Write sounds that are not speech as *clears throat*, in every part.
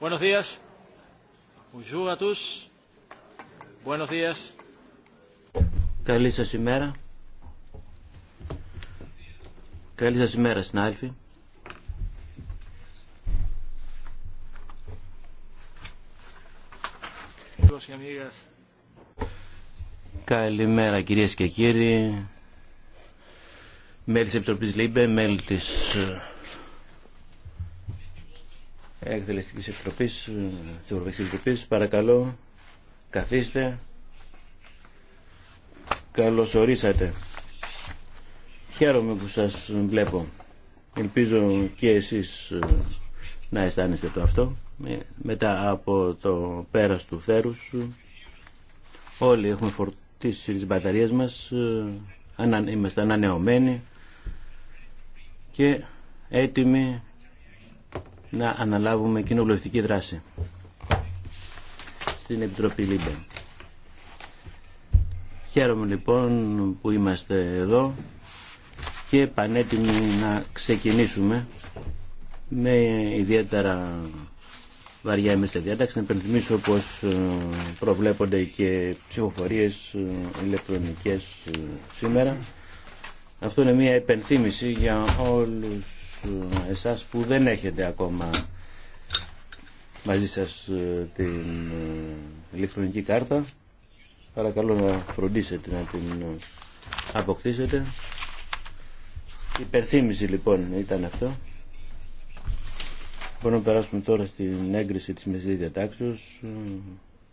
Buenos días. Bonjour à tous. Buenos días. Καλή σας ημέρα. Καλή σας ημέρα, συνάδελφοι. Καλημέρα κυρίες και κύριοι, μέλη της Επιτροπής ΛΥΜΠΕ, μέλη της Εκτελεστικής Επιτροπής, της ε, Ευρωπαϊκής Επιτροπής. Παρακαλώ, καθίστε. καλωσορίσατε ορίσατε. Χαίρομαι που σας βλέπω. Ελπίζω και εσείς ε, να αισθάνεστε το αυτό. Ε, μετά από το πέρας του θέρους, όλοι έχουμε φορτίσει τις μπαταρίες μας, είμαστε ανανεωμένοι και έτοιμοι να αναλάβουμε κοινοβουλευτική δράση στην Επιτροπή Λίμπε. Χαίρομαι λοιπόν που είμαστε εδώ και πανέτοιμοι να ξεκινήσουμε με ιδιαίτερα βαριά μέσα διάταξη. Να υπενθυμίσω πως ε, προβλέπονται και ψηφοφορίες ε, ηλεκτρονικές ε, σήμερα. Αυτό είναι μια υπενθύμηση για όλους εσάς που δεν έχετε ακόμα μαζί σας ε, την ε, ηλεκτρονική κάρτα. Παρακαλώ να φροντίσετε να την ε, αποκτήσετε. Υπερθύμηση λοιπόν ήταν αυτό. Μπορούμε να περάσουμε τώρα στην έγκριση της μεσής διατάξεως,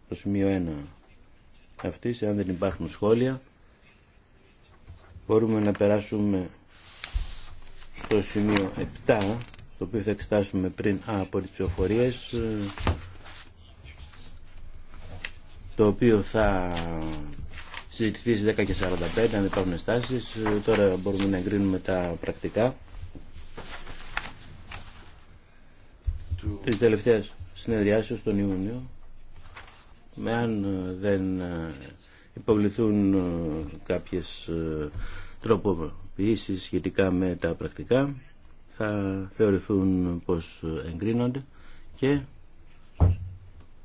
το σημείο 1 αυτής, αν δεν υπάρχουν σχόλια. Μπορούμε να περάσουμε στο σημείο 7 το οποίο θα εξετάσουμε πριν από τις ψηφοφορίες ε, το οποίο θα συζητηθεί στις 10 και 45 αν υπάρχουν στάσεις ε, τώρα μπορούμε να εγκρίνουμε τα πρακτικά του... της τελευταίας συνεδριάσεως τον Ιούνιο με αν ε, δεν υποβληθούν κάποιες τρόπο τροποποιήσεις σχετικά με τα πρακτικά θα θεωρηθούν πως εγκρίνονται και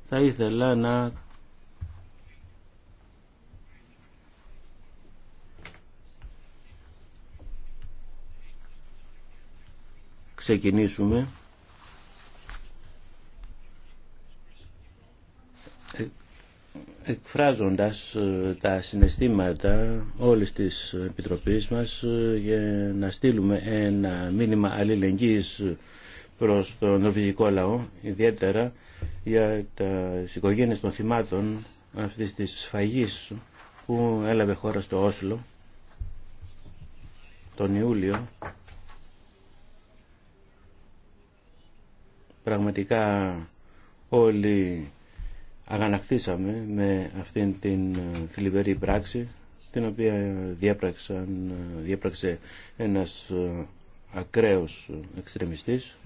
θα ήθελα να ξεκινήσουμε εκφράζοντας ε, τα συναισθήματα όλης της Επιτροπής μας ε, για να στείλουμε ένα μήνυμα αλληλεγγύης ε, προς τον νορβηγικό λαό, ιδιαίτερα για τα οικογένειες των θυμάτων αυτής της σφαγής που έλαβε χώρα στο Όσλο τον Ιούλιο. Πραγματικά όλοι αγανακτήσαμε με αυτήν την ε, θλιβερή πράξη την οποία διέπραξαν, ε, διέπραξε ένας ε, ακραίος εξτρεμιστής.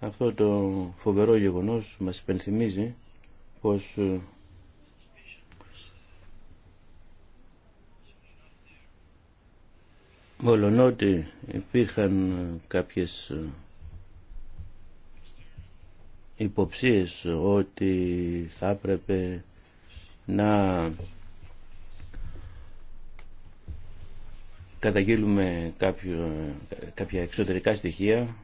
Αυτό το φοβερό γεγονός μας υπενθυμίζει πως μολονότι υπήρχαν κάποιες υποψίες ότι θα έπρεπε να καταγγείλουμε κάποια εξωτερικά στοιχεία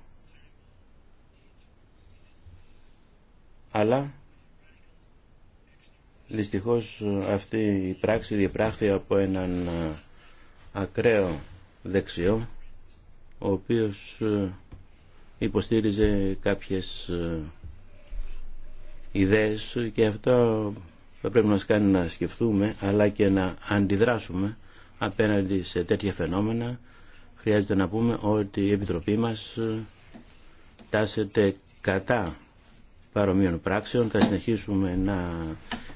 αλλά δυστυχώς αυτή η πράξη διεπράχθη από έναν ακραίο δεξιό ο οποίος υποστήριζε κάποιες ιδέες και αυτό θα πρέπει να μας κάνει να σκεφτούμε αλλά και να αντιδράσουμε απέναντι σε τέτοια φαινόμενα. Χρειάζεται να πούμε ότι η Επιτροπή μας τάσεται κατά παρομοίων πράξεων. Θα συνεχίσουμε να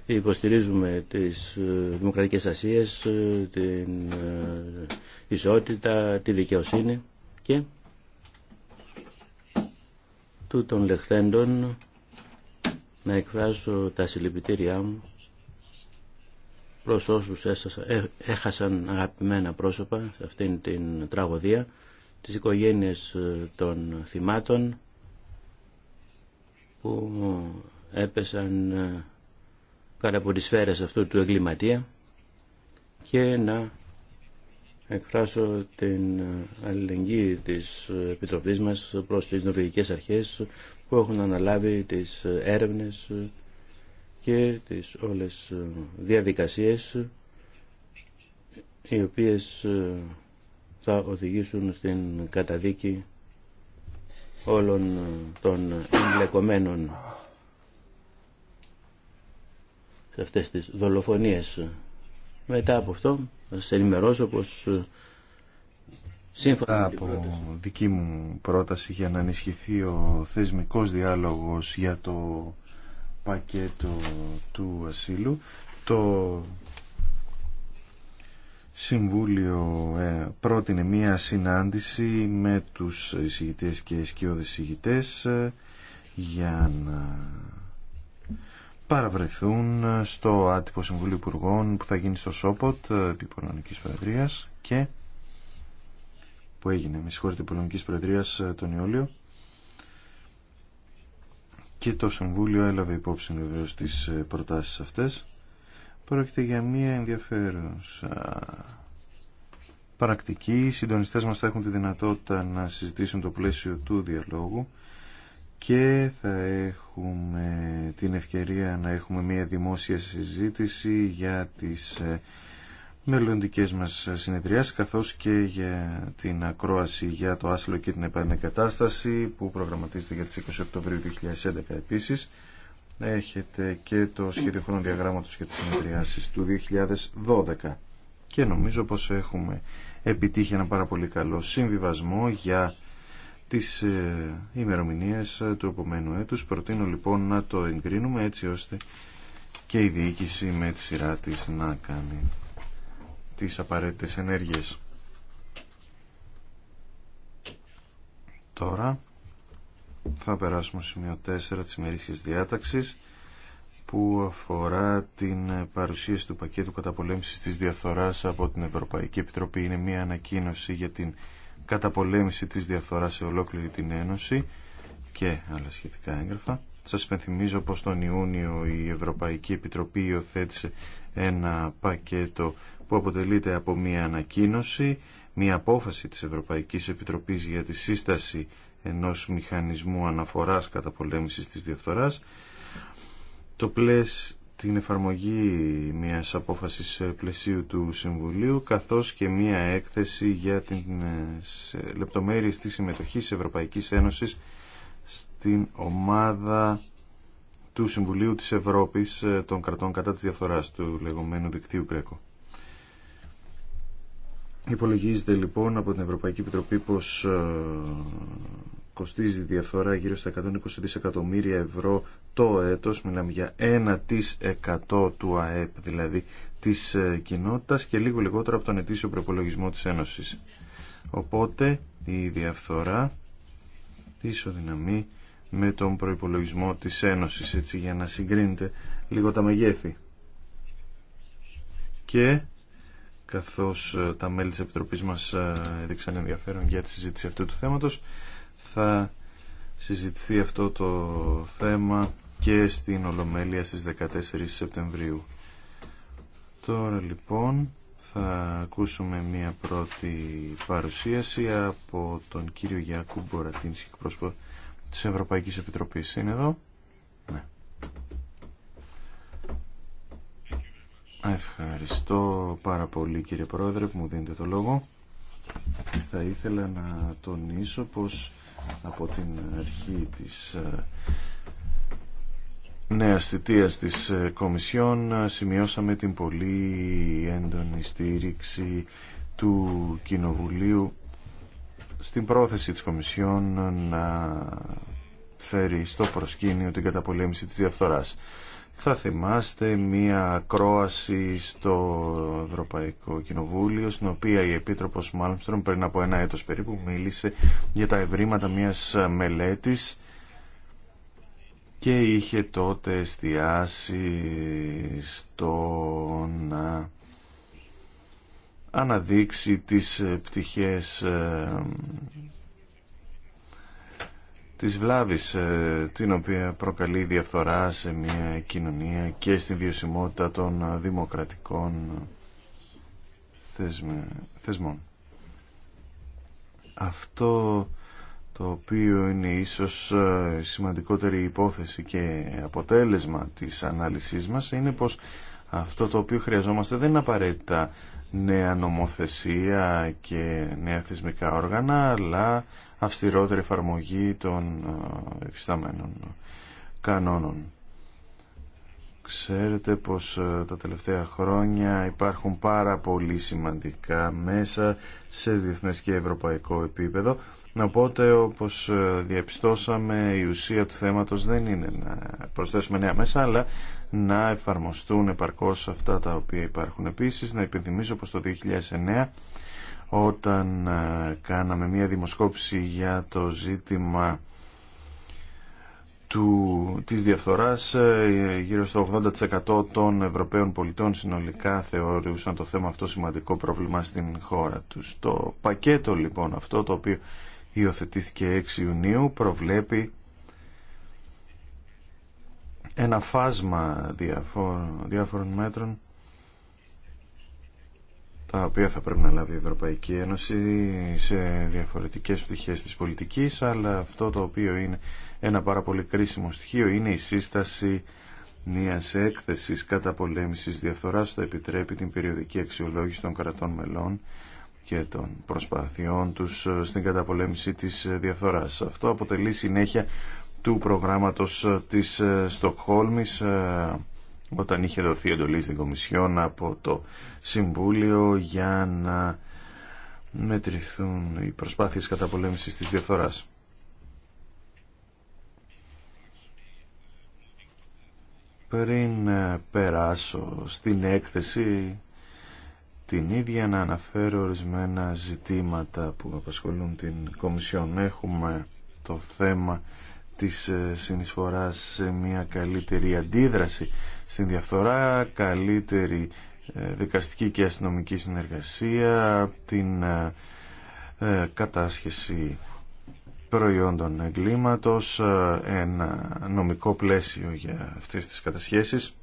υποστηρίζουμε τις ε, δημοκρατικές ασίες, ε, την ε, ισότητα, τη δικαιοσύνη και του των λεχθέντων να εκφράσω τα συλληπιτήριά μου προς όσους ε, έχασαν αγαπημένα πρόσωπα σε αυτήν την τραγωδία, τις οικογένειες ε, των θυμάτων που έπεσαν ε, κατά από τις αυτού του εγκληματία και να εκφράσω την αλληλεγγύη της Επιτροπής μας προς τις νορβηγικές αρχές που έχουν αναλάβει τις έρευνες και τις όλες διαδικασίες οι οποίες θα οδηγήσουν στην καταδίκη όλων των εμπλεκομένων σε αυτές τις δολοφονίες. Μετά από αυτό θα σας ενημερώσω πως ε, σύμφωνα από πρόταση. δική μου πρόταση για να ενισχυθεί ο θεσμικός διάλογος για το πακέτο του ασύλου το Συμβούλιο ε, πρότεινε μία συνάντηση με τους εισηγητές και εσκιώδες εισηγητές ε, για να παραβρεθούν στο άτυπο Συμβουλίου Υπουργών που θα γίνει στο Σόποτ ε, επί Πολωνικής Προεδρίας και που έγινε με συγχωρείτε Πολωνικής Προεδρίας ε, τον Ιούλιο και το Συμβούλιο έλαβε υπόψη βεβαίως τις ε, προτάσεις αυτές πρόκειται για μία ενδιαφέρουσα πρακτική οι συντονιστές μας θα έχουν τη δυνατότητα να συζητήσουν το πλαίσιο του διαλόγου και θα έχουμε την ευκαιρία να έχουμε μια δημόσια συζήτηση για τις ε, μελλοντικέ μας συνεδριάσεις καθώς και για την ακρόαση για το άσυλο και την επανεκατάσταση που προγραμματίζεται για τις 20 Οκτωβρίου 2011 επίσης. Έχετε και το σχέδιο διαγράμματος για τις συνεδριάσεις του 2012 και νομίζω πως έχουμε επιτύχει ένα πάρα πολύ καλό συμβιβασμό για τις ε, ημερομηνίες ε, του επομένου έτους. Προτείνω λοιπόν να το εγκρίνουμε έτσι ώστε και η διοίκηση με τη σειρά της να κάνει τις απαραίτητες ενέργειες. Τώρα θα περάσουμε στο σημείο 4 της ημερήσιας διάταξης που αφορά την παρουσίαση του πακέτου καταπολέμησης της διαφθοράς από την Ευρωπαϊκή Επιτροπή. Είναι μια ανακοίνωση για την καταπολέμηση της διαφθοράς σε ολόκληρη την Ένωση και άλλα σχετικά έγγραφα. Σας υπενθυμίζω πως τον Ιούνιο η Ευρωπαϊκή Επιτροπή υιοθέτησε ένα πακέτο που αποτελείται από μία ανακοίνωση, μία απόφαση της Ευρωπαϊκής Επιτροπής για τη σύσταση ενός μηχανισμού αναφοράς καταπολέμησης της διαφθοράς, το την εφαρμογή μιας απόφασης πλαισίου του Συμβουλίου καθώς και μια έκθεση για την ε, λεπτομέρειε της συμμετοχής Ευρωπαϊκής Ένωσης στην ομάδα του Συμβουλίου της Ευρώπης ε, των κρατών κατά της διαφθοράς του λεγόμενου δικτύου Κρέκο. Υπολογίζεται λοιπόν από την Ευρωπαϊκή Επιτροπή πως ε, κοστίζει διαφθορά γύρω στα 120 δισεκατομμύρια ευρώ το έτος, μιλάμε για 1% του ΑΕΠ δηλαδή της ε, κοινότητας και λίγο λιγότερο από τον ετήσιο προπολογισμό της Ένωσης. Οπότε η διαφθορά ισοδυναμεί με τον προϋπολογισμό της Ένωσης, έτσι για να συγκρίνετε λίγο τα μεγέθη. Και καθώς ε, τα μέλη της Επιτροπής μας ε, έδειξαν ενδιαφέρον για τη συζήτηση αυτού του θέματος, θα συζητηθεί αυτό το θέμα και στην Ολομέλεια στις 14 Σεπτεμβρίου. Τώρα λοιπόν θα ακούσουμε μία πρώτη παρουσίαση από τον κύριο Γιάκου Μπορατίνσκι, πρόσωπο της Ευρωπαϊκής Επιτροπής. Είναι εδώ. Ναι. Ευχαριστώ πάρα πολύ κύριε Πρόεδρε που μου δίνετε το λόγο. Θα ήθελα να τονίσω πως από την αρχή της ε, νέας θητείας της ε, Κομισιόν ε, σημειώσαμε την πολύ έντονη στήριξη του Κοινοβουλίου στην πρόθεση της Κομισιόν να φέρει στο προσκήνιο την καταπολέμηση της διαφθοράς. Θα θυμάστε μία ακρόαση στο Ευρωπαϊκό Κοινοβούλιο, στην οποία η Επίτροπος Μάλμστρομ πριν από ένα έτος περίπου μίλησε για τα ευρήματα μιας μελέτης και είχε τότε εστιάσει στο να αναδείξει τις πτυχές ε, της βλάβης ε, την οποία προκαλεί η διαφθορά σε μια κοινωνία και στην βιωσιμότητα των δημοκρατικών θεσμών. Αυτό το οποίο είναι ίσως ε, σημαντικότερη υπόθεση και αποτέλεσμα της ανάλυσής μας είναι πως αυτό το οποίο χρειαζόμαστε δεν είναι απαραίτητα νέα νομοθεσία και νέα θεσμικά όργανα, αλλά αυστηρότερη εφαρμογή των εφισταμένων κανόνων. Ξέρετε πως ε, τα τελευταία χρόνια υπάρχουν πάρα πολύ σημαντικά μέσα σε διεθνές και ευρωπαϊκό επίπεδο. Οπότε όπως ε, διαπιστώσαμε η ουσία του θέματος δεν είναι να προσθέσουμε νέα μέσα αλλά να εφαρμοστούν επαρκώς αυτά τα οποία υπάρχουν. Επίσης, να υπενθυμίσω πως το 2009 όταν ε, κάναμε μία δημοσκόπηση για το ζήτημα του, της διαφθοράς ε, γύρω στο 80% των Ευρωπαίων πολιτών συνολικά θεωρούσαν το θέμα αυτό σημαντικό πρόβλημα στην χώρα τους. Το πακέτο λοιπόν αυτό το οποίο υιοθετήθηκε 6 Ιουνίου προβλέπει ένα φάσμα διάφορων μέτρων τα οποία θα πρέπει να λάβει η Ευρωπαϊκή Ένωση σε διαφορετικές πτυχές της πολιτικής, αλλά αυτό το οποίο είναι ένα πάρα πολύ κρίσιμο στοιχείο είναι η σύσταση μιας έκθεσης κατά πολέμησης διαφθοράς που θα επιτρέπει την περιοδική αξιολόγηση των κρατών μελών και των προσπαθειών τους στην καταπολέμηση της διαφθοράς. Αυτό αποτελεί συνέχεια του προγράμματος ε, της ε, Στοκχόλμης ε, όταν είχε δοθεί εντολή στην Κομισιόν από το Συμβούλιο για να μετρηθούν οι προσπάθειες καταπολέμησης της διαφθοράς. Πριν περάσω στην έκθεση την ίδια να αναφέρω ορισμένα ζητήματα που απασχολούν την Κομισιόν. Έχουμε το θέμα της ε, συνεισφοράς σε μια καλύτερη αντίδραση στην διαφθορά, καλύτερη ε, δικαστική και αστυνομική συνεργασία, την ε, κατάσχεση προϊόντων εγκλήματος, ένα νομικό πλαίσιο για αυτές τις κατασχέσεις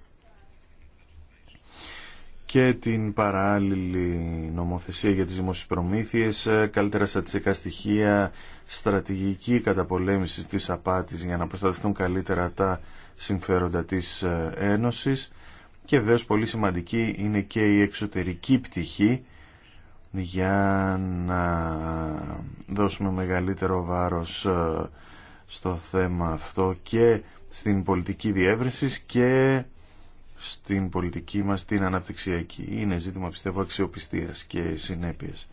και την παράλληλη νομοθεσία για τις δημόσιες προμήθειες, ε, καλύτερα στατιστικά στοιχεία, στρατηγική καταπολέμηση της απάτης για να προστατευτούν καλύτερα τα συμφέροντα της ε, Ένωσης και βέβαια πολύ σημαντική είναι και η εξωτερική πτυχή για να δώσουμε μεγαλύτερο βάρος ε, στο θέμα αυτό και στην πολιτική διεύρυνση και στην πολιτική μας την αναπτυξιακή. Είναι ζήτημα πιστεύω αξιοπιστίας και συνέπειας.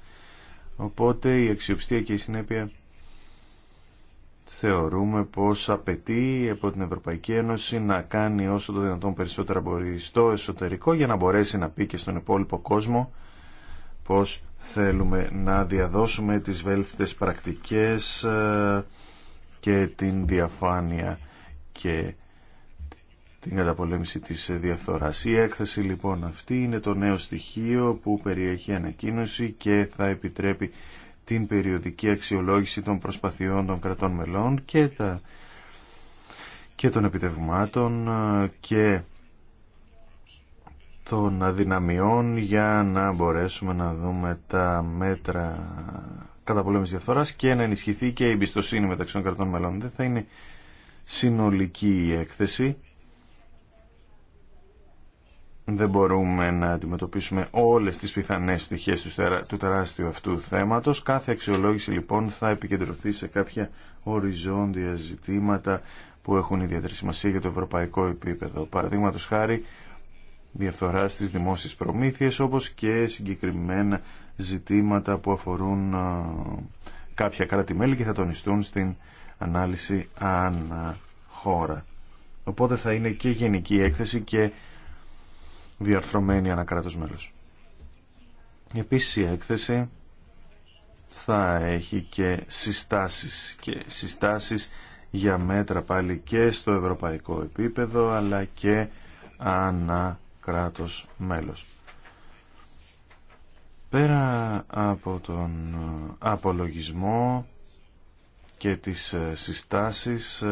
Οπότε η αξιοπιστία και η συνέπεια θεωρούμε πως απαιτεί από την Ευρωπαϊκή Ένωση να κάνει όσο το δυνατόν περισσότερα μπορεί στο εσωτερικό για να μπορέσει να πει και στον υπόλοιπο κόσμο πως θέλουμε να διαδώσουμε τις βέλτιστες πρακτικές ε, και την διαφάνεια και την καταπολέμηση της διαφθοράς. Η έκθεση λοιπόν αυτή είναι το νέο στοιχείο που περιέχει ανακοίνωση και θα επιτρέπει την περιοδική αξιολόγηση των προσπαθειών των κρατών μελών και, τα... και των επιτευγμάτων και των αδυναμιών για να μπορέσουμε να δούμε τα μέτρα καταπολέμησης διαφθοράς και να ενισχυθεί και η εμπιστοσύνη μεταξύ των κρατών μελών. Δεν θα είναι συνολική η έκθεση δεν μπορούμε να αντιμετωπίσουμε όλες τις πιθανές πτυχές του τεράστιου αυτού θέματος. Κάθε αξιολόγηση λοιπόν θα επικεντρωθεί σε κάποια οριζόντια ζητήματα που έχουν ιδιαίτερη σημασία για το ευρωπαϊκό επίπεδο. Παραδείγματο χάρη διαφθορά στις δημόσιες προμήθειες όπως και συγκεκριμένα ζητήματα που αφορούν κάποια κράτη-μέλη και θα τονιστούν στην ανάλυση ανά χώρα. Οπότε θα είναι και γενική έκθεση και διαρθρωμένη ανακράτος μέλος. Επίσης η έκθεση θα έχει και συστάσεις και συστάσεις για μέτρα πάλι και στο ευρωπαϊκό επίπεδο αλλά και ανά μέλος. Πέρα από τον απολογισμό και τις συστάσεις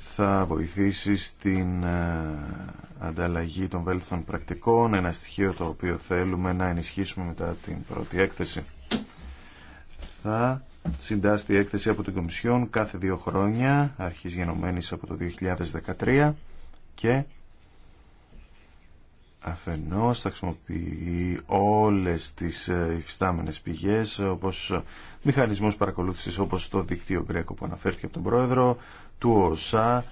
θα βοηθήσει στην ε, ανταλλαγή των βέλτιστων πρακτικών, ένα στοιχείο το οποίο θέλουμε να ενισχύσουμε μετά την πρώτη έκθεση. Θα συντάσσει η έκθεση από την Κομισιόν κάθε δύο χρόνια, αρχής γενομένης από το 2013 και αφενός θα χρησιμοποιεί όλες τις ε, υφιστάμενες πηγές όπως μηχανισμούς παρακολούθησης όπως το δικτύο Γκρέκο που αναφέρθηκε από τον πρόεδρο του ΟΣΑ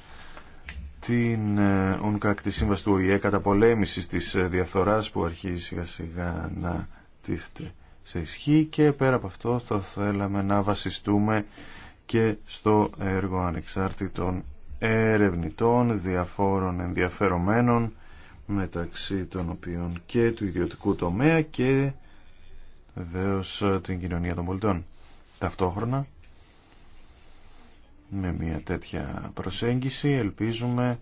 την ε, ΟΝΚΑΚ τη σύμβαση του ΟΗΕ κατά πολέμηση της ε, διαφθοράς που αρχίζει σιγά σιγά να τίθεται σε ισχύ και πέρα από αυτό θα θέλαμε να βασιστούμε και στο έργο ανεξάρτητων ερευνητών, διαφόρων ενδιαφερομένων μεταξύ των οποίων και του ιδιωτικού τομέα και βεβαίω την κοινωνία των πολιτών. Ταυτόχρονα με μια τέτοια προσέγγιση ελπίζουμε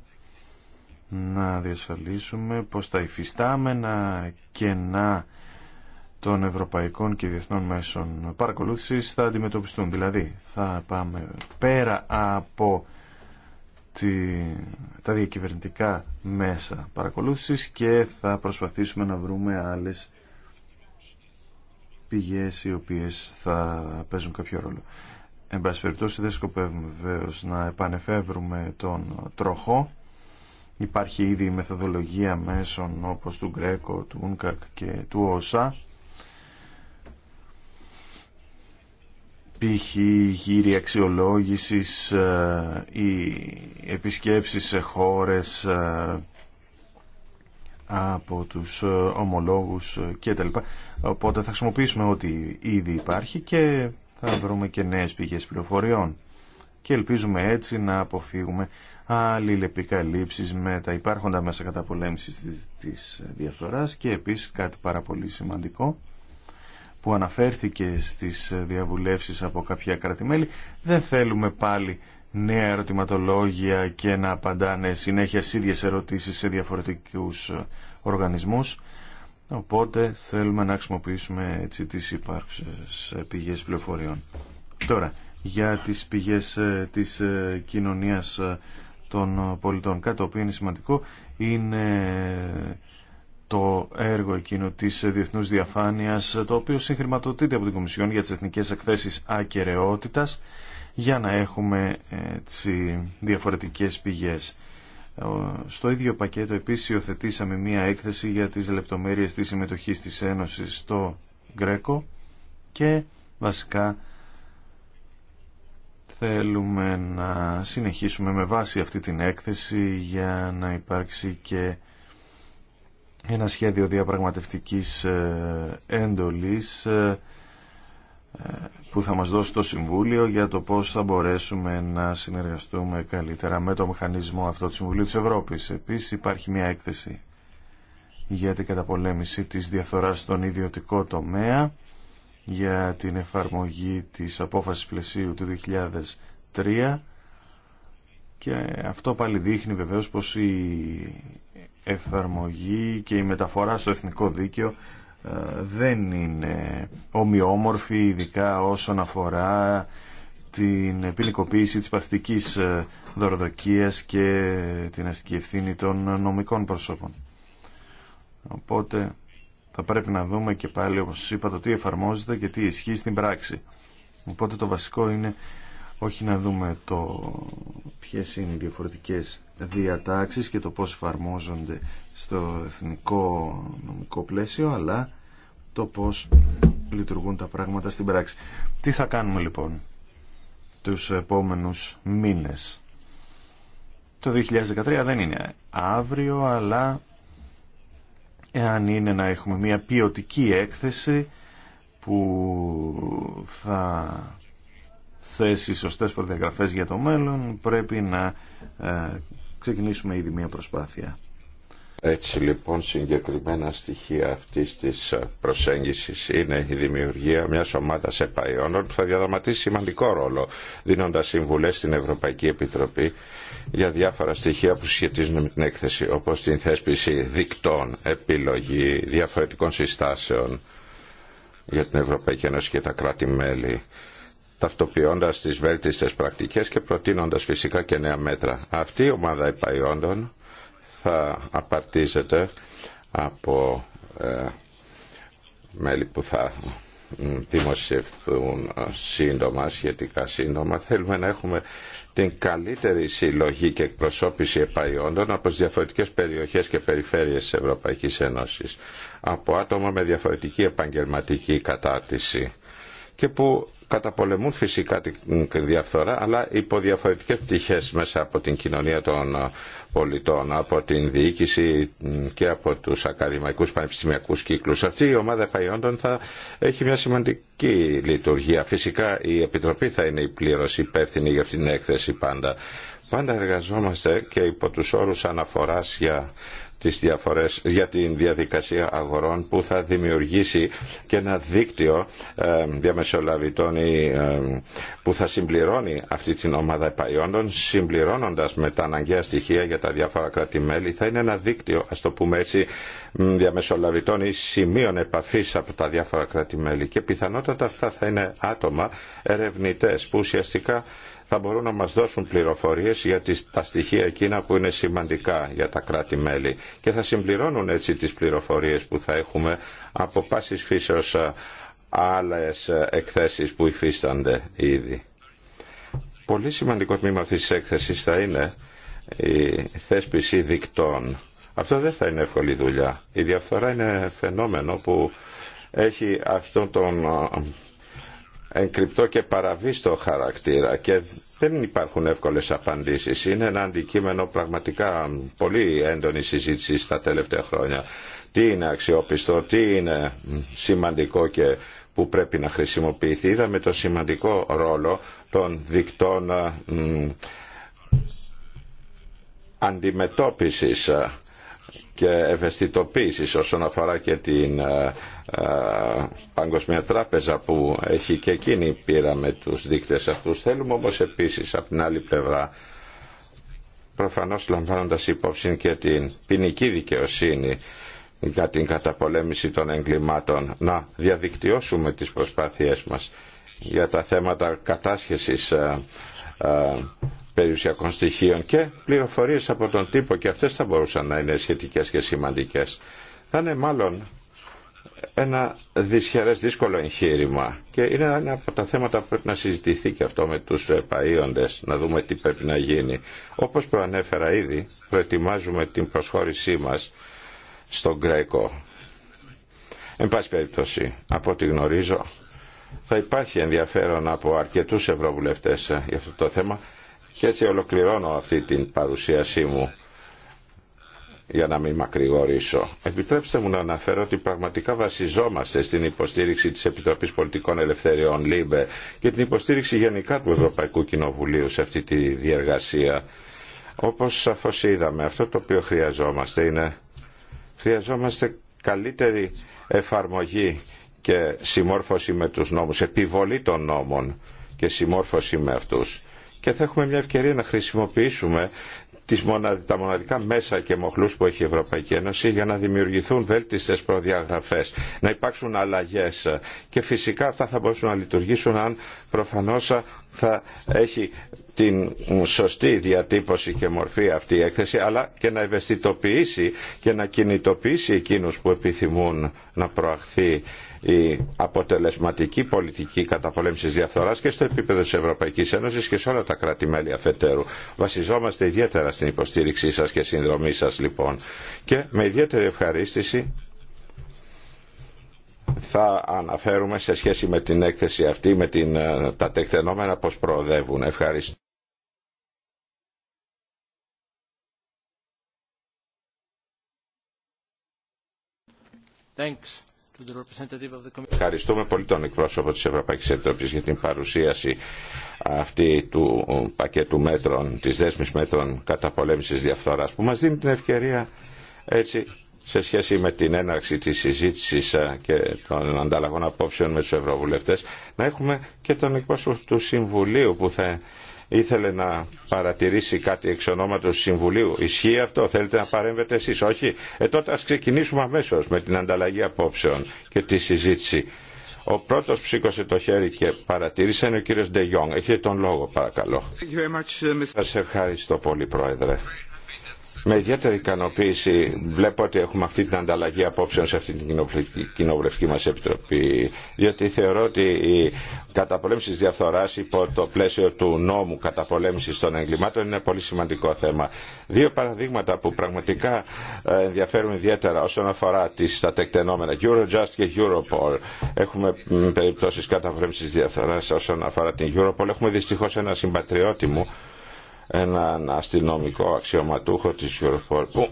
να διασφαλίσουμε πως τα υφιστάμενα κενά των ευρωπαϊκών και διεθνών μέσων παρακολούθησης θα αντιμετωπιστούν. Δηλαδή θα πάμε πέρα από τη, τα διακυβερνητικά μέσα παρακολούθησης και θα προσπαθήσουμε να βρούμε άλλες πηγές οι οποίες θα παίζουν κάποιο ρόλο. Εν πάση περιπτώσει δεν σκοπεύουμε βεβαίω να επανεφεύρουμε τον τροχό. Υπάρχει ήδη η μεθοδολογία μέσων όπως του Γκρέκο, του Ούνκακ και του ΩΣΑ π.χ. γύρι αξιολόγησης, ή ε, επισκέψεις σε χώρες ε, από τους ε, ομολόγους κτλ. Οπότε θα χρησιμοποιήσουμε ό,τι ήδη υπάρχει και θα βρούμε και νέες πηγές πληροφοριών. Και ελπίζουμε έτσι να αποφύγουμε αλληλεπικαλύψεις με τα υπάρχοντα μέσα καταπολέμησης της διαφθοράς και επίσης κάτι πάρα πολύ σημαντικό που αναφέρθηκε στις διαβουλεύσεις από κάποια κρατημέλη. Δεν θέλουμε πάλι νέα ερωτηματολόγια και να απαντάνε συνέχεια στις ίδιες ερωτήσεις σε διαφορετικούς οργανισμούς. Οπότε θέλουμε να χρησιμοποιήσουμε έτσι τις υπάρξεις πηγές πληροφοριών. Τώρα, για τις πηγές ε, της ε, κοινωνίας ε, των πολιτών. Κάτι το οποίο είναι σημαντικό είναι το έργο εκείνο της Διεθνούς Διαφάνειας, το οποίο συγχρηματοδοτείται από την Κομισιόν για τις Εθνικές Εκθέσεις Ακεραιότητας για να έχουμε έτσι, διαφορετικές πηγές. Στο ίδιο πακέτο επίσης υιοθετήσαμε μία έκθεση για τις λεπτομέρειες της συμμετοχής της Ένωσης στο Γκρέκο και βασικά θέλουμε να συνεχίσουμε με βάση αυτή την έκθεση για να υπάρξει και ένα σχέδιο διαπραγματευτικής ε, έντολης ε, ε, που θα μας δώσει το Συμβούλιο για το πώς θα μπορέσουμε να συνεργαστούμε καλύτερα με το μηχανισμό αυτό του Συμβουλίου της Ευρώπης. Επίσης υπάρχει μια έκθεση για την καταπολέμηση της διαφθοράς στον ιδιωτικό τομέα για την εφαρμογή της απόφασης πλαισίου του 2003 και αυτό πάλι δείχνει βεβαίως πως η εφαρμογή και η μεταφορά στο εθνικό δίκαιο ε, δεν είναι ομοιόμορφη, ειδικά όσον αφορά την ποινικοποίηση της παθητικής ε, δωροδοκίας και την αστική ευθύνη των νομικών προσώπων. Οπότε θα πρέπει να δούμε και πάλι όπως σας είπα το τι εφαρμόζεται και τι ισχύει στην πράξη. Οπότε το βασικό είναι όχι να δούμε το ποιες είναι οι διαφορετικές διατάξεις και το πώς εφαρμόζονται στο εθνικό νομικό πλαίσιο αλλά το πώς λειτουργούν τα πράγματα στην πράξη. Τι θα κάνουμε λοιπόν τους επόμενους μήνες. Το 2013 δεν είναι αύριο αλλά εάν είναι να έχουμε μια ποιοτική έκθεση που θα θέσει σωστές προδιαγραφές για το μέλλον πρέπει να ε, ξεκινήσουμε ήδη μια προσπάθεια. Έτσι λοιπόν συγκεκριμένα στοιχεία αυτής της προσέγγισης είναι η δημιουργία μιας ομάδας επαϊόνων που θα διαδραματίσει σημαντικό ρόλο δίνοντας συμβουλές στην Ευρωπαϊκή Επιτροπή για διάφορα στοιχεία που σχετίζουν με την έκθεση όπως την θέσπιση δικτών, επιλογή διαφορετικών συστάσεων για την Ευρωπαϊκή Ένωση και τα κράτη-μέλη Ταυτοποιώντα τι βέλτιστες πρακτικέ και προτείνοντα φυσικά και νέα μέτρα. Αυτή η ομάδα υπαϊόντων θα απαρτίζεται από ε, μέλη που θα δημοσιευθούν ε, σύντομα, σχετικά σύντομα. Θέλουμε να έχουμε την καλύτερη συλλογή και εκπροσώπηση επαϊόντων από τις διαφορετικές περιοχές και περιφέρειες της Ευρωπαϊκής Ένωσης, από άτομα με διαφορετική επαγγελματική κατάρτιση και που καταπολεμούν φυσικά την διαφθορά αλλά υπό διαφορετικές πτυχές μέσα από την κοινωνία των ε, πολιτών, από την διοίκηση και από τους ακαδημαϊκούς πανεπιστημιακούς κύκλους. Αυτή η ομάδα επαϊόντων θα έχει μια σημαντική λειτουργία. Φυσικά η Επιτροπή θα είναι η πλήρωση υπεύθυνη για αυτήν την έκθεση πάντα. Πάντα εργαζόμαστε και υπό τους όρους αναφοράς για τις διαφορές για την διαδικασία αγορών που θα δημιουργήσει και ένα δίκτυο ε, διαμεσολαβητών ε, που θα συμπληρώνει αυτή την ομάδα επαϊόντων συμπληρώνοντας με τα αναγκαία στοιχεία για τα διάφορα κράτη-μέλη θα είναι ένα δίκτυο ας το πούμε έτσι διαμεσολαβητών ή σημείων επαφής από τα διάφορα κράτη-μέλη και πιθανότατα αυτά θα είναι άτομα ερευνητές που ουσιαστικά θα μπορούν να μας δώσουν πληροφορίες για τις, τα στοιχεία εκείνα που είναι σημαντικά για τα κράτη-μέλη και θα συμπληρώνουν έτσι τις πληροφορίες που θα έχουμε από πάσης φύσεως άλλες εκθέσεις που υφίστανται ήδη. Πολύ σημαντικό τμήμα αυτής της έκθεσης θα είναι η θέσπιση δικτών. Αυτό δεν θα είναι εύκολη δουλειά. Η διαφθορά είναι φαινόμενο που έχει αυτόν τον κρυπτό και παραβίστο χαρακτήρα και δεν υπάρχουν εύκολες απαντήσεις. Είναι ένα αντικείμενο πραγματικά πολύ έντονη συζήτηση στα τελευταία χρόνια. Τι είναι αξιόπιστο, τι είναι σημαντικό και που πρέπει να χρησιμοποιηθεί. Είδαμε το σημαντικό ρόλο των δικτών αντιμετώπισης και ευαισθητοποίησης όσον αφορά και την ε, ε, Παγκοσμία Τράπεζα που έχει και εκείνη πείρα με τους δείκτες αυτούς. Θέλουμε όμως επίσης από την άλλη πλευρά προφανώς λαμβάνοντας υπόψη και την ποινική δικαιοσύνη για την καταπολέμηση των εγκλημάτων να διαδικτυώσουμε τις προσπάθειές μας για τα θέματα κατάσχεσης ε, περιουσιακών στοιχείων και πληροφορίες από τον τύπο και αυτές θα μπορούσαν να είναι σχετικές και σημαντικές. Θα είναι μάλλον ένα δυσχερές δύσκολο εγχείρημα και είναι ένα από τα θέματα που πρέπει να συζητηθεί και αυτό με τους επαΐοντες, να δούμε τι πρέπει να γίνει. Όπως προανέφερα ήδη, προετοιμάζουμε την προσχώρησή μας στον Γκρέκο. Εν πάση περιπτώσει, από ό,τι γνωρίζω, θα υπάρχει ενδιαφέρον από αρκετούς ευρωβουλευτές για αυτό το θέμα και έτσι ολοκληρώνω αυτή την παρουσίασή μου για να μην μακρηγορήσω. Επιτρέψτε μου να αναφέρω ότι πραγματικά βασιζόμαστε στην υποστήριξη της Επιτροπής Πολιτικών Ελευθεριών ΛΥΜΠΕ και την υποστήριξη γενικά του Ευρωπαϊκού Κοινοβουλίου σε αυτή τη διεργασία. Όπως σαφώς είδαμε, αυτό το οποίο χρειαζόμαστε είναι χρειαζόμαστε καλύτερη εφαρμογή και συμμόρφωση με τους νόμους, επιβολή των νόμων και συμμόρφωση με αυτούς και θα έχουμε μια ευκαιρία να χρησιμοποιήσουμε τις τα μοναδικά μέσα και μοχλούς που έχει η Ευρωπαϊκή Ένωση για να δημιουργηθούν βέλτιστες προδιαγραφές, να υπάρξουν αλλαγές και φυσικά αυτά θα μπορούσαν να λειτουργήσουν αν προφανώς θα έχει την σωστή διατύπωση και μορφή αυτή η έκθεση αλλά και να ευαισθητοποιήσει και να κινητοποιήσει εκείνους που επιθυμούν να προαχθεί η αποτελεσματική πολιτική καταπολέμηση διαφθορά και στο επίπεδο τη Ευρωπαϊκή Ένωση και σε όλα τα κράτη-μέλη αφετέρου. Βασιζόμαστε ιδιαίτερα στην υποστήριξή σα και συνδρομή σα λοιπόν. Και με ιδιαίτερη ευχαρίστηση θα αναφέρουμε σε σχέση με την έκθεση αυτή, με την, ε, τα τεκτενόμενα πώς προοδεύουν. Ευχαριστώ. Thanks. Ευχαριστούμε πολύ τον εκπρόσωπο της Ευρωπαϊκής Επιτροπής για την παρουσίαση αυτή του πακέτου μέτρων, της δέσμης μέτρων κατά πολέμησης διαφθοράς που μας δίνει την ευκαιρία έτσι σε σχέση με την έναρξη της συζήτησης ε, και των ανταλλαγών απόψεων με τους Ευρωβουλευτές να έχουμε και τον εκπρόσωπο του Συμβουλίου που θα ήθελε να παρατηρήσει κάτι εξ ονόματο του Συμβουλίου. Ισχύει αυτό, θέλετε να παρέμβετε εσεί, όχι. Ε, τότε α ξεκινήσουμε αμέσω με την ανταλλαγή απόψεων και τη συζήτηση. Ο πρώτος ψήκωσε το χέρι και παρατήρησε είναι ο κύριος Ντε Έχετε τον λόγο παρακαλώ. Uh, Σας ευχαριστώ πολύ Πρόεδρε. Με ιδιαίτερη ικανοποίηση βλέπω ότι έχουμε αυτή την ανταλλαγή απόψεων σε αυτή την κοινοβουλευτική μας επιτροπή, διότι θεωρώ ότι η καταπολέμηση της διαφθοράς υπό το πλαίσιο του νόμου καταπολέμησης των εγκλημάτων είναι πολύ σημαντικό θέμα. Δύο παραδείγματα που πραγματικά ε, ενδιαφέρουν ιδιαίτερα όσον αφορά τις, τα τεκτενόμενα, Eurojust και Europol. Έχουμε περιπτώσεις καταπολέμησης διαφθοράς όσον αφορά την Europol. Έχουμε δυστυχώς ένα συμπατριώτη μου, έναν αστυνομικό αξιωματούχο της Europol που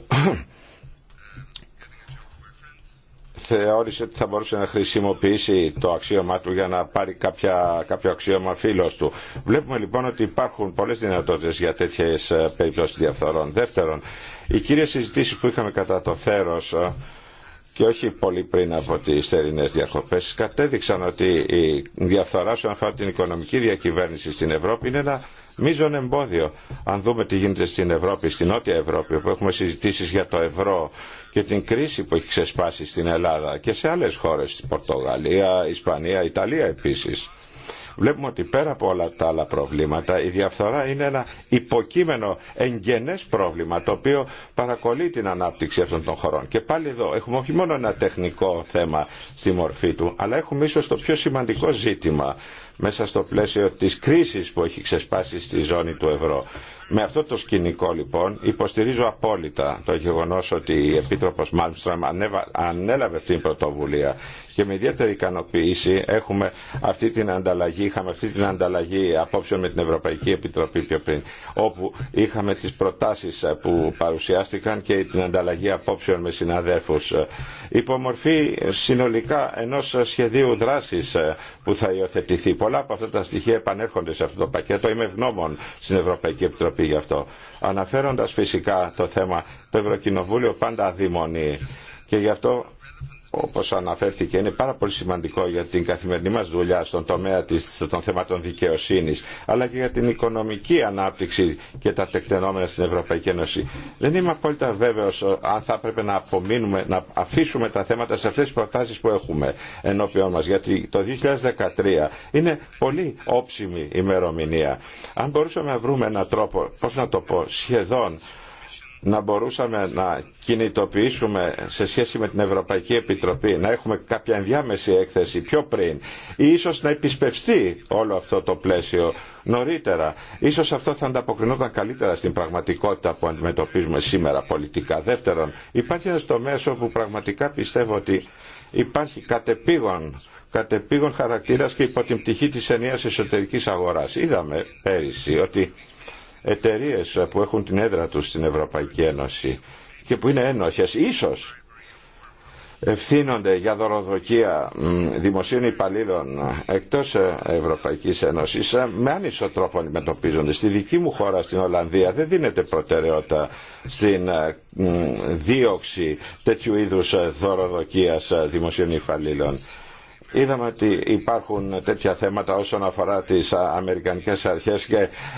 θεώρησε ότι θα μπορούσε να χρησιμοποιήσει το αξίωμά του για να πάρει κάποια, κάποιο αξίωμα φίλος του. Βλέπουμε λοιπόν ότι υπάρχουν πολλές δυνατότητες για τέτοιες ε, περιπτώσεις διαφθορών. Δεύτερον, οι κύριες συζητήσεις που είχαμε κατά το θέρος ε, και όχι πολύ πριν από τι θερινές διακοπέ, κατέδειξαν ότι η διαφθορά σε αφορά την οικονομική διακυβέρνηση στην Ευρώπη είναι ένα μείζον εμπόδιο. Αν δούμε τι γίνεται στην Ευρώπη, στην Νότια Ευρώπη, όπου έχουμε συζητήσει για το ευρώ και την κρίση που έχει ξεσπάσει στην Ελλάδα και σε άλλε χώρε στην Πορτογαλία, Ισπανία, Ιταλία επίση. Βλέπουμε ότι πέρα από όλα τα άλλα προβλήματα η διαφθορά είναι ένα υποκείμενο εγγενές πρόβλημα το οποίο παρακολεί την ανάπτυξη αυτών των χωρών. Και πάλι εδώ έχουμε όχι μόνο ένα τεχνικό θέμα στη μορφή του αλλά έχουμε ίσως το πιο σημαντικό ζήτημα μέσα στο πλαίσιο της κρίσης που έχει ξεσπάσει στη ζώνη του ευρώ. Με αυτό το σκηνικό λοιπόν υποστηρίζω απόλυτα το γεγονός ότι η Επίτροπος Μάλμστραμ ανέλαβε αυτή την πρωτοβουλία και με ιδιαίτερη ικανοποίηση έχουμε αυτή την ανταλλαγή, είχαμε αυτή την ανταλλαγή απόψεων με την Ευρωπαϊκή Επιτροπή πιο πριν, όπου είχαμε τις προτάσεις ε, που παρουσιάστηκαν και την ανταλλαγή απόψεων με συναδέλφους. Ε, υπομορφή ε, συνολικά ενός σχεδίου δράσης που θα υιοθετηθεί. Πολλά από αυτά τα στοιχεία επανέρχονται σε αυτό το πακέτο. Είμαι ευγνώμων στην Ευρωπαϊκή Επιτροπή Επιτροπή γι' αυτό. Αναφέροντας φυσικά το θέμα, το Ευρωκοινοβούλιο πάντα αδειμονεί και γι' αυτό όπως αναφέρθηκε είναι πάρα πολύ σημαντικό για την καθημερινή μας δουλειά στον τομέα της, των θέματων δικαιοσύνης αλλά και για την οικονομική ανάπτυξη και τα τεκτενόμενα στην Ευρωπαϊκή Ένωση. Δεν είμαι απόλυτα βέβαιος αν θα έπρεπε να, απομείνουμε, να αφήσουμε τα θέματα σε αυτές τις προτάσεις που έχουμε ενώπιόν μας γιατί το 2013 είναι πολύ όψιμη ημερομηνία. Αν μπορούσαμε να βρούμε έναν τρόπο, πώς να το πω, σχεδόν να μπορούσαμε να κινητοποιήσουμε σε σχέση με την Ευρωπαϊκή Επιτροπή, να έχουμε κάποια ενδιάμεση έκθεση πιο πριν, ή ίσως να επισπευστεί όλο αυτό το πλαίσιο νωρίτερα. Ίσως αυτό θα ανταποκρινόταν καλύτερα στην πραγματικότητα που αντιμετωπίζουμε σήμερα πολιτικά. Δεύτερον, υπάρχει ένα τομέα όπου πραγματικά πιστεύω ότι υπάρχει κατεπήγον κατεπήγον χαρακτήρας και υπό την πτυχή της ενιαίας εσωτερικής αγοράς. Είδαμε πέρυσι ότι εταιρείε που έχουν την έδρα τους στην Ευρωπαϊκή Ένωση και που είναι ένοχες ίσως ευθύνονται για δωροδοκία δημοσίων υπαλλήλων εκτός ε, Ευρωπαϊκής Ένωσης ε, με άνισο τρόπο αντιμετωπίζονται. Στη δική μου χώρα, στην Ολλανδία, δεν δίνεται προτεραιότητα στην ε, δίωξη τέτοιου είδους δωροδοκίας δημοσίων υπαλλήλων. Είδαμε ότι υπάρχουν τέτοια θέματα όσον αφορά τις Αμερικανικές αρχές και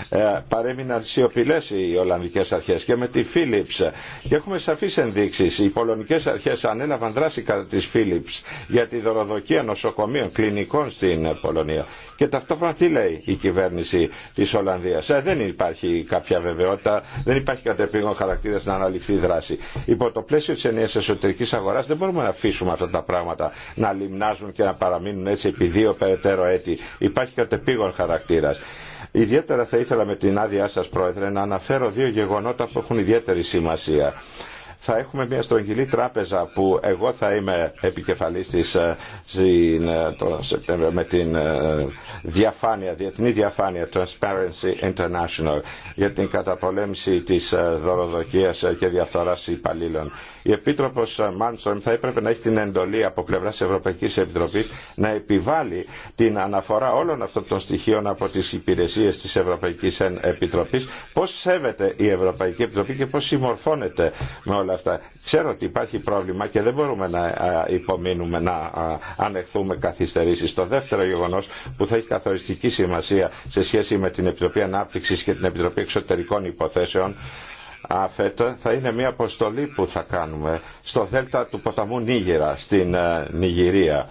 ε, παρέμειναν σιωπηλές οι Ολλανδικές αρχές και με τη Φίλιπς. Και έχουμε σαφείς ενδείξεις. Οι πολωνικές αρχές ανέλαβαν δράση κατά της Φίλιπς για τη δωροδοκία νοσοκομείων κλινικών στην Πολωνία. Και ταυτόχρονα τι λέει η κυβέρνηση τη Ολλανδία. Ε, δεν υπάρχει κάποια βεβαιότητα, δεν υπάρχει κατεπήγον χαρακτήρα να αναλυφθεί δράση. Υπό το πλαίσιο τη ενιαία εσωτερική αγορά δεν μπορούμε να αφήσουμε αυτά τα πράγματα να λιμνάζουν και να παραμείνουν έτσι επί δύο περαιτέρω έτη. Υπάρχει κατεπήγον χαρακτήρα. Ιδιαίτερα θα ήθελα με την άδειά σας Πρόεδρε να αναφέρω δύο γεγονότα που έχουν ιδιαίτερη σημασία θα έχουμε μια στρογγυλή τράπεζα που εγώ θα είμαι επικεφαλής της ε, ε, με την ε, διαφάνεια, διεθνή διαφάνεια Transparency International για την καταπολέμηση της δωροδοκίας και διαφθοράς υπαλλήλων. Η Επίτροπος Μάνστρομ θα έπρεπε να έχει την εντολή από πλευρά της Ευρωπαϊκής Επιτροπής να επιβάλλει την αναφορά όλων αυτών των στοιχείων από τις υπηρεσίες της Ευρωπαϊκής Επιτροπής, πώς σέβεται η Ευρωπαϊκή Επιτροπή και πώς συμμορφώνεται με όλα αυτά. Ξέρω ότι υπάρχει πρόβλημα και δεν μπορούμε να υπομείνουμε να ανεχθούμε καθυστερήσει. Το δεύτερο γεγονό που θα έχει καθοριστική σημασία σε σχέση με την Επιτροπή ανάπτυξη και την Επιτροπή Εξωτερικών Υποθέσεων θα είναι μια αποστολή που θα κάνουμε στο δέλτα του ποταμού Νίγηρα στην ε, Νιγηρία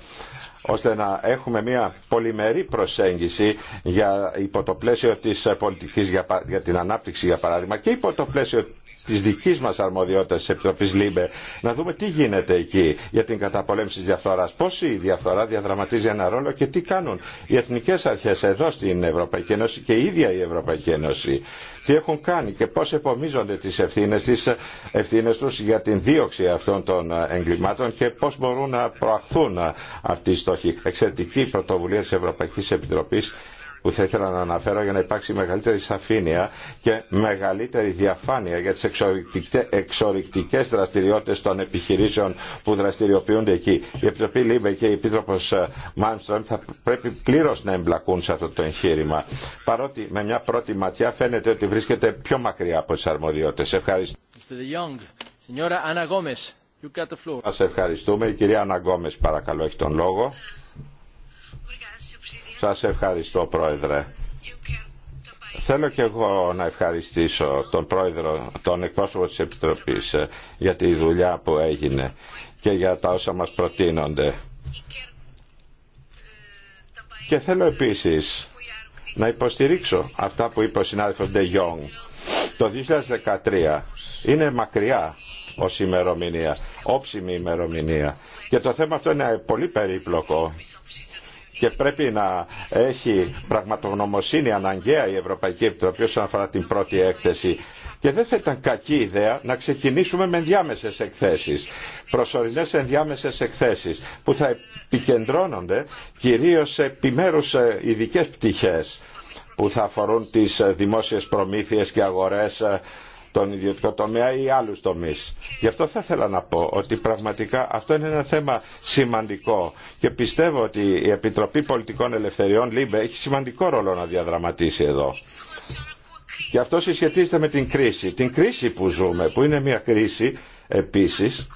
ώστε να έχουμε μια πολυμερή προσέγγιση για, υπό το πλαίσιο της ε, πολιτικής για, για την ανάπτυξη για παράδειγμα και υπό το πλαίσιο της δικής μας αρμοδιότητας της Επιτροπής ΛΥΜΠΕ να δούμε τι γίνεται εκεί για την καταπολέμηση της διαφθοράς. Πώς η διαφθορά διαδραματίζει ένα ρόλο και τι κάνουν οι εθνικές αρχές εδώ στην Ευρωπαϊκή Ένωση και η ίδια η Ευρωπαϊκή Ένωση τι έχουν κάνει και πώς επομίζονται τις ευθύνες, τις ευθύνες τους για την δίωξη αυτών των εγκλημάτων και πώς μπορούν να προαχθούν αυτοί οι στόχοι. Εξαιρετική πρωτοβουλία της Ευρωπαϊκής Επιτροπής που θα ήθελα να αναφέρω για να υπάρξει μεγαλύτερη σαφήνεια και μεγαλύτερη διαφάνεια για τις εξορρυκτικές δραστηριότητες των επιχειρήσεων που δραστηριοποιούνται εκεί. Η Επιτροπή Λίμπε και η Επίτροπος Μάνστρομ ε, θα πρέπει πλήρως να εμπλακούν σε αυτό το εγχείρημα. Παρότι με μια πρώτη ματιά φαίνεται ότι βρίσκεται πιο μακριά από τις αρμοδιότητες. Ευχαριστώ. Σας ευχαριστούμε. Η κυρία Αναγκόμε, παρακαλώ έχει τον λόγο. Σας ευχαριστώ Πρόεδρε. Θέλω και εγώ να ευχαριστήσω τον πρόεδρο, τον εκπρόσωπο της Επιτροπής ε, για τη δουλειά που έγινε και για τα όσα μας προτείνονται. Και θέλω επίσης να υποστηρίξω αυτά που είπε ο συνάδελφος Ντε Το 2013 είναι μακριά ως ημερομηνία, όψιμη ημερομηνία. Και το θέμα αυτό είναι πολύ περίπλοκο και πρέπει να έχει πραγματογνωμοσύνη αναγκαία η Ευρωπαϊκή Επιτροπή όσον αφορά την πρώτη έκθεση. Και δεν θα ήταν κακή ιδέα να ξεκινήσουμε με ενδιάμεσε εκθέσεις, Προσωρινέ ενδιάμεσες εκθέσεις που θα επικεντρώνονται κυρίως σε επιμέρους ε, ειδικές πτυχές που θα αφορούν τις ε, δημόσιες προμήθειες και αγορές ε, τον ιδιωτικό τομέα ή άλλους τομείς. Γι' αυτό θα ήθελα να πω ότι πραγματικά αυτό είναι ένα θέμα σημαντικό και πιστεύω ότι η Επιτροπή Πολιτικών Ελευθεριών, ΛΥΜΠΕ, έχει σημαντικό ρόλο να διαδραματίσει εδώ. Και αυτό συσχετίζεται με την κρίση. Την κρίση που ζούμε, που είναι μια κρίση επίσης,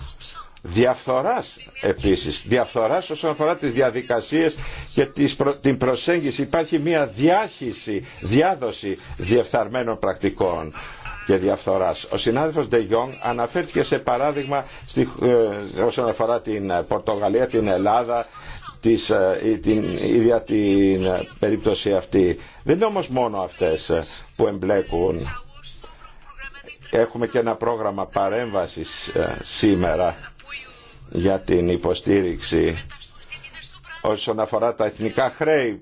διαφθοράς επίσης διαφθοράς όσον αφορά τις διαδικασίες και την προσέγγιση υπάρχει μια διάχυση διάδοση διεφθαρμένων πρακτικών και διαφθοράς. Ο συνάδελφος Ντε Jong αναφέρθηκε σε παράδειγμα ε, όσον αφορά την ε, Πορτογαλία, την Ελλάδα, της, ε, την ίδια την περίπτωση αυτή. Δεν είναι όμως μόνο αυτές που εμπλέκουν. Έχουμε και ένα πρόγραμμα παρέμβασης σήμερα για την υποστήριξη όσον αφορά τα εθνικά χρέη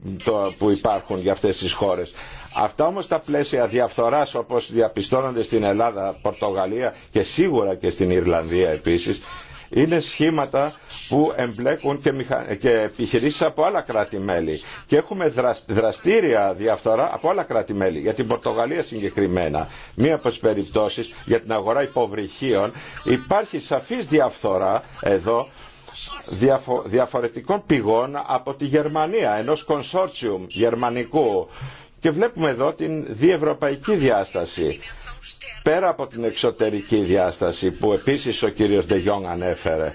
που υπάρχουν για αυτές τις χώρες. Αυτά όμω τα πλαίσια διαφθορά, όπω διαπιστώνονται στην Ελλάδα, Πορτογαλία και σίγουρα και στην Ιρλανδία επίση, είναι σχήματα που εμπλέκουν και, μηχα... και επιχειρήσεις από άλλα κράτη-μέλη και έχουμε δρασ... δραστήρια διαφθορά από άλλα κράτη-μέλη για την Πορτογαλία συγκεκριμένα μία από τις περιπτώσεις για την αγορά υποβρυχίων υπάρχει σαφής διαφθορά εδώ διαφορετικών πηγών από τη Γερμανία, ενός κονσόρτσιουμ γερμανικού και βλέπουμε εδώ την διευρωπαϊκή διάσταση πέρα από την εξωτερική διάσταση που επίσης ο κύριος Ντεγιόν ανέφερε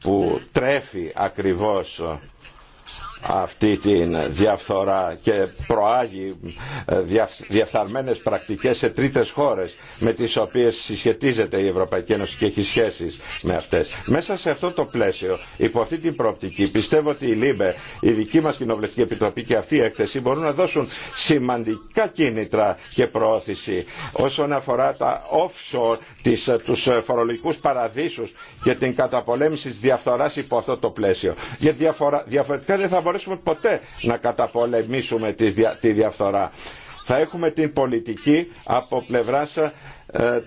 που τρέφει ακριβώς αυτή τη διαφθορά και προάγει ε, διαφθαρμένες πρακτικές σε τρίτες χώρες με τις οποίες συσχετίζεται η Ευρωπαϊκή Ένωση και έχει σχέσεις με αυτές. Μέσα σε αυτό το πλαίσιο, υπό αυτή την προοπτική, πιστεύω ότι η ΛΥΜΠΕ, η δική μας Κοινοβουλευτική Επιτροπή και αυτή η έκθεση μπορούν να δώσουν σημαντικά κίνητρα και προώθηση όσον αφορά τα offshore, τις, ε, τους ε, φορολογικούς παραδείσους και την καταπολέμηση της διαφθοράς υπό αυτό το πλαίσιο. Για διαφορετικά δεν θα μπορέσουμε ποτέ να καταπολεμήσουμε τη διαφθορά. Θα έχουμε την πολιτική από πλευράς ε,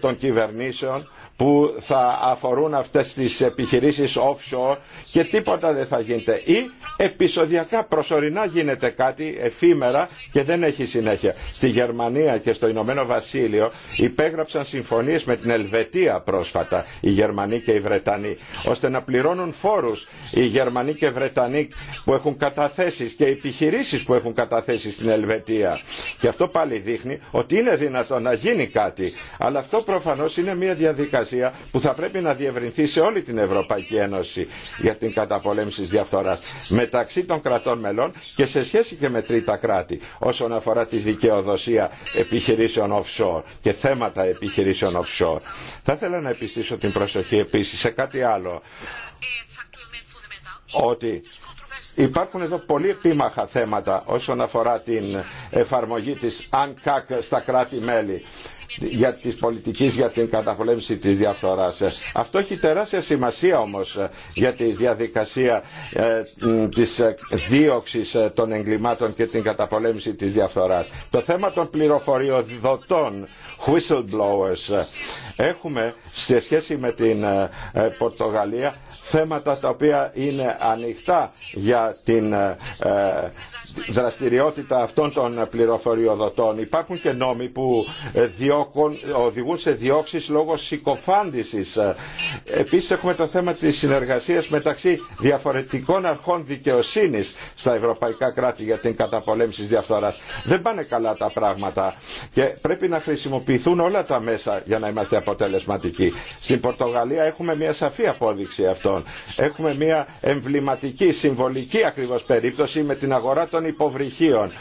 των κυβερνήσεων που θα αφορούν αυτές τις επιχειρήσεις offshore και τίποτα δεν θα γίνεται. Ή επεισοδιακά, προσωρινά γίνεται κάτι εφήμερα και δεν έχει συνέχεια. Στη Γερμανία και στο Ηνωμένο Βασίλειο υπέγραψαν συμφωνίες με την Ελβετία πρόσφατα οι Γερμανοί και οι Βρετανοί ώστε να πληρώνουν φόρους οι Γερμανοί και οι Βρετανοί που έχουν καταθέσεις και οι επιχειρήσεις που έχουν καταθέσεις στην Ελβετία. Και αυτό πάλι δείχνει ότι είναι δυνατό να γίνει κάτι. Αλλά αυτό προφανώς είναι μια διαδικασία που θα πρέπει να διευρυνθεί σε όλη την Ευρωπαϊκή Ένωση για την καταπολέμηση της διαφθοράς μεταξύ των κρατών μελών και σε σχέση και με τρίτα κράτη όσον αφορά τη δικαιοδοσία επιχειρήσεων offshore και θέματα επιχειρήσεων offshore. Θα ήθελα να επιστήσω την προσοχή επίσης σε κάτι άλλο ότι Υπάρχουν εδώ πολύ επίμαχα θέματα όσον αφορά την εφαρμογή της ΑΝΚΑΚ στα κράτη-μέλη για τις πολιτικές για την καταπολέμηση της διαφθοράς. Αυτό έχει τεράστια σημασία όμως για τη διαδικασία ε, της δίωξης ε, των εγκλημάτων και την καταπολέμηση της διαφθοράς. Το θέμα των πληροφοριοδοτών, whistleblowers, έχουμε σε σχέση με την ε, Πορτογαλία θέματα τα οποία είναι ανοιχτά για την ε, ε, δραστηριότητα αυτών των πληροφοριοδοτών. Υπάρχουν και νόμοι που ε, διώκουν, οδηγούν σε διώξεις λόγω συκοφάντησης. Επίσης έχουμε το θέμα της συνεργασίας μεταξύ διαφορετικών αρχών δικαιοσύνης στα ευρωπαϊκά κράτη για την καταπολέμηση της διαφθοράς. Δεν πάνε καλά τα πράγματα και πρέπει να χρησιμοποιηθούν όλα τα μέσα για να είμαστε αποτελεσματικοί. Στην Πορτογαλία έχουμε μια σαφή απόδειξη αυτών. Έχουμε μια εμβληματική συμβολή αναλογική ακριβώς περίπτωση με την αγορά των υποβρυχίων.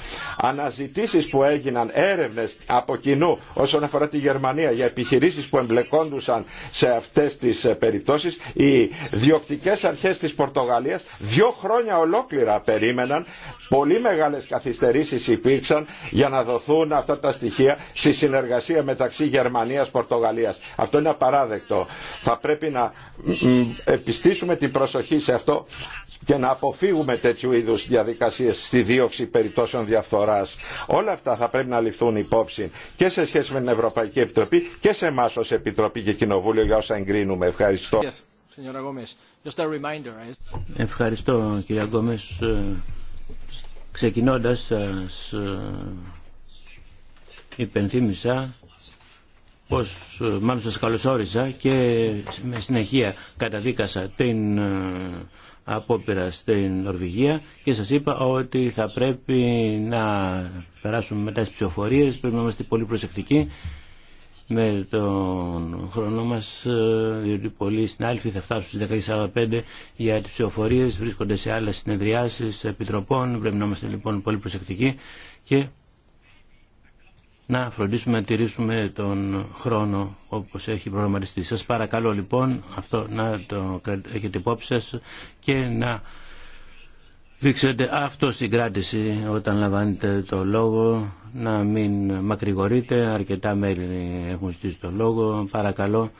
Αναζητήσεις που έγιναν, έρευνες από κοινού όσον αφορά τη Γερμανία για επιχειρήσεις που εμπλεκόντουσαν σε αυτές τις περιπτώσεις, οι διοκτικές αρχές της Πορτογαλίας δύο χρόνια ολόκληρα περίμεναν, πολύ μεγάλες καθυστερήσεις υπήρξαν για να δοθούν αυτά τα στοιχεία στη συνεργασία μεταξύ Γερμανίας Πορτογαλίας. Αυτό είναι απαράδεκτο. Θα πρέπει να επιστήσουμε την προσοχή σε αυτό και να αποφύγουμε αποφύγουμε τέτοιου είδους διαδικασίες στη δίωξη περιπτώσεων διαφθοράς. Όλα αυτά θα πρέπει να ληφθούν υπόψη και σε σχέση με την Ευρωπαϊκή Επιτροπή και σε εμά ως Επιτροπή και Κοινοβούλιο για όσα εγκρίνουμε. Ευχαριστώ. Eh. Ευχαριστώ κυρία Γκόμες. Ε, ξεκινώντας σας ε, υπενθύμησα πως ε, μάλλον σας καλωσόρισα και με συνεχεία καταδίκασα την απόπειρα στην Νορβηγία και σας είπα ότι θα πρέπει να περάσουμε μετά τις ψηφοφορίες, πρέπει να είμαστε πολύ προσεκτικοί με τον χρόνο μας, ε, διότι πολλοί συνάλφοι θα φτάσουν στις 10.45 για τις ψηφοφορίες, βρίσκονται σε άλλες συνεδριάσεις επιτροπών, πρέπει να είμαστε λοιπόν πολύ προσεκτικοί και να φροντίσουμε να τηρήσουμε τον χρόνο όπως έχει προγραμματιστεί. Σας παρακαλώ λοιπόν αυτό να το έχετε υπόψη σας και να δείξετε αυτοσυγκράτηση όταν λαμβάνετε το λόγο, να μην μακρηγορείτε, αρκετά μέλη έχουν στήσει το λόγο, παρακαλώ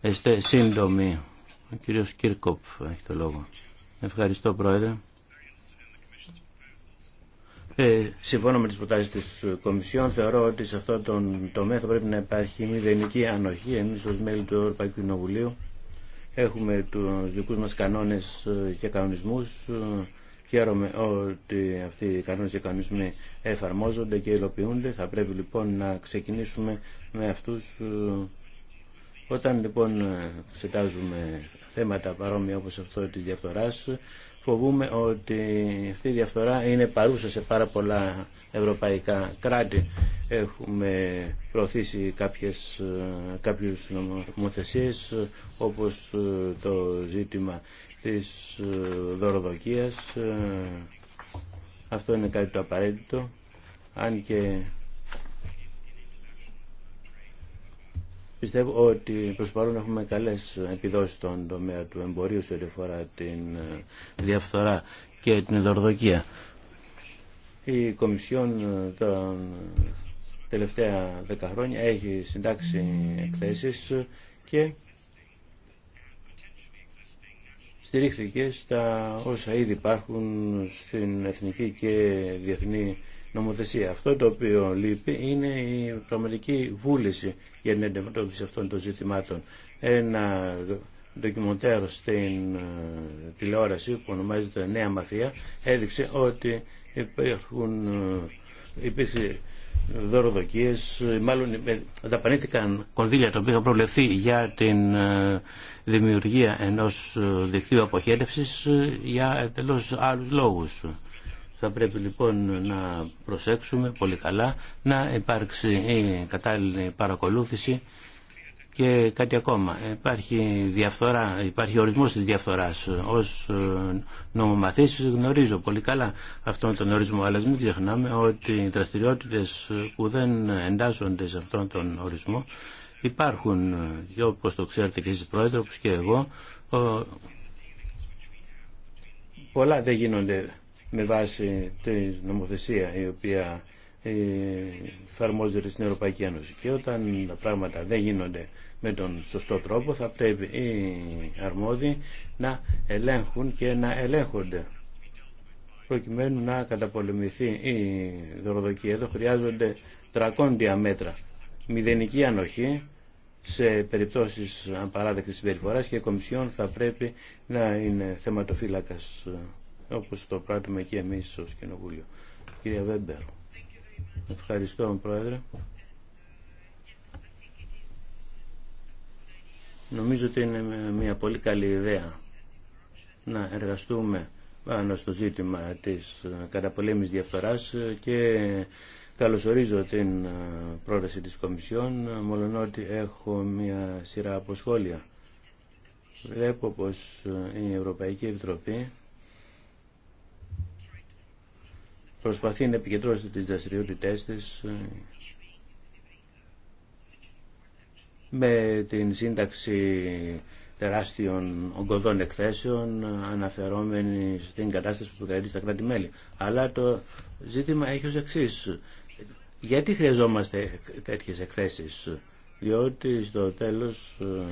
είστε σύντομοι. Ο κύριος Κίρκοπ έχει το λόγο. Ευχαριστώ Πρόεδρε. Ε, συμφώνω με τις προτάσεις της ε, Κομισιόν. Θεωρώ ότι σε αυτό τον τομέα θα πρέπει να υπάρχει μηδενική ανοχή. Εμείς ως μέλη του Ευρωπαϊκού Κοινοβουλίου έχουμε τους δικούς μας κανόνες ε, και κανονισμούς. Χαίρομαι ότι αυτοί οι κανόνες και κανονισμοί εφαρμόζονται και υλοποιούνται. Θα πρέπει λοιπόν να ξεκινήσουμε με αυτούς. Όταν λοιπόν εξετάζουμε θέματα παρόμοια όπως αυτό της διαφθοράς, φοβούμε ότι αυτή η διαφθορά είναι παρούσα σε πάρα πολλά ευρωπαϊκά κράτη. Έχουμε προωθήσει κάποιες, κάποιες νομοθεσίες όπως το ζήτημα της δωροδοκίας. Αυτό είναι κάτι το απαραίτητο. Αν και Πιστεύω ότι προς παρόν έχουμε καλές επιδόσεις στον τομέα του εμπορίου σε ό,τι αφορά την ε, διαφθορά και την δορδοκία. Η Κομισιόν ε, τα τελευταία δέκα χρόνια έχει συντάξει εκθέσεις και στηρίχθηκε στα όσα ήδη υπάρχουν στην εθνική και διεθνή νομοθεσία. Αυτό το οποίο λείπει είναι η πραγματική βούληση για την αντιμετώπιση αυτών των ζητημάτων. Ένα ντοκιμοντέρ στην ε, τηλεόραση που ονομάζεται Νέα Μαφία έδειξε ότι υπάρχουν, ε, υπήρχε δωροδοκίες, μάλλον ε, δαπανήθηκαν κονδύλια τα οποία είχαν προβλεφθεί για την δημιουργία ενός δικτύου αποχέτευσης για τελώς άλλους λόγους. Θα πρέπει λοιπόν να προσέξουμε πολύ καλά να υπάρξει η κατάλληλη παρακολούθηση και κάτι ακόμα. Υπάρχει διαφθορά, υπάρχει ορισμός της διαφθοράς. Ως ε, νομομαθής γνωρίζω πολύ καλά αυτόν τον ορισμό, αλλά μην ξεχνάμε ότι οι δραστηριότητες που δεν εντάσσονται σε αυτόν τον ορισμό υπάρχουν και όπως το ξέρετε και εσείς πρόεδρος και εγώ, πολλά δεν γίνονται με βάση τη νομοθεσία η οποία ε, εφαρμόζεται στην Ευρωπαϊκή Ένωση. Και όταν τα πράγματα δεν γίνονται με τον σωστό τρόπο θα πρέπει οι αρμόδιοι να ελέγχουν και να ελέγχονται προκειμένου να καταπολεμηθεί η δωροδοκία. Εδώ χρειάζονται τρακόντια μέτρα. Μηδενική ανοχή σε περιπτώσεις απαράδεκτης συμπεριφοράς και η θα πρέπει να είναι θεματοφύλακας όπως το πράττουμε και εμείς ω Κοινοβούλιο. Κυρία Βέμπερ. Ευχαριστώ, Πρόεδρε. Νομίζω ότι είναι μια πολύ καλή ιδέα να εργαστούμε πάνω στο ζήτημα της καταπολέμησης διαφθοράς και καλωσορίζω την πρόταση της Κομισιόν, μόλον ότι έχω μια σειρά από σχόλια. Βλέπω πως η Ευρωπαϊκή Επιτροπή προσπαθεί να επικεντρώσει τις δραστηριότητές της ε, με την σύνταξη τεράστιων ογκωδών εκθέσεων ε, αναφερόμενη στην κατάσταση που επικρατεί στα κράτη-μέλη. Αλλά το ζήτημα έχει ως εξής. Γιατί χρειαζόμαστε τέτοιες εκθέσεις, διότι στο τέλος ε,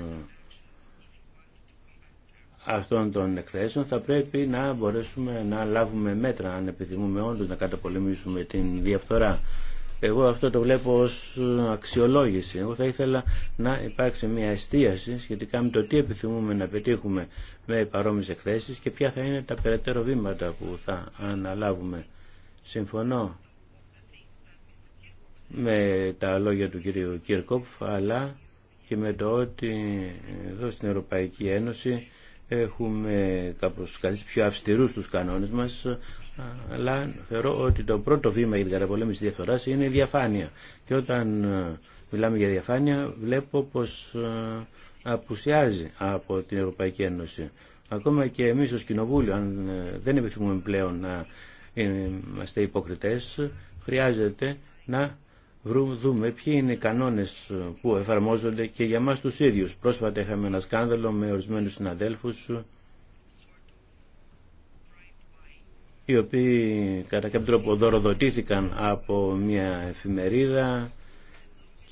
αυτών των εκθέσεων θα πρέπει να μπορέσουμε να λάβουμε μέτρα αν επιθυμούμε όντω να καταπολεμήσουμε την διαφθορά. Εγώ αυτό το βλέπω ως αξιολόγηση. Εγώ θα ήθελα να υπάρξει μια εστίαση σχετικά με το τι επιθυμούμε να πετύχουμε με παρόμοιες εκθέσεις και ποια θα είναι τα περαιτέρω βήματα που θα αναλάβουμε. Συμφωνώ με τα λόγια του κυρίου Κίρκοπφ αλλά και με το ότι εδώ στην Ευρωπαϊκή Ένωση έχουμε κάπως καθίσει πιο αυστηρούς τους κανόνες μας αλλά θεωρώ ότι το πρώτο βήμα για την καταπολέμηση διαφθοράς είναι η διαφάνεια και όταν ε, μιλάμε για διαφάνεια βλέπω πως ε, απουσιάζει από την Ευρωπαϊκή Ένωση ακόμα και εμείς ως Κοινοβούλιο αν ε, δεν επιθυμούμε πλέον να είμαστε υποκριτές χρειάζεται να δούμε ποιοι είναι οι κανόνες ε, που εφαρμόζονται και για μας τους ίδιους. Πρόσφατα είχαμε ένα σκάνδαλο με ορισμένους συναδέλφους ε, οι οποίοι κατά κάποιο τρόπο δωροδοτήθηκαν από μια εφημερίδα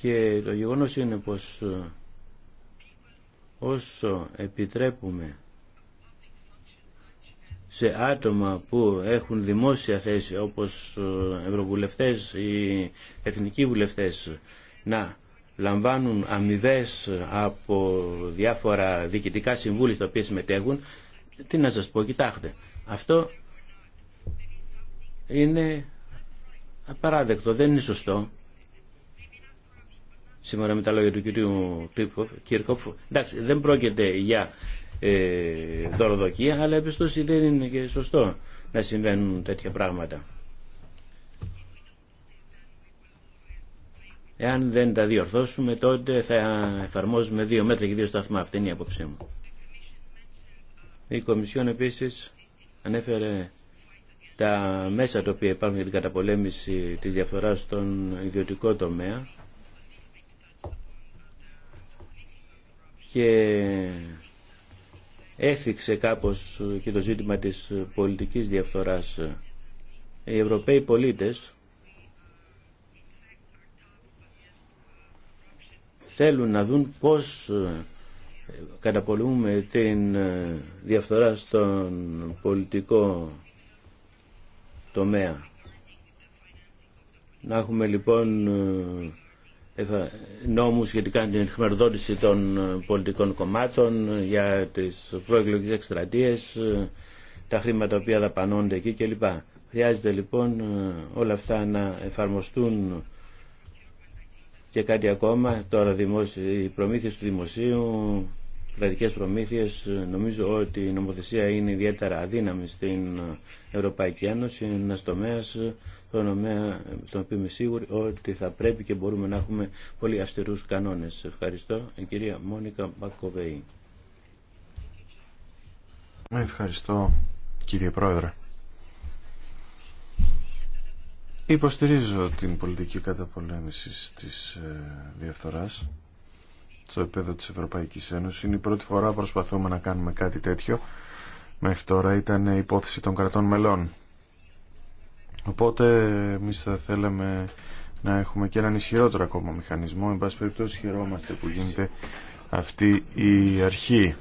και το γεγονός είναι πως ε, όσο επιτρέπουμε σε άτομα που έχουν δημόσια θέση όπως ε, ευρωβουλευτές ή εθνικοί βουλευτές να λαμβάνουν αμοιβέ από διάφορα διοικητικά συμβούλια στα οποία συμμετέχουν, τι να σας πω, κοιτάξτε, αυτό είναι απαράδεκτο, δεν είναι σωστό. Σήμερα με τα λόγια του κυρίου Κύρκοφ, εντάξει, δεν πρόκειται για ε, δωροδοκία, αλλά επιστώσει δεν είναι και σωστό να συμβαίνουν τέτοια πράγματα. Εάν δεν τα διορθώσουμε, τότε θα εφαρμόζουμε δύο μέτρα και δύο σταθμά. Αυτή είναι η απόψή μου. Η Κομισιόν επίσης ανέφερε τα μέσα τα οποία υπάρχουν για την καταπολέμηση της διαφοράς στον ιδιωτικό τομέα και έφυξε κάπως ε, και το ζήτημα της ε, πολιτικής διαφθοράς. Οι Ευρωπαίοι πολίτες θέλουν να δουν πώς ε, καταπολούμε την διαφθορά στον πολιτικό τομέα. Να έχουμε λοιπόν νόμου σχετικά με την χρηματοδότηση των ε, πολιτικών κομμάτων, ε, για τις προεκλογικές εκστρατείες, ε, τα χρήματα οποία δαπανώνται εκεί κλπ. Χρειάζεται λοιπόν όλα αυτά να εφαρμοστούν και κάτι ακόμα, τώρα οι προμήθειες του δημοσίου, κρατικές προμήθειες, νομίζω ότι η νομοθεσία είναι ιδιαίτερα αδύναμη στην Ευρωπαϊκή Ένωση, το τον οποίο είμαι σίγουρη ότι θα πρέπει και μπορούμε να έχουμε πολύ αυστηρούς κανόνες. Ευχαριστώ, η κυρία Μόνικα Μπακοβέη. Ευχαριστώ, κύριε Πρόεδρε. Υποστηρίζω την πολιτική καταπολέμηση της ε, διαφθοράς στο επίπεδο της Ευρωπαϊκής Ένωσης. Είναι η πρώτη φορά που προσπαθούμε να κάνουμε κάτι τέτοιο. Μέχρι τώρα ήταν υπόθεση των κρατών μελών. Οπότε εμεί θα θέλαμε να έχουμε και έναν ισχυρότερο ακόμα μηχανισμό. Εν πάση περιπτώσει χαιρόμαστε που γίνεται αυτή η αρχή.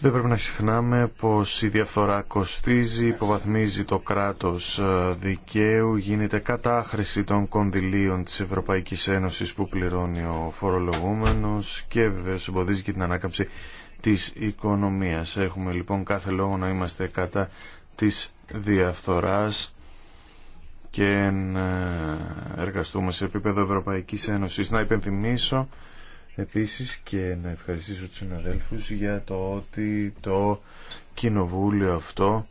Δεν πρέπει να ξεχνάμε πως η διαφθορά κοστίζει, υποβαθμίζει το κράτος ε, δικαίου, γίνεται κατάχρηση των κονδυλίων της Ευρωπαϊκής Ένωσης που πληρώνει ο φορολογούμενος και βεβαίως εμποδίζει και την ανάκαμψη της οικονομίας. Έχουμε λοιπόν κάθε λόγο να είμαστε κατά της διαφθοράς και να εργαστούμε σε επίπεδο Ευρωπαϊκής Ένωσης. Να υπενθυμίσω επίσης και να ευχαριστήσω τους συναδέλφους για το ότι το κοινοβούλιο αυτό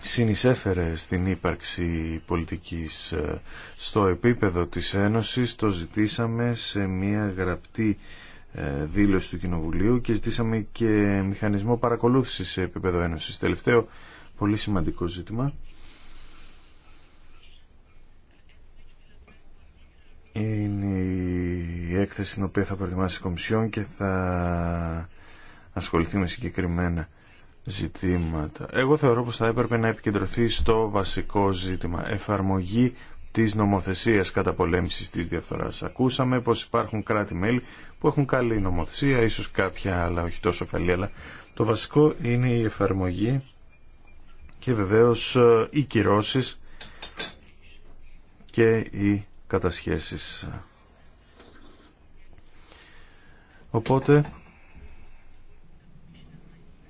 συνεισέφερε στην ύπαρξη πολιτικής ε, στο επίπεδο της Ένωσης το ζητήσαμε σε μια γραπτή ε, δήλωση του Κοινοβουλίου και ζητήσαμε και μηχανισμό παρακολούθησης σε επίπεδο ένωσης. Τελευταίο πολύ σημαντικό ζήτημα. Είναι η έκθεση την οποία θα προετοιμάσει η Κομισιόν και θα ασχοληθεί με συγκεκριμένα ζητήματα. Εγώ θεωρώ πως θα έπρεπε να επικεντρωθεί στο βασικό ζήτημα. Εφαρμογή της νομοθεσίας πολέμησης της διαφθοράς. Ακούσαμε πως υπάρχουν κράτη-μέλη που έχουν καλή νομοθεσία, ίσως κάποια άλλα όχι τόσο καλή, αλλά το βασικό είναι η εφαρμογή και βεβαίως ε, οι κυρώσεις και οι κατασχέσεις. Οπότε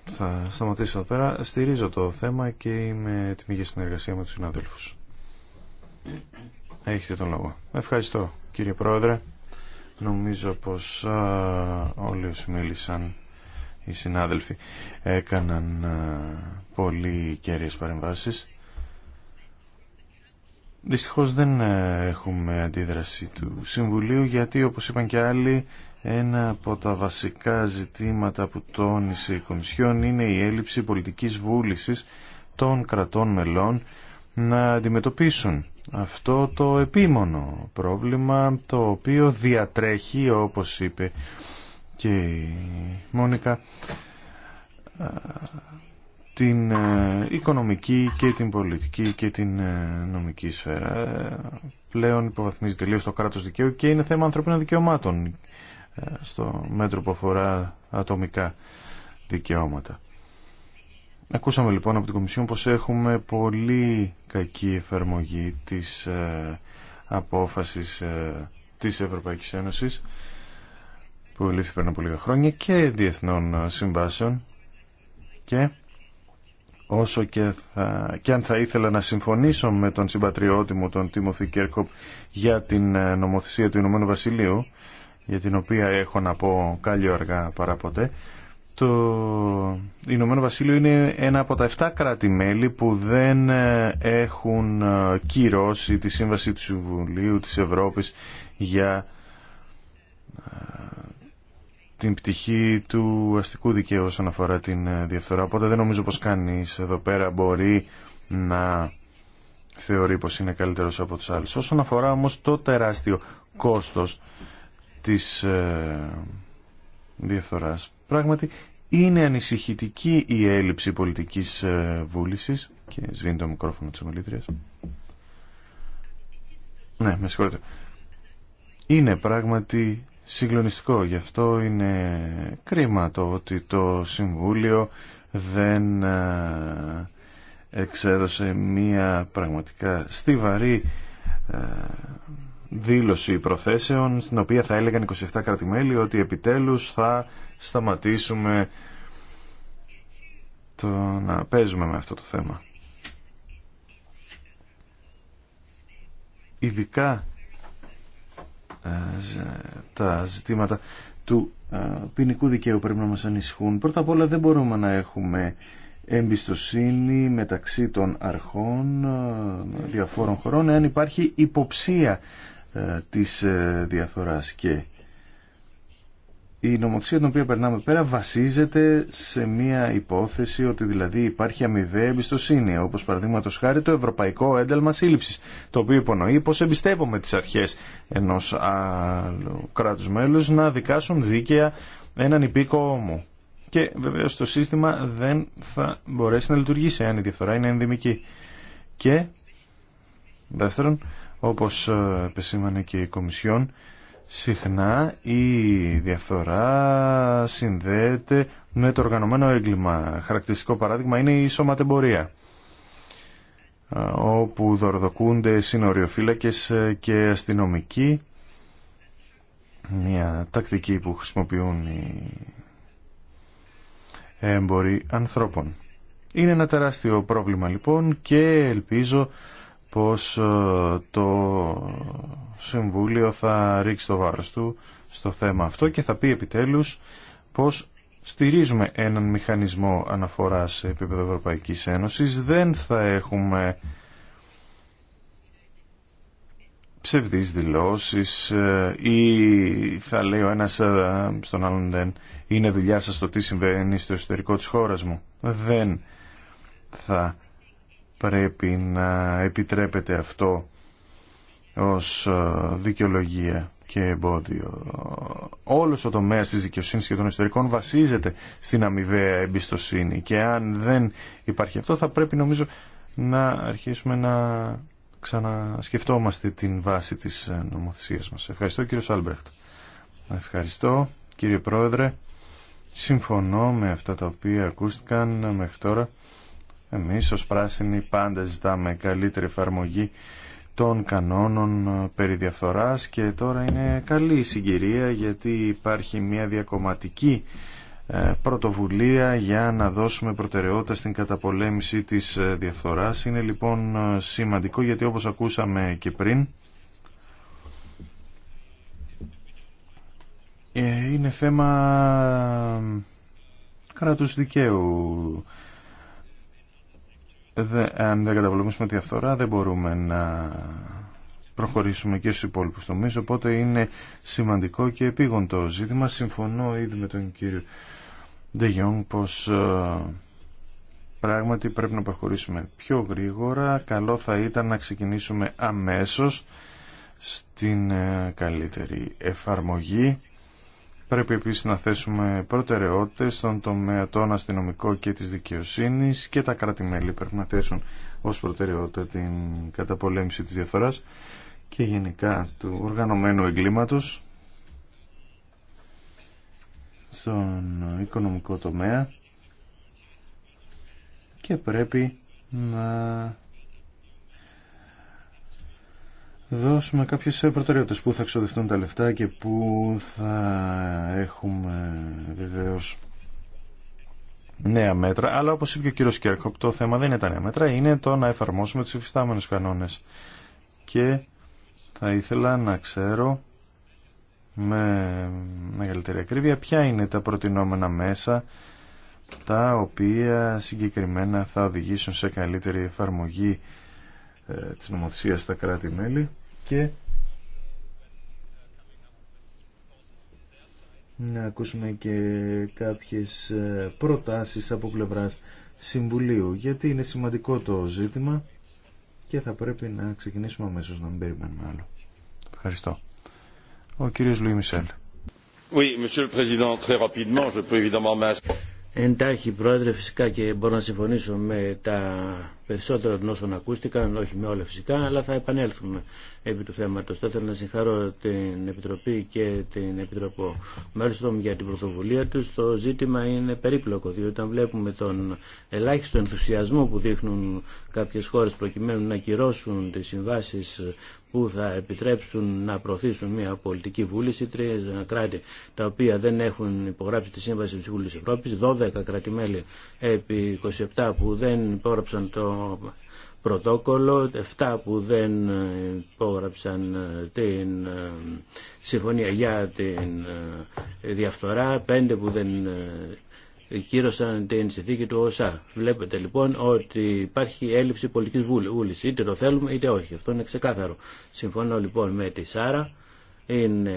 θα σταματήσω εδώ πέρα. Στηρίζω το θέμα και είμαι έτοιμη για συνεργασία με τους συναδέλφους. Έχετε τον λόγο. Ευχαριστώ κύριε Πρόεδρε. Νομίζω πως όλοι όσοι μίλησαν οι συνάδελφοι έκαναν α, πολύ κέρδιες παρεμβάσεις. Δυστυχώς δεν ε, έχουμε αντίδραση του Συμβουλίου γιατί όπως είπαν και άλλοι ένα από τα βασικά ζητήματα που τόνισε η Κομισιόν είναι η έλλειψη πολιτικής βούλησης των κρατών μελών να αντιμετωπίσουν αυτό το επίμονο πρόβλημα το οποίο διατρέχει όπως είπε και η Μόνικα την ε, οικονομική και την πολιτική και την ε, νομική σφαίρα ε, πλέον υποβαθμίζει τελείως το κράτος δικαίου και είναι θέμα ανθρωπίνων δικαιωμάτων στο μέτρο που αφορά ατομικά δικαιώματα. Ακούσαμε λοιπόν από την Κομισιόν πως έχουμε πολύ κακή εφαρμογή της ε, απόφασης ε, της Ευρωπαϊκής Ένωσης που λύθηκε πριν από λίγα χρόνια και διεθνών ε, συμβάσεων και όσο και, θα, και αν θα ήθελα να συμφωνήσω με τον συμπατριώτη μου τον Τίμωθη Κέρκοπ για την νομοθεσία του Ηνωμένου Βασιλείου για την οποία έχω να πω καλή αργά παραποτέ το Ηνωμένο Βασίλειο είναι ένα από τα 7 κράτη-μέλη που δεν ε, έχουν ε, κυρώσει τη Σύμβαση του Συμβουλίου της Ευρώπης για ε, την πτυχή του αστικού δικαίου όσον αφορά την διαφθορά. Οπότε δεν νομίζω πως κανείς εδώ πέρα μπορεί να θεωρεί πως είναι καλύτερος από τους άλλους. Όσον αφορά όμως το τεράστιο κόστος της διαφθοράς, πράγματι είναι ανησυχητική η έλλειψη πολιτικής ε, βούλησης και σβήνει το μικρόφωνο της ομιλήτριας. Ναι, με συγχωρείτε. Είναι πράγματι συγκλονιστικό. Γι' αυτό είναι κρίμα το ότι το Συμβούλιο δεν ε, εξέδωσε μία πραγματικά στιβαρή ε, δήλωση προθέσεων στην οποία θα έλεγαν 27 κρατημέλη ότι επιτέλους θα σταματήσουμε το να παίζουμε με αυτό το θέμα. Ειδικά ε, τα ζητήματα του ε, ποινικού δικαίου πρέπει να μας ανησυχούν. Πρώτα απ' όλα δεν μπορούμε να έχουμε εμπιστοσύνη μεταξύ των αρχών ε, διαφόρων χωρών εάν υπάρχει υποψία ε, της ε, διαφοράς και η νομοθεσία την οποία περνάμε πέρα βασίζεται σε μια υπόθεση ότι δηλαδή υπάρχει αμοιβαία εμπιστοσύνη, όπω παραδείγματο χάρη το Ευρωπαϊκό Ένταλμα Σύλληψη, το οποίο υπονοεί πω εμπιστεύομαι τι αρχέ ενό κράτους κράτου μέλου να δικάσουν δίκαια έναν υπήκο μου. Και βέβαια το σύστημα δεν θα μπορέσει να λειτουργήσει αν η διαφορά είναι ενδημική. Και δεύτερον, όπως ε, επεσήμανε και η Κομισιόν, συχνά η διαφθορά συνδέεται με το οργανωμένο έγκλημα. Χαρακτηριστικό παράδειγμα είναι η σωματεμπορία ε, όπου δορδοκούνται συνοριοφύλακες ε, και αστυνομικοί μια τακτική που χρησιμοποιούν οι έμποροι ανθρώπων. Είναι ένα τεράστιο πρόβλημα λοιπόν και ελπίζω πως ε, το Συμβούλιο θα ρίξει το βάρος του στο θέμα αυτό και θα πει επιτέλους πως στηρίζουμε έναν μηχανισμό αναφοράς σε επίπεδο Ευρωπαϊκής Ένωσης. Δεν θα έχουμε ψευδείς δηλώσεις ε, ή θα λέει ο ένας ε, στον άλλον δεν είναι δουλειά σας το τι συμβαίνει στο εσωτερικό της χώρας μου. Δεν θα πρέπει να επιτρέπεται αυτό ως ε, δικαιολογία και εμπόδιο. Όλος ο τομέας της δικαιοσύνης και των ιστορικών βασίζεται στην αμοιβαία εμπιστοσύνη και αν δεν υπάρχει αυτό θα πρέπει νομίζω να αρχίσουμε να ξανασκεφτόμαστε την βάση της ε, νομοθεσίας μας. Ευχαριστώ κύριο Σάλμπρεχτ. Ευχαριστώ κύριε Πρόεδρε. Συμφωνώ με αυτά τα οποία ακούστηκαν μέχρι τώρα εμείς ως πράσινοι πάντα ζητάμε καλύτερη εφαρμογή των κανόνων ε, περί διαφθοράς και τώρα είναι καλή η συγκυρία γιατί υπάρχει μια διακομματική ε, πρωτοβουλία για να δώσουμε προτεραιότητα στην καταπολέμηση της ε, διαφθοράς. Είναι λοιπόν σημαντικό γιατί όπως ακούσαμε και πριν είναι θέμα κράτους δικαίου αν δεν καταπολεμήσουμε τη διαφθορά δεν μπορούμε να προχωρήσουμε και στους υπόλοιπους τομείς οπότε είναι σημαντικό και επίγον ζήτημα συμφωνώ ήδη με τον κύριο Ντεγιόν πως ε, πράγματι πρέπει να προχωρήσουμε πιο γρήγορα καλό θα ήταν να ξεκινήσουμε αμέσως στην ε, καλύτερη εφαρμογή Πρέπει επίσης να θέσουμε προτεραιότητες στον τομέα των αστυνομικών και της δικαιοσύνης και τα κράτη-μέλη πρέπει να θέσουν ως προτεραιότητα την καταπολέμηση της διαφθοράς και γενικά του οργανωμένου εγκλήματος στον οικονομικό τομέα και πρέπει να δώσουμε κάποιες προτεραιότητες που θα εξοδευτούν τα λεφτά και που θα έχουμε βεβαίω νέα μέτρα. Αλλά όπως είπε και ο κύριος Κέρκοπ, το θέμα δεν είναι τα νέα μέτρα, είναι το να εφαρμόσουμε τους υφιστάμενους κανόνες. Και θα ήθελα να ξέρω με μεγαλύτερη ακρίβεια ποια είναι τα προτινόμενα μέσα τα οποία συγκεκριμένα θα οδηγήσουν σε καλύτερη εφαρμογή ε, της νομοθεσίας στα κράτη-μέλη και να ακούσουμε και κάποιες ε, προτάσεις από πλευράς Συμβουλίου, γιατί είναι σημαντικό το ζήτημα και θα πρέπει να ξεκινήσουμε αμέσως, να μην περιμένουμε άλλο. Ευχαριστώ. Ο κύριος Λουί Μισελ. Oui, Monsieur le Président, très rapidement, je peux évidemment Εντάχει, Πρόεδρε, φυσικά και μπορώ να συμφωνήσω με τα περισσότερα των όσων ακούστηκαν, όχι με όλα φυσικά, αλλά θα επανέλθουμε επί του θέματος. Θα ήθελα να συγχαρώ την Επιτροπή και την Επιτροπό Μέλστρομ για την πρωτοβουλία τους. Το ζήτημα είναι περίπλοκο, διότι όταν βλέπουμε τον ελάχιστο ενθουσιασμό που δείχνουν κάποιες χώρες προκειμένου να κυρώσουν τις συμβάσεις που θα επιτρέψουν να προωθήσουν μια πολιτική βούληση. Τρία κράτη τα οποία δεν έχουν υπογράψει τη Σύμβαση τη Βούλη Ευρώπη, 12 κρατημέλη επί 27 που δεν υπόγραψαν το πρωτόκολλο, 7 που δεν υπόγραψαν την ε, συμφωνία για την ε, διαφθορά, 5 που δεν ε, κύρωσαν την συνθήκη του ΩΣΑ. Βλέπετε λοιπόν ότι υπάρχει έλλειψη πολιτική βούληση, Είτε το θέλουμε είτε όχι. Αυτό είναι ξεκάθαρο. Συμφωνώ λοιπόν με τη Σάρα. Είναι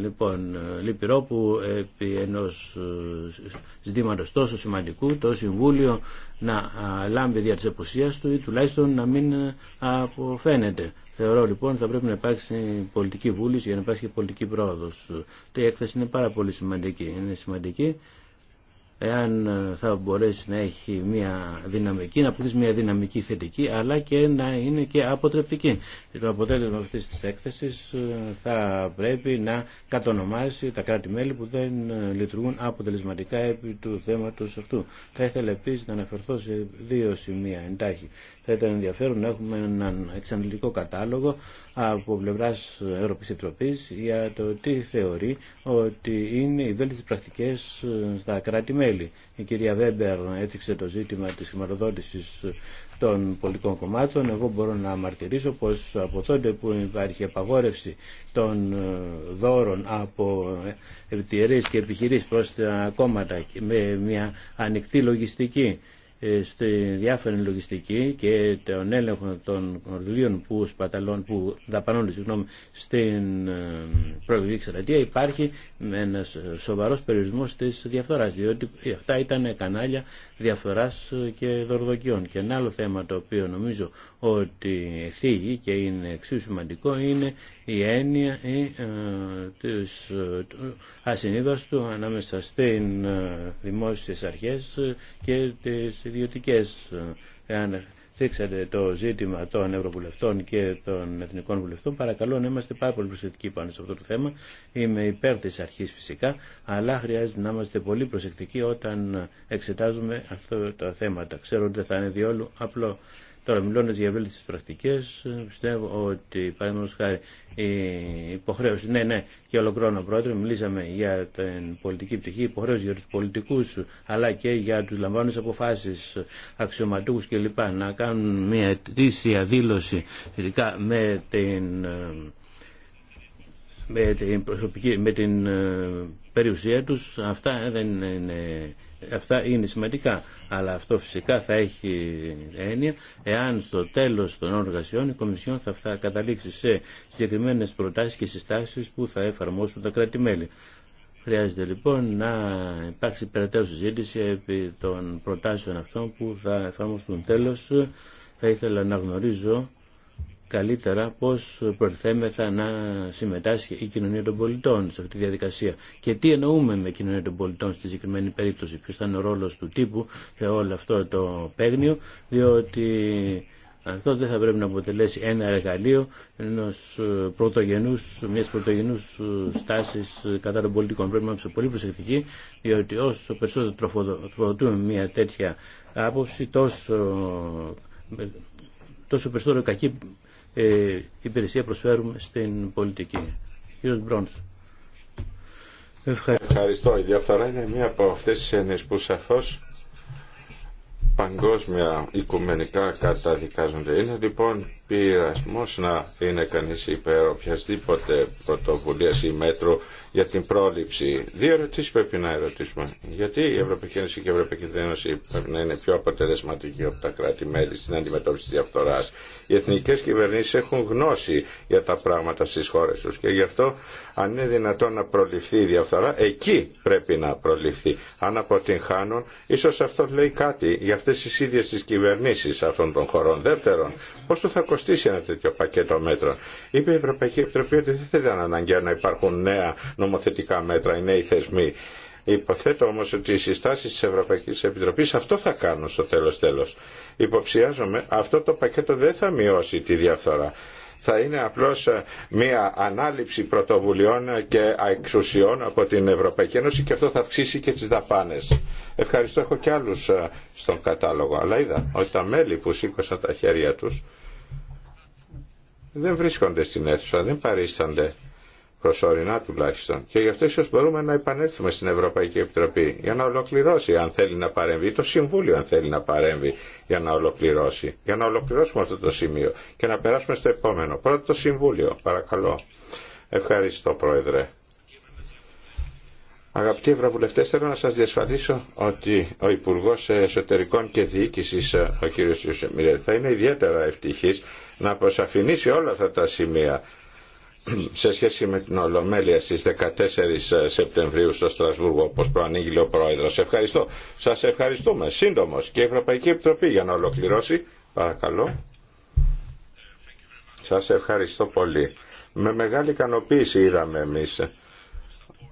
λοιπόν λυπηρό που επί ενό ε, ζητήματο τόσο σημαντικού το Συμβούλιο να λάμπει δια τη εποσίας του ή τουλάχιστον να μην ε, αποφαίνεται. Θεωρώ λοιπόν θα πρέπει να υπάρξει πολιτική βούληση για να υπάρξει πολιτική πρόοδος. Η έκθεση είναι πάρα πολύ Είναι σημαντική εάν ε, θα μπορέσει να έχει μια δυναμική, να αποκτήσει μια δυναμική θετική, αλλά και να είναι και αποτρεπτική. Το αποτέλεσμα αυτής της έκθεσης ε, θα πρέπει να κατονομάσει τα κράτη-μέλη που δεν ε, λειτουργούν αποτελεσματικά επί του θέματος αυτού. Θα ήθελα επίση να αναφερθώ σε δύο σημεία εντάχει. Θα ήταν ενδιαφέρον να έχουμε έναν εξαντλητικό κατάλογο από πλευρά Ευρωπαϊκή Επιτροπή για το τι θεωρεί ότι είναι οι βέλτιστε πρακτικέ στα κράτη-μέλη. Η κυρία Βέμπερ έθιξε το ζήτημα της χρηματοδότησης των πολιτικών κομμάτων. Εγώ μπορώ να μαρτυρήσω πως από τότε που υπάρχει απαγόρευση των ε, δώρων από ε, εταιρείε και επιχειρήσεις προς τα κόμματα με μια ανοιχτή λογιστική ε, στη διάφορη λογιστική και τον έλεγχο των κονδυλίων που, σπαταλών, που δαπανώνται συγγνώμη, στην ε, προεκλογική εξαρτία υπάρχει ένας σοβαρός περιορισμός της διαφθοράς διότι αυτά ήταν κανάλια διαφθοράς και δορδοκιών. Και ένα άλλο θέμα το οποίο νομίζω ότι θίγει και είναι εξίσου σημαντικό είναι η έννοια ε, της ε, ανάμεσα στις ε, δημόσιες αρχές και τις ιδιωτικές ε, θίξατε το ζήτημα των Ευρωβουλευτών και των Εθνικών Βουλευτών. Παρακαλώ να είμαστε πάρα πολύ προσεκτικοί πάνω σε αυτό το θέμα. Είμαι υπέρ τη αρχή φυσικά, αλλά χρειάζεται να είμαστε πολύ προσεκτικοί όταν εξετάζουμε αυτά τα θέματα. Ξέρω ότι δεν θα είναι διόλου απλό. Τώρα, μιλώντα για ευέλικτε πρακτικέ, πιστεύω ότι, παραδείγματο χάρη, η υποχρέωση, ναι, ναι, και ολοκληρώνω πρόεδρε, μιλήσαμε για την πολιτική πτυχή, υποχρέωση για του πολιτικού, αλλά και για του λαμβάνοντε αποφάσει, αξιωματούχου κλπ. Να κάνουν μια αιτήσια δήλωση ειδικά με την προσωπική, με την ε, περιουσία τους αυτά δεν είναι αυτά είναι σημαντικά. Αλλά αυτό φυσικά θα έχει έννοια εάν στο τέλος των εργασιών η Κομισιόν θα, καταλήξει σε συγκεκριμένες προτάσεις και συστάσεις που θα εφαρμόσουν τα κράτη-μέλη. Χρειάζεται λοιπόν να υπάρξει περαιτέρω συζήτηση επί των προτάσεων αυτών που θα εφαρμοστούν. Τέλος, θα ήθελα να γνωρίζω καλύτερα πώς προθέμεθα να συμμετάσχει η κοινωνία των πολιτών σε αυτή τη διαδικασία και τι εννοούμε με κοινωνία των πολιτών στη συγκεκριμένη περίπτωση, ποιος ήταν ο ρόλος του τύπου σε όλο αυτό το παίγνιο, διότι αυτό δεν θα πρέπει να αποτελέσει ένα εργαλείο ενός πρωτογενούς, μιας πρωτογενούς στάσης κατά των πολιτικών. Πρέπει να είμαστε πολύ προσεκτικοί, διότι όσο περισσότερο τροφοδοτούμε μια τέτοια άποψη, τόσο τόσο περισσότερο κακή ε, υπηρεσία προσφέρουμε στην πολιτική. Κύριος Μπρόντς. Ευχαριστώ. Ευχαριστώ. Η διαφορά είναι μία από αυτές τις έννοιες που σαφώς παγκόσμια οικουμενικά καταδικάζονται. Είναι λοιπόν πειρασμός να είναι κανείς υπέρ οποιασδήποτε πρωτοβουλία ή μέτρου για την πρόληψη. Δύο ερωτήσει πρέπει να ερωτήσουμε. Γιατί η Ευρωπαϊκή Ένωση και η Ευρωπαϊκή Ένωση πρέπει να είναι πιο αποτελεσματική από τα κράτη-μέλη στην αντιμετώπιση τη διαφθορά. Οι εθνικέ κυβερνήσει έχουν γνώση για τα πράγματα στι χώρε του και γι' αυτό αν είναι δυνατόν να προληφθεί η διαφθορά, εκεί πρέπει να προληφθεί. Αν αποτυγχάνουν, ίσω αυτό λέει κάτι για αυτέ τι ίδιε τι κυβερνήσει αυτών των χωρών. Δεύτερον, πόσο θα κοστίσει ένα τέτοιο πακέτο μέτρων. Είπε η Ευρωπαϊκή Επιτροπή ότι δεν ήταν να υπάρχουν νέα νομοθετικά μέτρα, οι νέοι θεσμοί. Υποθέτω όμως ότι οι συστάσεις της Ευρωπαϊκής Επιτροπής αυτό θα κάνουν στο τέλος τέλος. Υποψιάζομαι αυτό το πακέτο δεν θα μειώσει τη διαφθορά. Θα είναι απλώς ε, μια ανάληψη πρωτοβουλειών και εξουσιών από την Ευρωπαϊκή Ένωση και αυτό θα αυξήσει και τις δαπάνες. Ευχαριστώ, έχω και άλλους ε, στον κατάλογο. Αλλά είδα ότι τα μέλη που σήκωσαν τα χέρια τους δεν βρίσκονται στην αίθουσα, δεν παρίστανται προσωρινά τουλάχιστον. Και γι' αυτό ίσω μπορούμε να επανέλθουμε στην Ευρωπαϊκή Επιτροπή για να ολοκληρώσει αν θέλει να παρέμβει, ή το Συμβούλιο αν θέλει να παρέμβει για να ολοκληρώσει. Για να ολοκληρώσουμε αυτό το σημείο και να περάσουμε στο επόμενο. Πρώτο το Συμβούλιο, παρακαλώ. Ευχαριστώ Πρόεδρε. Αγαπητοί Ευρωβουλευτέ, θέλω να σα διασφαλίσω ότι ο Υπουργό Εσωτερικών και Διοίκηση, ο κ. Ιωσημίρ, θα είναι ιδιαίτερα ευτυχή να αποσαφηνίσει όλα αυτά τα σημεία σε σχέση με την Ολομέλεια στις 14 ε, Σεπτεμβρίου στο Στρασβούργο όπως προανήγγειλε ο Πρόεδρος. Ευχαριστώ. Σας ευχαριστούμε. Σύντομος και η Ευρωπαϊκή Επιτροπή για να ολοκληρώσει. Παρακαλώ. Σας ευχαριστώ πολύ. Με μεγάλη ικανοποίηση είδαμε εμείς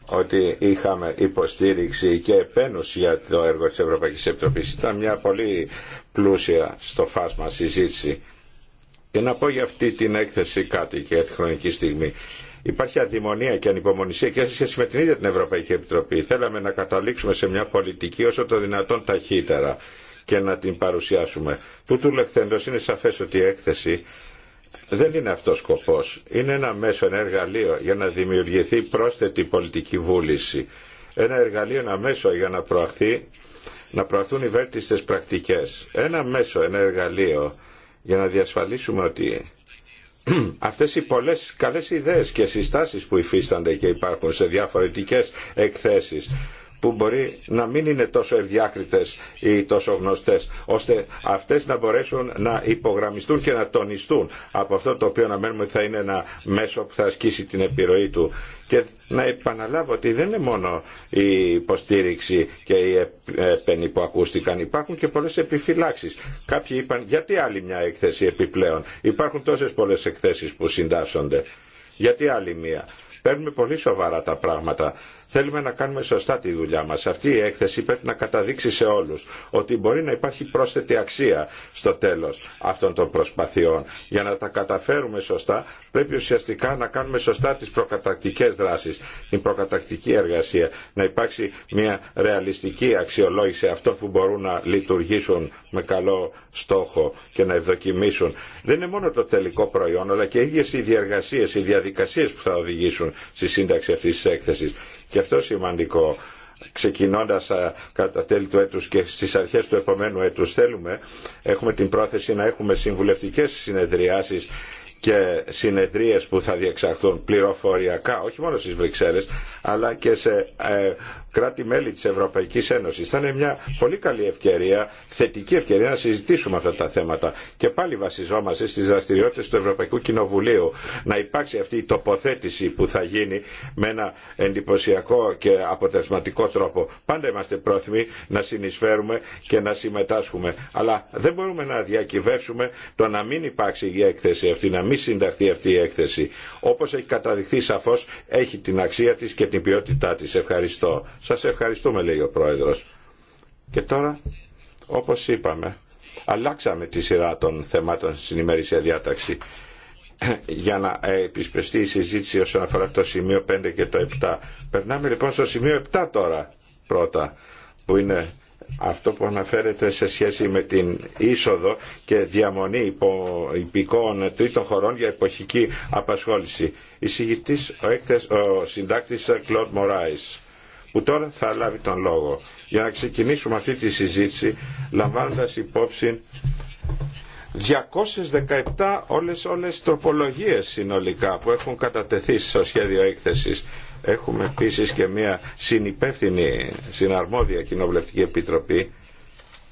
ότι είχαμε υποστήριξη και επένωση για το έργο της Ευρωπαϊκής Επιτροπής. Ήταν μια πολύ πλούσια στο φάσμα συζήτηση και να πω για αυτή την έκθεση κάτι και τη χρονική στιγμή. Υπάρχει αδημονία και ανυπομονησία και σε σχέση με την ίδια την Ευρωπαϊκή Επιτροπή. Θέλαμε να καταλήξουμε σε μια πολιτική όσο το δυνατόν ταχύτερα και να την παρουσιάσουμε. του λεχθέντος είναι σαφέ ότι η έκθεση δεν είναι αυτό ο σκοπός. Είναι ένα μέσο, ένα εργαλείο για να δημιουργηθεί πρόσθετη πολιτική βούληση. Ένα εργαλείο, ένα μέσο για να προαχθεί, να προαχθούν οι βέλτιστε πρακτικέ. Ένα μέσο, ένα εργαλείο για να διασφαλίσουμε ότι αυτές οι πολλές καλές ιδέες και συστάσεις που υφίστανται και υπάρχουν σε διαφορετικές εκθέσεις που μπορεί να μην είναι τόσο ευδιάκριτες ή τόσο γνωστές, ώστε αυτές να μπορέσουν να υπογραμμιστούν και να τονιστούν από αυτό το οποίο να αναμένουμε θα είναι ένα μέσο που θα ασκήσει την επιρροή του. Και να επαναλάβω ότι δεν είναι μόνο η υποστήριξη και οι επένη που ακούστηκαν. Υπάρχουν και πολλές επιφυλάξεις. Κάποιοι είπαν γιατί άλλη μια έκθεση επιπλέον. Υπάρχουν τόσες πολλές εκθέσεις που συντάσσονται. Γιατί άλλη μία. Παίρνουμε πολύ σοβαρά τα πράγματα. Θέλουμε να κάνουμε σωστά τη δουλειά μας. Αυτή η έκθεση πρέπει να καταδείξει σε όλους ότι μπορεί να υπάρχει πρόσθετη αξία στο τέλος αυτών των προσπαθειών. Για να τα καταφέρουμε σωστά πρέπει ουσιαστικά να κάνουμε σωστά τις προκατακτικές δράσεις, την προκατακτική εργασία, να υπάρξει μια ρεαλιστική αξιολόγηση αυτών που μπορούν να λειτουργήσουν με καλό στόχο και να ευδοκιμήσουν. Δεν είναι μόνο το τελικό προϊόν, αλλά και οι ίδιες οι διεργασίες, οι διαδικασίες που θα οδηγήσουν στη σύνταξη αυτής της έκθεσης. Και αυτό σημαντικό ξεκινώντας κατά τέλη του έτους και στις αρχές του επόμενου έτους θέλουμε, έχουμε την πρόθεση να έχουμε συμβουλευτικές συνεδριάσεις και συνεδρίες που θα διεξαχθούν πληροφοριακά, όχι μόνο στις Βρυξέλλες, αλλά και σε ε, κράτη-μέλη της Ευρωπαϊκής Ένωσης. Θα είναι μια πολύ καλή ευκαιρία, θετική ευκαιρία να συζητήσουμε αυτά τα θέματα. Και πάλι βασιζόμαστε στις δραστηριότητες του Ευρωπαϊκού Κοινοβουλίου να υπάρξει αυτή η τοποθέτηση που θα γίνει με ένα εντυπωσιακό και αποτελεσματικό τρόπο. Πάντα είμαστε πρόθυμοι να συνεισφέρουμε και να συμμετάσχουμε. Αλλά δεν μπορούμε να διακυβεύσουμε το να μην υπάρξει η έκθεση αυτή, να μην συνταχθεί αυτή η έκθεση. Όπως έχει καταδειχθεί σαφώς, έχει την αξία της και την ποιότητά της. Ευχαριστώ. Σας ευχαριστούμε λέει ο Πρόεδρος. Και τώρα, όπως είπαμε, αλλάξαμε τη σειρά των θεμάτων στην ημερήσια διάταξη *clears throat* για να ε, επισπευστεί η συζήτηση όσον αφορά το σημείο 5 και το 7. Περνάμε λοιπόν στο σημείο 7 τώρα πρώτα, που είναι αυτό που αναφέρεται σε σχέση με την είσοδο και διαμονή υπο, υπηκών τρίτων χωρών για εποχική απασχόληση. Εισηγητής ο, ο συντάκτης Κλοντ Μωράης που τώρα θα λάβει τον λόγο για να ξεκινήσουμε αυτή τη συζήτηση λαμβάνοντας υπόψη 217 όλες όλες τροπολογίες συνολικά που έχουν κατατεθεί στο σχέδιο έκθεσης. Έχουμε επίσης και μια συνυπεύθυνη συναρμόδια κοινοβουλευτική επιτροπή.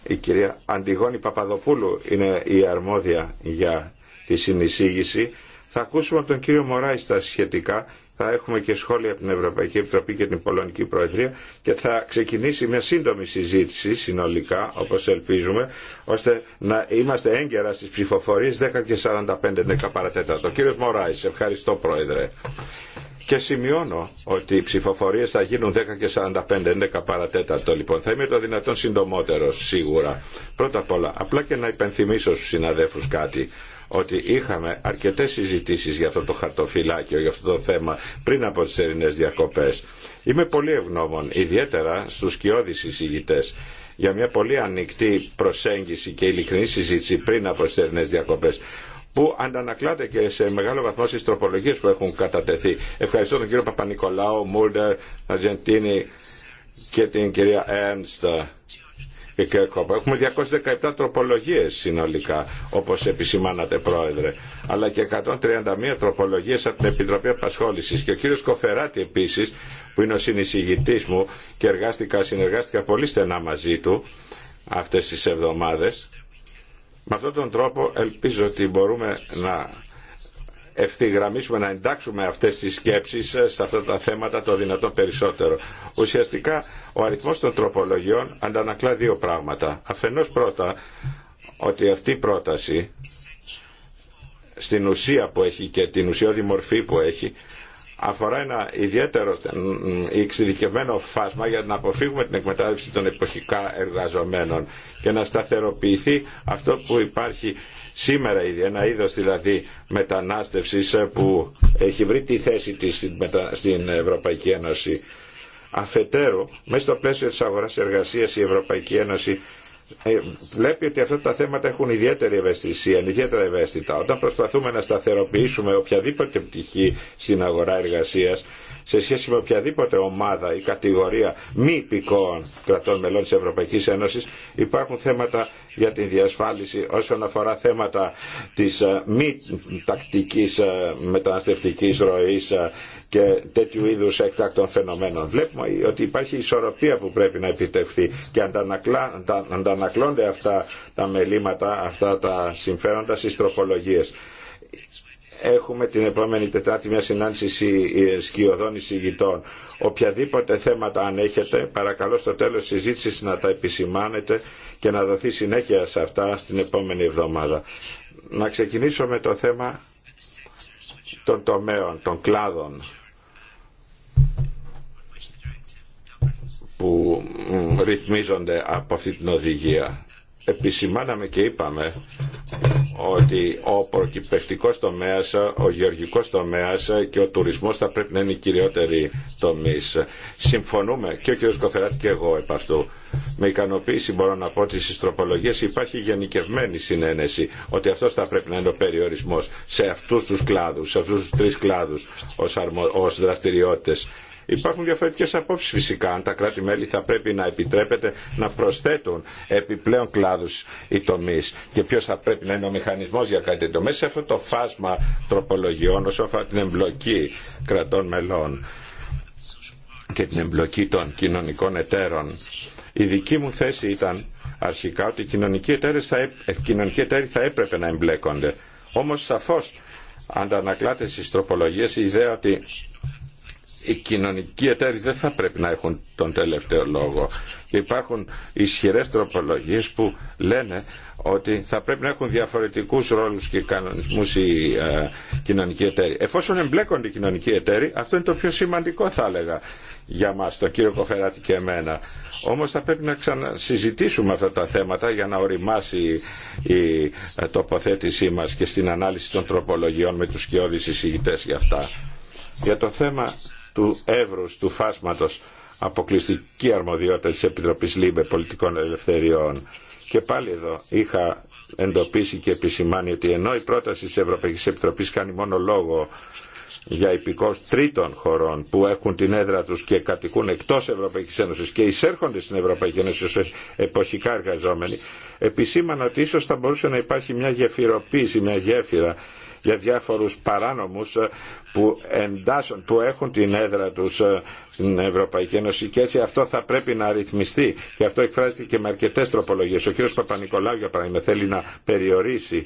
Η κυρία Αντιγόνη Παπαδοπούλου είναι η αρμόδια για τη συνεισήγηση. Θα ακούσουμε τον κύριο Μωράιστα σχετικά θα έχουμε και σχόλια από την Ευρωπαϊκή Επιτροπή και την Πολωνική Προεδρία και θα ξεκινήσει μια σύντομη συζήτηση συνολικά, όπως ελπίζουμε, ώστε να είμαστε έγκαιρα στις ψηφοφορίες 10 και 45, 10 παρατέταρτο. Κύριος Μωράης, ευχαριστώ Πρόεδρε. Και σημειώνω ότι οι ψηφοφορίες θα γίνουν 10 και 45, 11 παρατέταρτο λοιπόν. Θα είμαι το δυνατόν συντομότερος σίγουρα. Πρώτα απ' όλα, απλά και να υπενθυμίσω στους συναδέφους κάτι ότι είχαμε αρκετές συζητήσεις για αυτό το χαρτοφυλάκιο, για αυτό το θέμα πριν από τις ερηνές διακοπές. Είμαι πολύ ευγνώμων, ιδιαίτερα στους κοιόδης εισηγητές, για μια πολύ ανοιχτή προσέγγιση και ειλικρινή συζήτηση πριν από τις ερηνές διακοπές που αντανακλάται και σε μεγάλο βαθμό στις τροπολογίες που έχουν κατατεθεί. Ευχαριστώ τον κύριο Παπα-Νικολάου, Μούλτερ, Αργεντίνη και την κυρία Έρνστα Έχουμε 217 τροπολογίες συνολικά, όπως επισημάνατε πρόεδρε, αλλά και 131 τροπολογίες από την Επιτροπή Απασχόλησης. Και ο κύριος Κοφεράτη επίσης, που είναι ο συνεισηγητής μου και εργάστηκα, συνεργάστηκα πολύ στενά μαζί του αυτές τις εβδομάδες. Με αυτόν τον τρόπο ελπίζω ότι μπορούμε να ευθυγραμμίσουμε, να εντάξουμε αυτές τις σκέψεις ε, σε αυτά τα θέματα το δυνατόν περισσότερο. Ουσιαστικά ο αριθμός των τροπολογιών αντανακλά δύο πράγματα. Αφενός πρώτα ότι αυτή η πρόταση στην ουσία που έχει και την ουσιώδη μορφή που έχει αφορά ένα ιδιαίτερο εξειδικευμένο φάσμα για να αποφύγουμε την εκμετάλλευση των εποχικά εργαζομένων και να σταθεροποιηθεί αυτό που υπάρχει σήμερα ήδη, ένα είδος δηλαδή μετανάστευσης ε, που έχει βρει τη θέση της στην Ευρωπαϊκή Ένωση. Αφετέρου, μέσα στο πλαίσιο της αγοράς εργασίας η Ευρωπαϊκή Ένωση ε, βλέπει ότι αυτά τα θέματα έχουν ιδιαίτερη ευαισθησία, είναι ιδιαίτερα ευαίσθητα. Όταν προσπαθούμε να σταθεροποιήσουμε οποιαδήποτε πτυχή στην αγορά εργασίας, σε σχέση με οποιαδήποτε ομάδα ή κατηγορία μη υπηκόων κρατών μελών της Ευρωπαϊκής Ένωσης υπάρχουν θέματα για την διασφάλιση όσον αφορά θέματα της ε, μη τακτικής ε, μεταναστευτικής ροής και τέτοιου είδους εκτάκτων φαινομένων. Βλέπουμε ότι υπάρχει ισορροπία που πρέπει να επιτευχθεί και αντανακλώνται αυτά τα μελήματα, αυτά τα συμφέροντα στις τροπολογίες. Έχουμε την επόμενη Τετάρτη μια συνάντηση ε, σκιωδών εισηγητών. Οποιαδήποτε θέματα αν έχετε, παρακαλώ στο τέλος της συζήτησης να τα επισημάνετε και να δοθεί συνέχεια σε αυτά στην επόμενη εβδομάδα. Να ξεκινήσω με το θέμα των τομέων, των κλάδων που ρυθμίζονται από αυτή την οδηγία. Επισημάναμε και είπαμε ότι ο προκυπευτικός τομέας, ο γεωργικός τομέας και ο τουρισμός θα πρέπει να είναι οι κυριότεροι τομείς. Συμφωνούμε και ο κ. Κοφεράτη και εγώ επ' αυτού. Με ικανοποίηση μπορώ να πω ότι στις τροπολογίες υπάρχει γενικευμένη συνένεση ότι αυτό θα πρέπει να είναι ο περιορισμός σε αυτούς τους κλάδους, σε αυτούς τους τρεις κλάδους ως δραστηριότητες. Υπάρχουν διαφορετικέ απόψει φυσικά αν τα κράτη-μέλη θα πρέπει να επιτρέπεται να προσθέτουν επιπλέον κλάδου ή τομεί και ποιο θα πρέπει να είναι ο μηχανισμό για κάτι τέτοιο. Μέσα σε αυτό το φάσμα τροπολογιών όσο αφορά την εμπλοκή κρατών μελών και την εμπλοκή των κοινωνικών εταίρων. Η δική μου θέση ήταν αρχικά ότι οι κοινωνικοί ε, εταίροι θα, έπρεπε να εμπλέκονται. Όμως σαφώς αντανακλάται στις τροπολογίες η ιδέα ότι οι κοινωνικοί εταίροι δεν θα πρέπει να έχουν τον τελευταίο λόγο. Υπάρχουν ισχυρές τροπολογίες που λένε ότι θα πρέπει να έχουν διαφορετικούς ρόλους και κανονισμούς οι ε, κοινωνικοί εταίροι. Εφόσον εμπλέκονται οι κοινωνικοί εταίροι, αυτό είναι το πιο σημαντικό θα έλεγα για μας, τον κύριο Κοφεράτη και εμένα. Όμως θα πρέπει να ξανασυζητήσουμε αυτά τα θέματα για να οριμάσει η, ε, τοποθέτησή μας και στην ανάλυση των τροπολογιών με τους κοιόδης εισηγητές για αυτά. Για το θέμα του εύρους, του φάσματος, αποκλειστική αρμοδιότητα της Επιτροπής ΛΥΜΠΕ Πολιτικών Ελευθεριών. Και πάλι εδώ είχα εντοπίσει και επισημάνει ότι ενώ η πρόταση της Ευρωπαϊκής Επιτροπής κάνει μόνο λόγο για υπηκός τρίτων χωρών που έχουν την έδρα τους και κατοικούν εκτός Ευρωπαϊκής Ένωσης και εισέρχονται στην Ευρωπαϊκή Ένωση ως εποχικά εργαζόμενοι, επισήμανα ότι ίσως θα μπορούσε να υπάρχει μια γεφυροποίηση, μια γέφυρα για διάφορους παράνομους ε, που, εντάσσουν, που έχουν την έδρα τους ε, στην Ευρωπαϊκή Ένωση και έτσι αυτό θα πρέπει να ρυθμιστεί και αυτό εκφράζεται και με αρκετές τροπολογίες. Ο κ. Παπα-Νικολάου για παράδειγμα θέλει να περιορίσει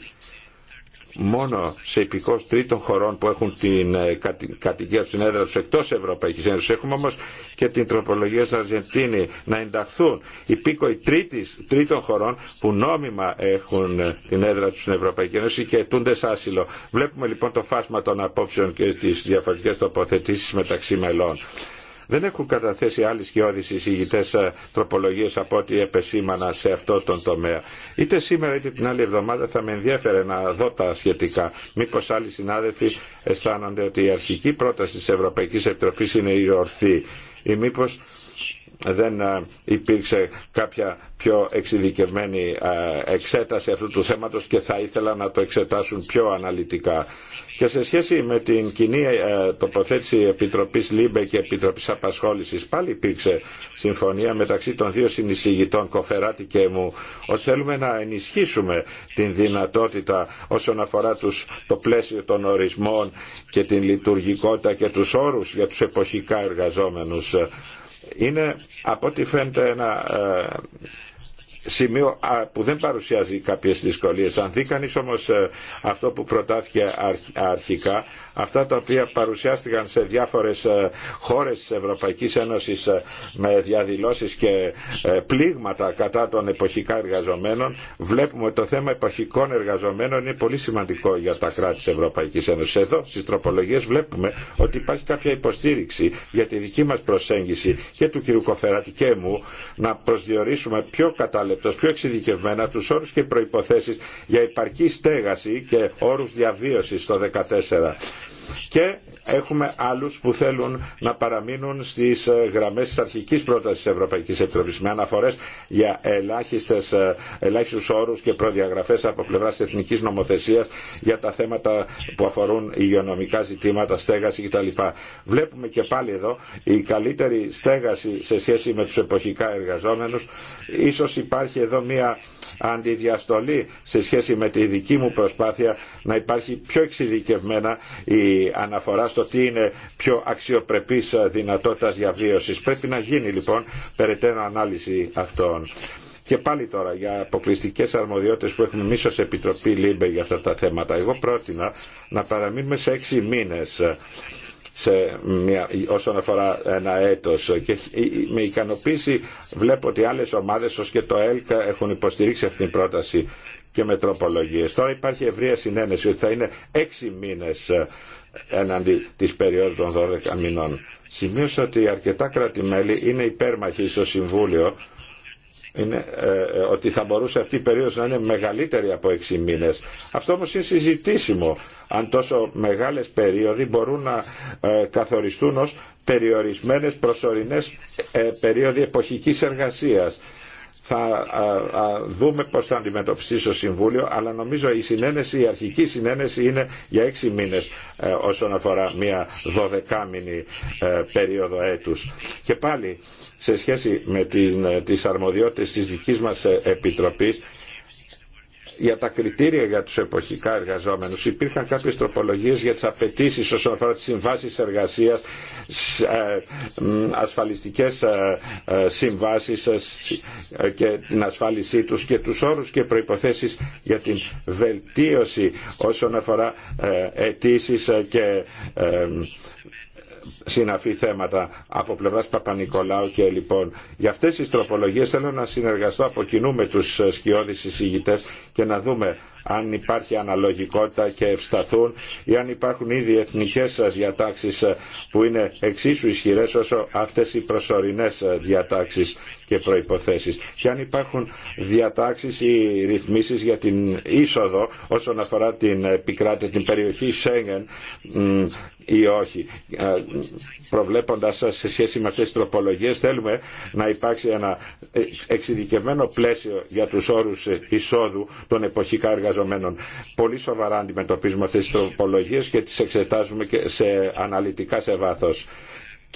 μόνο σε υπηκός τρίτων χωρών που έχουν την ε, κατοικία του στην έδρα τους εκτός Ευρωπαϊκής Ένωσης. Έχουμε όμω και την τροπολογία στην Αργεντίνη να ενταχθούν υπήκοοι τρίτης, τρίτων χωρών που νόμιμα έχουν ε, την έδρα του στην Ευρωπαϊκή Ένωση και αιτούνται σε άσυλο. Βλέπουμε λοιπόν το φάσμα των απόψεων και τι διαφορετικέ τοποθετήσει μεταξύ μελών. Δεν έχουν καταθέσει άλλοι ή εισηγητέ ε, τροπολογίε από ό,τι επεσήμανα σε αυτό τον τομέα. Είτε σήμερα είτε την άλλη εβδομάδα θα με ενδιαφέρε να δω τα σχετικά. Μήπως άλλοι συνάδελφοι αισθάνονται ότι η αρχική πρόταση τη Ευρωπαϊκής Επιτροπή είναι η ορθή ή δεν ε, υπήρξε κάποια πιο εξειδικευμένη ε, εξέταση αυτού του θέματος και θα ήθελα να το εξετάσουν πιο αναλυτικά. Και σε σχέση με την κοινή ε, τοποθέτηση Επιτροπής ΛΥΜΠΕ και Επιτροπής Απασχόλησης πάλι υπήρξε συμφωνία μεταξύ των δύο συνεισηγητών Κοφεράτη και μου ότι θέλουμε να ενισχύσουμε την δυνατότητα όσον αφορά τους, το πλαίσιο των ορισμών και την λειτουργικότητα και τους όρους για τους εποχικά εργαζόμενους είναι από ό,τι φαίνεται ένα ε, σημείο που δεν παρουσιάζει κάποιες δυσκολίες. Αν δει κανείς όμως ε, αυτό που προτάθηκε αρχικά, αυτά τα οποία παρουσιάστηκαν σε διάφορες ε, χώρες της Ευρωπαϊκής Ένωσης ε, με διαδηλώσεις και ε, πλήγματα κατά των εποχικά εργαζομένων, βλέπουμε ότι το θέμα εποχικών εργαζομένων είναι πολύ σημαντικό για τα κράτη της Ευρωπαϊκής Ένωσης. Εδώ στις τροπολογίες βλέπουμε ότι υπάρχει κάποια υποστήριξη για τη δική μας προσέγγιση και του κ. Κοφεράτη μου να προσδιορίσουμε πιο κατάλεπτος, πιο εξειδικευμένα τους όρους και προϋποθέσεις για υπαρκή στέγαση και όρους διαβίωσης στο 14 και έχουμε άλλους που θέλουν να παραμείνουν στις ε, γραμμές της αρχικής πρότασης της Ευρωπαϊκής Επιτροπής με αναφορές για ελάχιστες, ε, ελάχιστους όρους και προδιαγραφές από πλευράς εθνικής νομοθεσίας για τα θέματα που αφορούν υγειονομικά ζητήματα, στέγαση κτλ. Βλέπουμε και πάλι εδώ η καλύτερη στέγαση σε σχέση με τους εποχικά εργαζόμενους. Ίσως υπάρχει εδώ μια αντιδιαστολή σε σχέση με τη δική μου προσπάθεια να υπάρχει πιο εξειδικευμένα η αναφορά στο τι είναι πιο αξιοπρεπής δυνατότητα διαβίωσης. Πρέπει να γίνει λοιπόν περαιτέρω ανάλυση αυτών. Και πάλι τώρα για αποκλειστικέ αρμοδιότητε που έχουμε εμεί ω Επιτροπή ΛΥΜΠΕ για αυτά τα θέματα. Εγώ πρότεινα να παραμείνουμε σε έξι μήνε σε μια, όσον αφορά ένα έτος και με ικανοποίηση βλέπω ότι άλλες ομάδες ως και το ΕΛΚΑ έχουν υποστηρίξει αυτή την πρόταση και με τροπολογίες. Τώρα υπάρχει ευρεία συνένεση ότι θα είναι έξι μήνες έναντι της περίοδου των 12 μηνών. Σημείωσα ότι αρκετά κράτη-μέλη είναι υπέρμαχοι στο Συμβούλιο είναι, ε, ε, ότι θα μπορούσε αυτή η περίοδος να είναι μεγαλύτερη από 6 μήνες. Αυτό όμως είναι συζητήσιμο, αν τόσο μεγάλες περίοδοι μπορούν να ε, καθοριστούν ως περιορισμένες προσωρινές ε, περίοδοι εποχικής εργασίας θα δούμε πώ θα αντιμετωπιστεί στο Συμβούλιο, αλλά νομίζω η συνένεση, η αρχική συνένεση είναι για έξι μήνες ε, όσον αφορά μια δωδεκάμινη ε, περίοδο έτους. Και πάλι σε σχέση με τι ε, τις τη δική δικής μας Επιτροπής για τα κριτήρια για τους εποχικά εργαζόμενους. Υπήρχαν κάποιες τροπολογίες για τις απαιτήσει όσον αφορά τις συμβάσεις εργασίας, ε, ασφαλιστικές ε, ε, συμβάσεις και την ασφάλισή τους και τους όρους και προϋποθέσεις για την βελτίωση όσον αφορά αιτήσει και συναφή θέματα από πλευρά Παπα-Νικολάου και λοιπόν. Για αυτέ τι τροπολογίε θέλω να συνεργαστώ από κοινού με του σκιώδει συζητητέ και να δούμε αν υπάρχει αναλογικότητα και ευσταθούν ή αν υπάρχουν ήδη εθνικές διατάξεις ε, που είναι εξίσου ισχυρές όσο αυτές οι προσωρινές ε, διατάξεις και προϋποθέσεις και αν υπάρχουν διατάξεις ή ρυθμίσεις για την είσοδο όσον αφορά την επικράτεια, την περιοχή Σέγγεν ή όχι. Ε, προβλέποντας σε σχέση με αυτές τις τροπολογίες θέλουμε να υπάρξει ένα εξειδικευμένο πλαίσιο για τους όρους εισόδου των εποχικά εργαζομένων εργαζομένων. Πολύ σοβαρά αντιμετωπίζουμε αυτές τις τροπολογίες και τις εξετάζουμε και σε αναλυτικά σε βάθος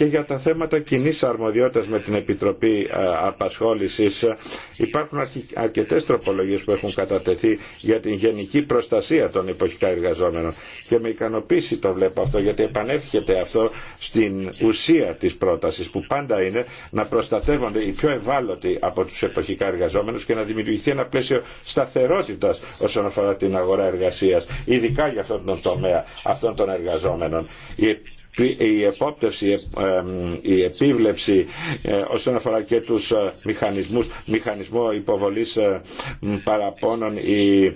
και για τα θέματα κοινή αρμοδιότητα με την Επιτροπή ε, απασχόληση, ε, υπάρχουν αρκετέ τροπολογίε που έχουν κατατεθεί για την γενική προστασία των εποχικά εργαζόμενων και με ικανοποίηση το βλέπω αυτό γιατί επανέρχεται αυτό στην ουσία τη πρόταση, που πάντα είναι να προστατεύονται οι πιο ευάλωτοι από του εποχικά εργαζόμενου και να δημιουργηθεί ένα πλαίσιο σταθερότητα όσον αφορά την αγορά εργασία, ειδικά για αυτόν τον τομέα αυτών των εργαζόμενων η επόπτευση, ε, η επίβλεψη ε, όσον αφορά και τους ε, μηχανισμούς, μηχανισμό υποβολής παραπώνων ή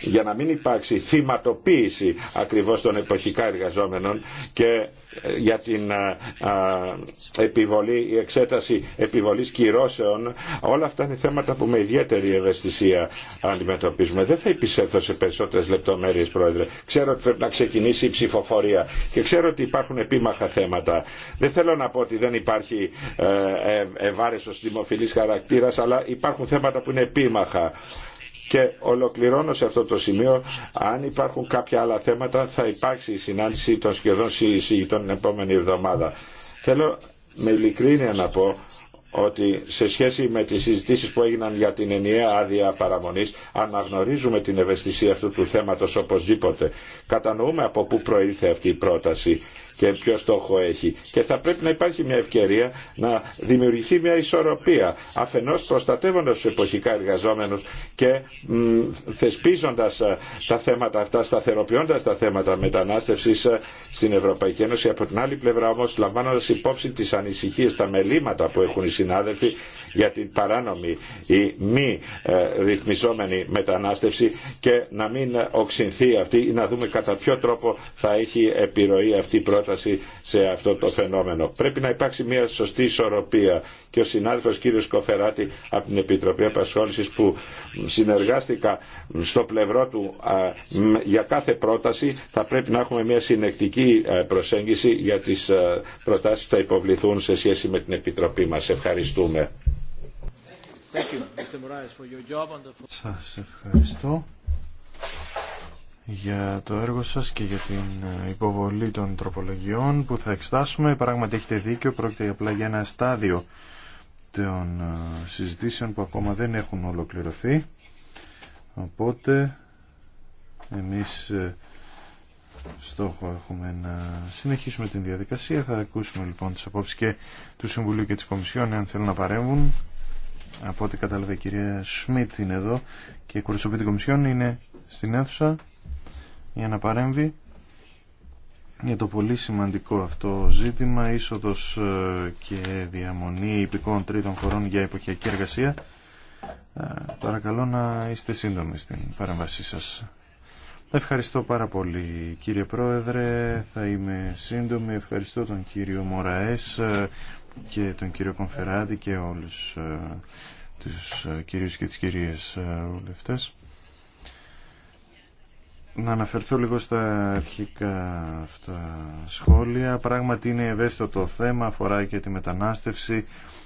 για να μην υπάρξει θυματοποίηση ακριβώς των εποχικά εργαζόμενων και ε, για την ε, ε, επιβολή, η εξέταση επιβολής κυρώσεων. Όλα αυτά είναι θέματα που με ιδιαίτερη ευαισθησία αντιμετωπίζουμε. Δεν θα επισέλθω σε περισσότερες λεπτομέρειες, Πρόεδρε. Ξέρω ότι πρέπει να ξεκινήσει η ψηφοφορία και ξέρω ότι υπάρχουν επίμαχα θέματα. Δεν θέλω να πω ότι δεν υπάρχει ευάρεσος δημοφιλής χαρακτήρας, αλλά υπάρχουν θέματα που είναι επίμαχα. Και ολοκληρώνω σε αυτό το σημείο, αν υπάρχουν κάποια άλλα θέματα θα υπάρξει η συνάντηση των σχεδόν συζητητών την επόμενη εβδομάδα. Θέλω με ειλικρίνεια να πω ότι σε σχέση με τις συζητήσεις που έγιναν για την ενιαία άδεια παραμονής αναγνωρίζουμε την ευαισθησία αυτού του θέματος οπωσδήποτε. Κατανοούμε από πού προήλθε αυτή η πρόταση και ποιο στόχο έχει. Και θα πρέπει να υπάρχει μια ευκαιρία να δημιουργηθεί μια ισορροπία αφενός προστατεύοντας τους εποχικά εργαζόμενους και μ, θεσπίζοντας ε, τα θέματα αυτά, σταθεροποιώντας τα θέματα μετανάστευσης ε, στην Ευρωπαϊκή Ένωση. Από την άλλη πλευρά όμως λαμβάνοντας υπόψη τις ανησυχίες, τα μελήματα που έχουν οι συνάδελφοι για την παράνομη ή μη ε, ρυθμιζόμενη μετανάστευση και να μην οξυνθεί αυτή ή να δούμε κατά ποιο τρόπο θα έχει επιρροή αυτή η πρόταση σε αυτό το φαινόμενο. Πρέπει να υπάρξει μια σωστή ισορροπία και ο συνάδελφος κύριος Κοφεράτη από την Επιτροπή Απασχόλησης που συνεργάστηκα στο πλευρό του για κάθε πρόταση θα πρέπει να έχουμε μια συνεκτική ε, προσέγγιση για τις ε, προτάσεις που θα υποβληθούν σε σχέση με την Επιτροπή μας. Ευχαριστώ ευχαριστούμε. Σας ευχαριστώ για το έργο σας και για την ε, υποβολή των τροπολογιών που θα εξτάσουμε. Πράγματι έχετε δίκιο, πρόκειται απλά για ένα στάδιο των ε, συζητήσεων που ακόμα δεν έχουν ολοκληρωθεί. Οπότε εμείς ε, στόχο έχουμε να συνεχίσουμε την διαδικασία. Θα ακούσουμε λοιπόν τις απόψεις και του Συμβουλίου και της Κομισιόν αν θέλουν να παρέμβουν. Από ό,τι κατάλαβε η κυρία Σμιτ είναι εδώ και η την Κομισιόν είναι στην αίθουσα για να παρέμβει για το πολύ σημαντικό αυτό ζήτημα είσοδος ε, και διαμονή υπηκών τρίτων χωρών για εποχιακή εργασία. Ε, παρακαλώ να είστε σύντομοι στην παρέμβασή σας. Ευχαριστώ πάρα πολύ κύριε Πρόεδρε. Θα είμαι σύντομη. Ευχαριστώ τον κύριο Μωραές ε, και τον κύριο Κομφεράτη και όλους ε, τους ε, κυρίους και τις κυρίες βουλευτές. Να αναφερθώ λίγο στα αρχικά αυτά σχόλια. Πράγματι είναι ευαίσθητο το θέμα, αφορά και τη μετανάστευση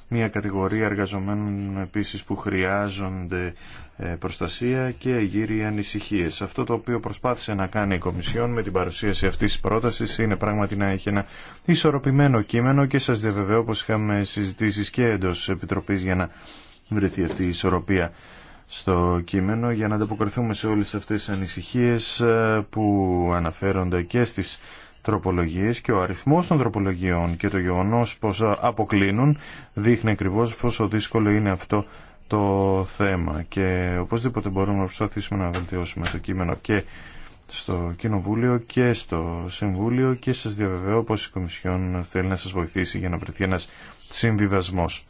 μια κατηγορία εργαζομένων επίσης που χρειάζονται ε, προστασία και γύρει ανησυχίες. Αυτό το οποίο προσπάθησε να κάνει η Κομισιόν με την παρουσίαση αυτής της πρότασης είναι πράγματι να έχει ένα ισορροπημένο κείμενο και σας διαβεβαιώ πως είχαμε συζητήσεις και εντός Επιτροπής για να βρεθεί αυτή η ισορροπία στο κείμενο για να ανταποκριθούμε σε όλες αυτές τις ανησυχίες ε, που αναφέρονται και στις και ο αριθμό των τροπολογιών και το γεγονό πώ αποκλύνουν, δείχνει ακριβώ πω αποκλίνουν δείχνει ακριβω πόσο δύσκολο είναι αυτό το θέμα και οπωσδήποτε μπορούμε να προσπαθήσουμε να βελτιώσουμε το κείμενο και στο Κοινοβούλιο και στο Συμβούλιο και σας διαβεβαιώ πως η Κομισιόν θέλει να σας βοηθήσει για να βρεθεί ένας συμβιβασμός.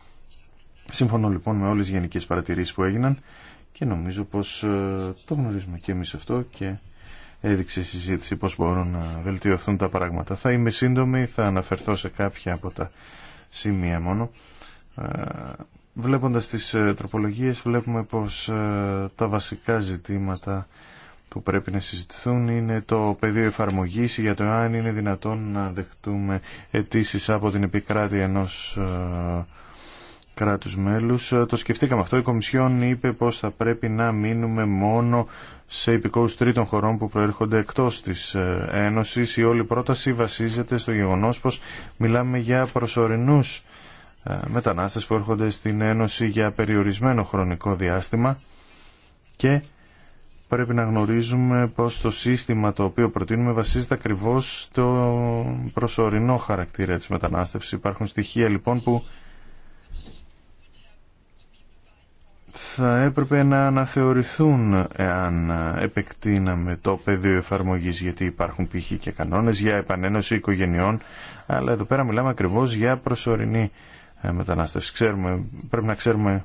Σύμφωνο λοιπόν με όλες τις γενικές παρατηρήσεις που έγιναν και νομίζω πως ε, το γνωρίζουμε και εμείς αυτό και έδειξε η συζήτηση πώς μπορούν να βελτιωθούν τα πράγματα. Θα είμαι σύντομη, θα αναφερθώ σε κάποια από τα σημεία μόνο. Ε, βλέποντας τις ε, τροπολογίες βλέπουμε πως ε, τα βασικά ζητήματα που πρέπει να συζητηθούν είναι το πεδίο εφαρμογής για το αν είναι δυνατόν να δεχτούμε αιτήσει από την επικράτη ενός κράτους μέλους. Ε, το σκεφτήκαμε αυτό. Η Κομισιόν είπε πως θα πρέπει να μείνουμε μόνο σε υπηκόους τρίτων χωρών που προέρχονται εκτός της ε, Ένωσης. Η όλη πρόταση βασίζεται στο γεγονός πως μιλάμε για προσωρινούς ε, μετανάστες που έρχονται στην Ένωση για περιορισμένο χρονικό διάστημα και πρέπει να γνωρίζουμε πως το σύστημα το οποίο προτείνουμε βασίζεται ακριβώς στο προσωρινό χαρακτήρα της μετανάστευσης. Υπάρχουν στοιχεία λοιπόν που θα έπρεπε να αναθεωρηθούν εάν επεκτείναμε το πεδίο εφαρμογής γιατί υπάρχουν π.χ. και κανόνες για επανένωση οικογενειών αλλά εδώ πέρα μιλάμε ακριβώς για προσωρινή ε, μετανάστευση. Ξέρουμε, πρέπει να ξέρουμε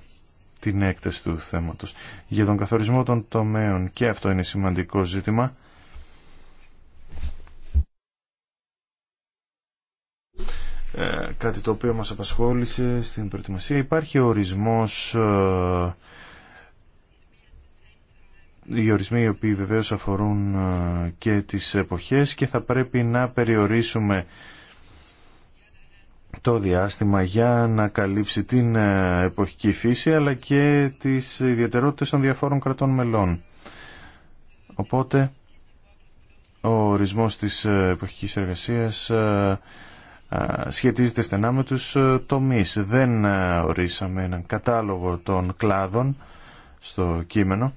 την έκταση του θέματος. Για τον καθορισμό των τομέων και αυτό είναι σημαντικό ζήτημα Ε, κάτι το οποίο μας απασχόλησε στην προετοιμασία. Υπάρχει ορισμός, ε, οι ορισμοί οι οποίοι βεβαίως αφορούν ε, και τις εποχές και θα πρέπει να περιορίσουμε το διάστημα για να καλύψει την εποχική φύση αλλά και τις ιδιαιτερότητες των διαφόρων κρατών μελών. Οπότε ο ορισμός της εποχικής εργασίας σχετίζεται στενά με τους ε, τομείς. Δεν ε, ορίσαμε έναν κατάλογο των κλάδων στο κείμενο.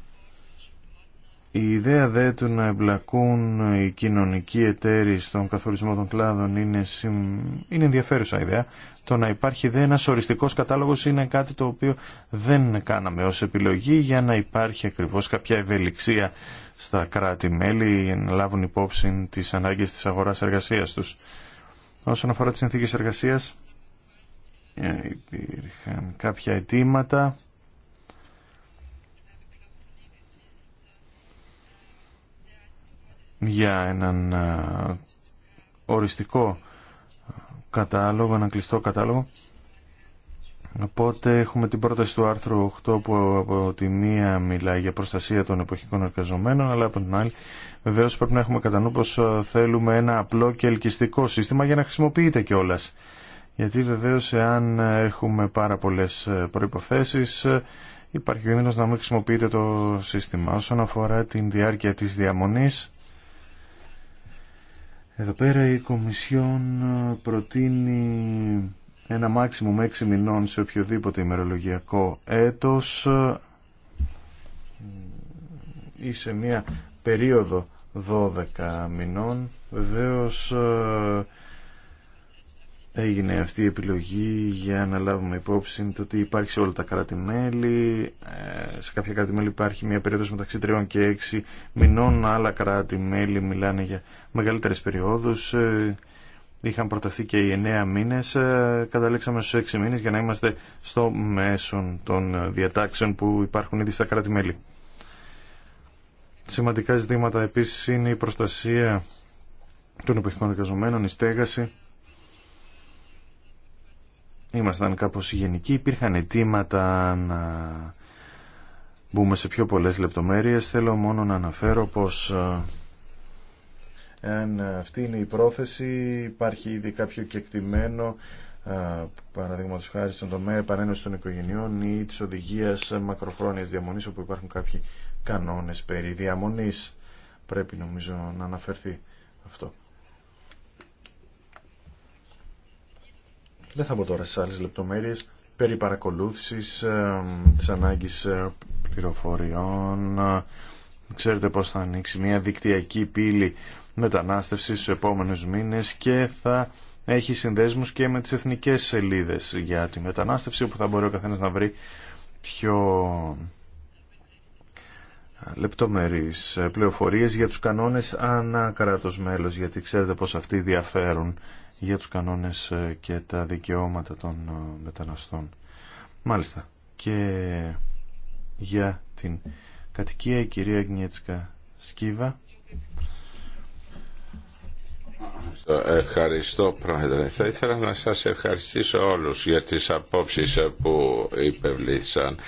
Η ιδέα δε του να εμπλακούν οι κοινωνικοί εταίροι στον καθορισμό των κλάδων είναι, είναι ενδιαφέρουσα ιδέα. Το να υπάρχει δε ένας οριστικός κατάλογος είναι κάτι το οποίο δεν κάναμε ως επιλογή για να υπάρχει ακριβώς κάποια ευελιξία στα κράτη-μέλη να λάβουν υπόψη τις ανάγκες της αγοράς εργασίας τους. Όσον αφορά τις συνθήκες εργασίας, ε, υπήρχαν κάποια αιτήματα. για έναν ε, οριστικό κατάλογο, έναν κλειστό κατάλογο Οπότε έχουμε την πρόταση του άρθρου 8 που από τη μία μιλάει για προστασία των εποχικών εργαζομένων αλλά από την άλλη βεβαίως πρέπει να έχουμε κατά νου πως ε, θέλουμε ένα απλό και ελκυστικό σύστημα για να χρησιμοποιείται κιόλα. Γιατί βεβαίως εάν έχουμε πάρα πολλές ε, προϋποθέσεις ε, υπάρχει κίνδυνος να μην χρησιμοποιείται το σύστημα. Όσον αφορά την διάρκεια της διαμονής εδώ πέρα η Κομισιόν προτείνει ένα με 6 μηνών σε οποιοδήποτε ημερολογιακό έτος ή σε μια περίοδο 12 μηνών βεβαίως έγινε αυτή η επιλογή για να λάβουμε υπόψη το ότι υπάρχει σε όλα τα κρατη ε, σε κάποια υπάρχει μια περίοδος μεταξύ 3 και 6 μηνών άλλα κράτη-μέλη μιλάνε για μεγαλύτερες περιόδους ε, είχαν προταθεί και οι 9 μήνες, ε, καταλήξαμε στους 6 μήνες για να είμαστε στο μέσο των διατάξεων που υπάρχουν ήδη στα κράτη-μέλη. Σημαντικά ζητήματα επίσης είναι η προστασία των εποχικών εργαζομένων, η στέγαση. Ήμασταν κάπως γενικοί, υπήρχαν αιτήματα να μπούμε σε πιο πολλές λεπτομέρειες. Θέλω μόνο να αναφέρω πως ε, εάν αυτή είναι η πρόθεση, υπάρχει ήδη κάποιο κεκτημένο, παραδείγματο χάρη στον τομέα επανένωση των οικογενειών ή τη οδηγία μακροχρόνια διαμονή, όπου υπάρχουν κάποιοι κανόνε περί διαμονή. Πρέπει νομίζω να αναφερθεί αυτό. Δεν θα πω τώρα σε άλλες λεπτομέρειες περί παρακολούθησης, της ανάγκης πληροφοριών. Ξέρετε πώς θα ανοίξει μια δικτυακή πύλη Μετανάστευση στου επόμενου μήνες και θα έχει συνδέσμους και με τις εθνικές σελίδες για τη μετανάστευση όπου θα μπορεί ο καθένα να βρει πιο λεπτομερείς πληροφορίες για τους κανόνες ανά κράτος μέλος γιατί ξέρετε πως αυτοί διαφέρουν για τους κανόνες και τα δικαιώματα των μεταναστών. Μάλιστα. Και για την κατοικία η κυρία Γνιέτσκα Σκύβα Ευχαριστώ Πρόεδρε. Θα ήθελα να σας ευχαριστήσω όλους για τις απόψεις που υπευλήθησαν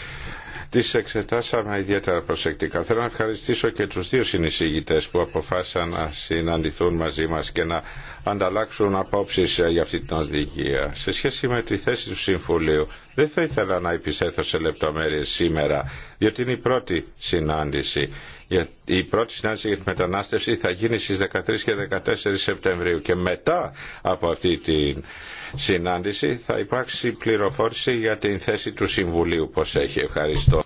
Τις εξετάσαμε ιδιαίτερα προσεκτικά. Θέλω να ευχαριστήσω και τους δύο συνεισήγητες που αποφάσισαν να συναντηθούν μαζί μας και να ανταλλάξουν απόψεις για αυτή την οδηγία. Σε σχέση με τη θέση του Συμβουλίου, δεν θα ήθελα να επισέθω σε λεπτομέρειες σήμερα, διότι είναι η πρώτη συνάντηση. Η πρώτη συνάντηση για τη μετανάστευση θα γίνει στις 13 και 14 Σεπτεμβρίου και μετά από αυτή τη συνάντηση θα υπάρξει πληροφόρηση για την θέση του Συμβουλίου πως έχει. Ευχαριστώ.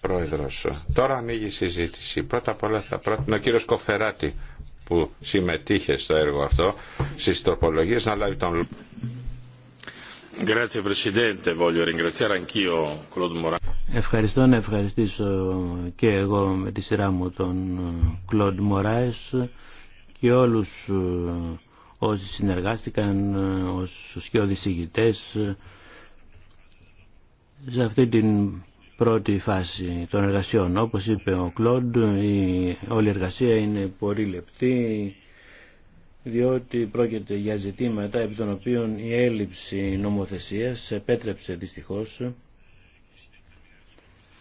Πρόεδρος. Τώρα ανοίγει η συζήτηση. Πρώτα απ' όλα θα πρότεινε ο κύριος Κοφεράτη που συμμετείχε στο έργο αυτό στις τροπολογίες να λάβει τον λόγο. Ευχαριστώ να ευχαριστήσω και εγώ με τη σειρά μου τον Κλοντ ε, Μωράες και όλους ε, όσοι συνεργάστηκαν ε, ως σκιώδης ηγητές σε αυτή την πρώτη φάση των εργασιών. Όπως είπε ο Κλοντ, η όλη εργασία είναι πολύ λεπτή διότι πρόκειται για ζητήματα επί των οποίων η έλλειψη νομοθεσίας επέτρεψε δυστυχώς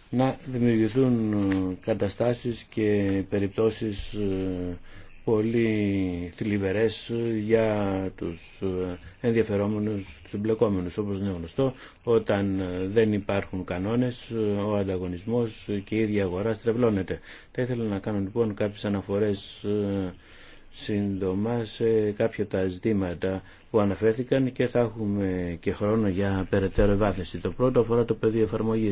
να δημιουργηθούν καταστάσεις και περιπτώσεις ε, πολύ θλιβερές για τους ε, ενδιαφερόμενους, τους εμπλεκόμενους. Όπως είναι γνωστό, όταν δεν υπάρχουν κανόνες, ε, ο ανταγωνισμός και η ίδια αγορά στρεβλώνεται. Θα ήθελα να κάνω λοιπόν κάποιες αναφορές σύντομα σε κάποια τα ζητήματα που αναφέρθηκαν και θα έχουμε και χρόνο για περαιτέρω ευάθεση. Το πρώτο αφορά το πεδίο εφαρμογή.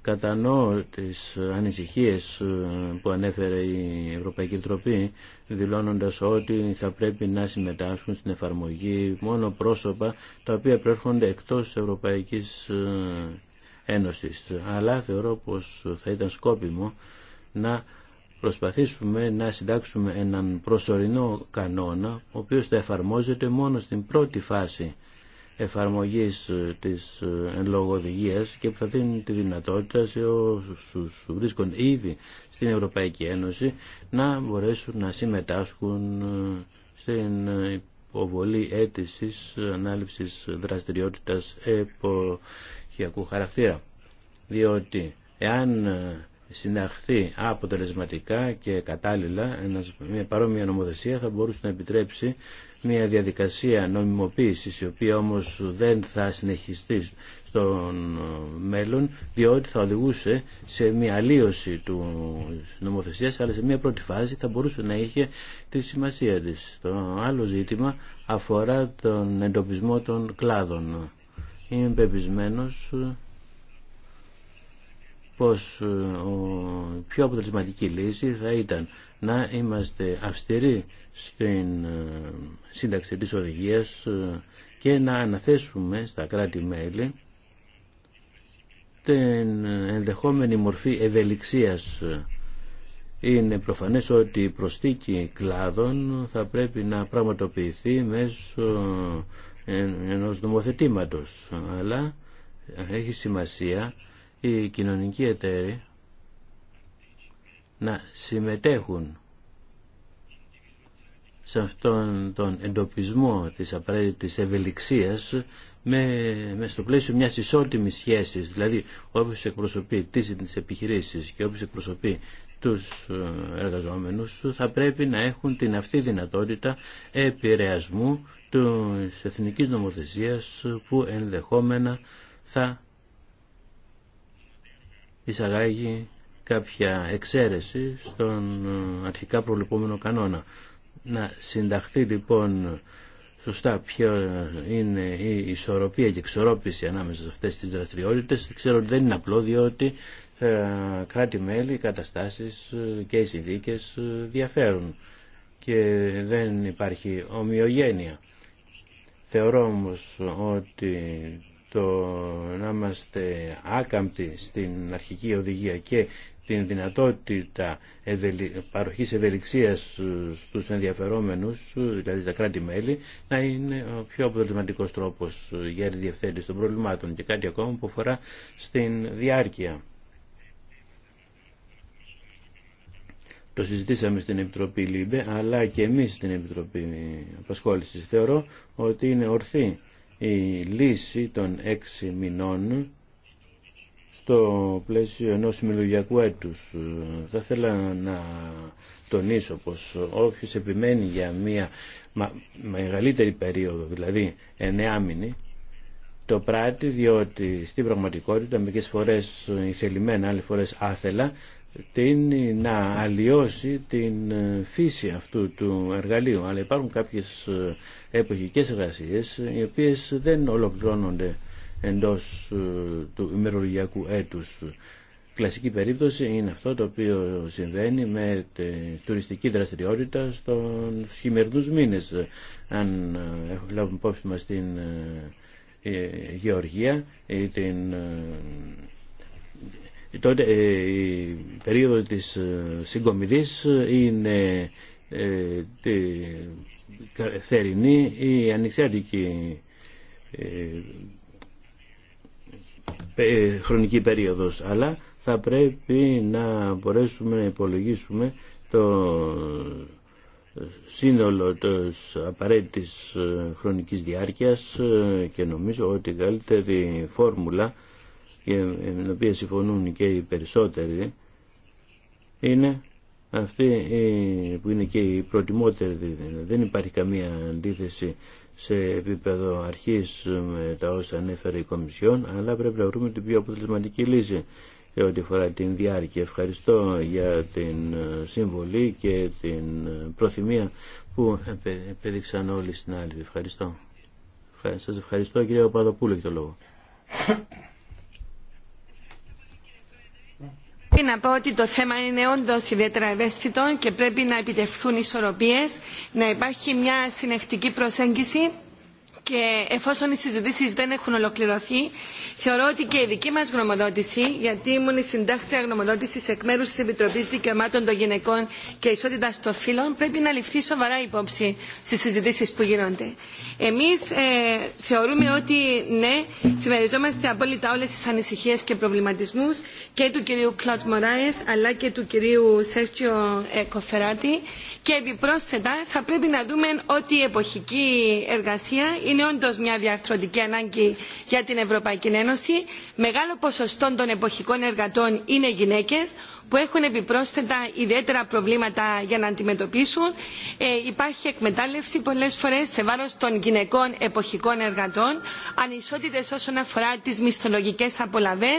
Κατανοώ τις ανησυχίες ε, που ανέφερε η Ευρωπαϊκή Τροπή δηλώνοντας ότι θα πρέπει να συμμετάσχουν στην εφαρμογή μόνο πρόσωπα τα οποία προέρχονται εκτός της Ευρωπαϊκής ε, Ένωσης. Αλλά θεωρώ πως θα ήταν σκόπιμο να προσπαθήσουμε να συντάξουμε έναν προσωρινό κανόνα ο οποίος θα εφαρμόζεται μόνο στην πρώτη φάση εφαρμογής της ε, εν και που θα δίνει τη δυνατότητα σε όσους βρίσκονται ήδη στην Ευρωπαϊκή Ένωση να μπορέσουν να συμμετάσχουν ε, στην υποβολή αίτησης ανάληψης δραστηριότητας εποχιακού χαρακτήρα. Διότι εάν ε, συναχθεί αποτελεσματικά και κατάλληλα μια παρόμοια νομοθεσία θα μπορούσε να επιτρέψει μια διαδικασία νομιμοποίησης η οποία όμως δεν θα συνεχιστεί στον ε, μέλλον διότι θα οδηγούσε σε μια αλλίωση του νομοθεσίας αλλά σε μια πρώτη φάση θα μπορούσε να είχε τη σημασία της. Το άλλο ζήτημα αφορά τον εντοπισμό των κλάδων. Είμαι πεπισμένος ε, πως η ε, πιο αποτελεσματική λύση θα ήταν να είμαστε αυστηροί στην ε, σύνταξη της οδηγίας ε, και να αναθέσουμε στα κράτη-μέλη την ενδεχόμενη μορφή ευελιξίας. Είναι προφανές ότι η προστίκη κλάδων θα πρέπει να πραγματοποιηθεί μέσω ενός νομοθετήματος, αλλά έχει σημασία οι κοινωνικοί εταίροι να συμμετέχουν σε αυτόν τον εντοπισμό της απαραίτητης ευελιξίας με, με στο πλαίσιο μιας ισότιμης σχέσης, δηλαδή όποιος εκπροσωπεί τις επιχειρήσεις και όποιος εκπροσωπεί τους ε, εργαζόμενους θα πρέπει να έχουν την αυτή δυνατότητα επηρεασμού της εθνικής νομοθεσίας που ενδεχόμενα θα εισαγάγει κάποια εξαίρεση στον ε, αρχικά προηγούμενο κανόνα. Να συνταχθεί λοιπόν σωστά ποια είναι η ισορροπία και εξορρόπηση ανάμεσα σε αυτές τις δραστηριότητες. Ξέρω ότι δεν είναι απλό διότι ε, κράτη-μέλη, καταστάσεις ε, και οι συνδίκες διαφέρουν και δεν υπάρχει ομοιογένεια. Θεωρώ όμως ότι το να είμαστε άκαμπτοι στην αρχική οδηγία και την δυνατότητα παροχής ευελιξίας στους ενδιαφερόμενους, δηλαδή τα κράτη-μέλη, να είναι ο πιο αποτελεσματικός τρόπος για τη διευθέτηση των προβλημάτων και κάτι ακόμα που αφορά στην διάρκεια. Το συζητήσαμε στην Επιτροπή ΛΥΜΠΕ, αλλά και εμείς στην Επιτροπή Απασχόλησης. Θεωρώ ότι είναι ορθή η λύση των έξι μηνών στο πλαίσιο ενός μιλουγιακού έτους. Θα ήθελα να τονίσω πως όποιος επιμένει για μια μεγαλύτερη περίοδο, δηλαδή εννέα το πράττει διότι στην πραγματικότητα μερικές φορές ηθελημένα, άλλες φορές άθελα, τείνει να αλλοιώσει την ε, φύση αυτού του εργαλείου. Αλλά υπάρχουν κάποιες ε, εποχικές εργασίες οι οποίες δεν ολοκληρώνονται εντός ε, του ημερολογιακού έτους. Κλασική περίπτωση είναι αυτό το οποίο συμβαίνει με τη τουριστική δραστηριότητα στον χειμερινούς μήνες. Αν λάβουμε υπόψη μας την Γεωργία ή την τότε ε, η περίοδο της ε, συγκομιδής είναι ε, τη θερινή ή ανοιξιάτικη χρονική περίοδος αλλά θα πρέπει να μπορέσουμε να υπολογίσουμε το σύνολο της απαραίτητης χρονικής διάρκειας και νομίζω ότι η καλύτερη φόρμουλα με την οποία συμφωνούν και οι περισσότεροι είναι αυτή που είναι και η προτιμότερη. Δηλαδή. Δεν υπάρχει καμία αντίθεση σε επίπεδο αρχής με τα όσα ανέφερε η Κομισιόν, αλλά πρέπει να βρούμε την πιο αποτελεσματική λύση σε ό,τι αφορά την διάρκεια. Ευχαριστώ για την ε, συμβολή και την ε, προθυμία που επέδειξαν όλοι στην άλλη. Ευχαριστώ. Σας ευχαριστώ κύριε Παδοπούλου και το λόγο. Πρέπει να πω ότι το θέμα είναι όντω ιδιαίτερα ευαίσθητο και πρέπει να επιτευχθούν ισορροπίε, να υπάρχει μια συνεχτική προσέγγιση και εφόσον οι συζητήσεις δεν έχουν ολοκληρωθεί, θεωρώ ότι και η δική μας γνωμοδότηση, γιατί ήμουν η συντάκτρια γνωμοδότησης εκ μέρους της Επιτροπής Δικαιωμάτων των Γυναικών και Ισότητας των Φύλων, πρέπει να ληφθεί σοβαρά υπόψη στις συζητήσεις που γίνονται. Εμείς ε, θεωρούμε ότι ναι, συμμεριζόμαστε απόλυτα όλες τις ανησυχίες και προβληματισμούς και του κυρίου Κλωτ Μωράες, αλλά και του κυρίου Σέρτιο ε, Κοφεράτη και επιπρόσθετα θα πρέπει να δούμε ότι η εποχική εργασία είναι όντω μια διαρθρωτική ανάγκη για την Ευρωπαϊκή Ένωση. Μεγάλο ποσοστό των εποχικών εργατών είναι γυναίκε που έχουν επιπρόσθετα ιδιαίτερα προβλήματα για να αντιμετωπίσουν. Ε, υπάρχει εκμετάλλευση πολλέ φορέ σε βάρο των γυναικών εποχικών εργατών, ανισότητε όσον αφορά τι μισθολογικέ απολαυέ,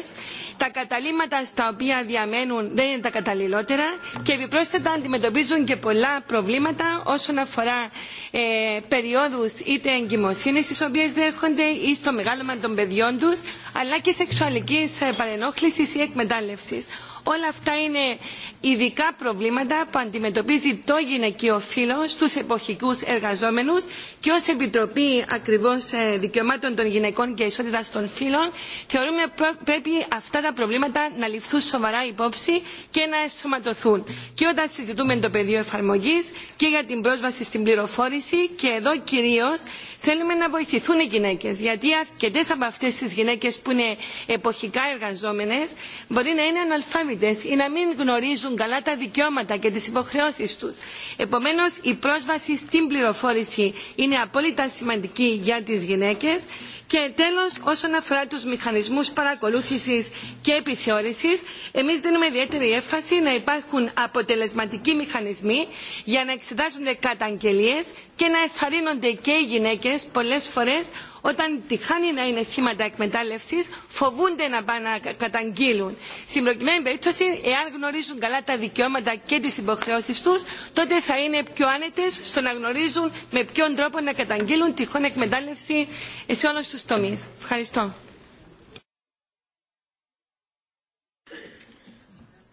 τα καταλήμματα στα οποία διαμένουν δεν είναι τα καταλληλότερα και επιπρόσθετα αντιμετωπίζουν και πολλά προβλήματα όσον αφορά ε, περιόδου είτε εγκυμοσύνη εμπιστοσύνη τι οποίε δέχονται ή στο μεγάλωμα των παιδιών του, αλλά και σεξουαλικής ε, παρενόχλησης ή εκμετάλλευσης. Όλα αυτά είναι ειδικά προβλήματα που αντιμετωπίζει το γυναικείο φύλλο στους εποχικούς εργαζόμενους και ως Επιτροπή ακριβώς ε, δικαιωμάτων των γυναικών και ισότητας των φύλων θεωρούμε πρέπει αυτά τα προβλήματα να ληφθούν σοβαρά υπόψη και να εσωματωθούν. Και όταν συζητούμε το πεδίο εφαρμογής και για την πρόσβαση στην πληροφόρηση και εδώ κυρίως θέλουμε να βοηθηθούν οι γυναίκες γιατί αρκετές από αυτές τις γυναίκες που είναι εποχικά εργαζόμενε, μπορεί να είναι αναλφάβητες ή να μην γνωρίζουν καλά τα δικαιώματα και τις υποχρεώσεις τους. Επομένως, η πρόσβαση στην πληροφόρηση είναι απόλυτα σημαντική για τις γυναίκες και τέλος, όσον αφορά τους μηχανισμούς παρακολούθησης και επιθεώρησης, εμείς δίνουμε ιδιαίτερη έφαση να υπάρχουν αποτελεσματικοί μηχανισμοί για να εξετάζονται καταγγελίες και να εθαρρύνονται και οι γυναίκες πολλές φορές όταν τυχάνει να είναι θύματα εκμετάλλευση, φοβούνται να πάνε να καταγγείλουν. Στην προκειμένη περίπτωση, εάν γνωρίζουν καλά τα δικαιώματα και τι υποχρεώσει του, τότε θα είναι πιο άνετε στο να γνωρίζουν με ποιον τρόπο να καταγγείλουν τυχόν εκμετάλλευση σε όλου του τομεί. Ευχαριστώ.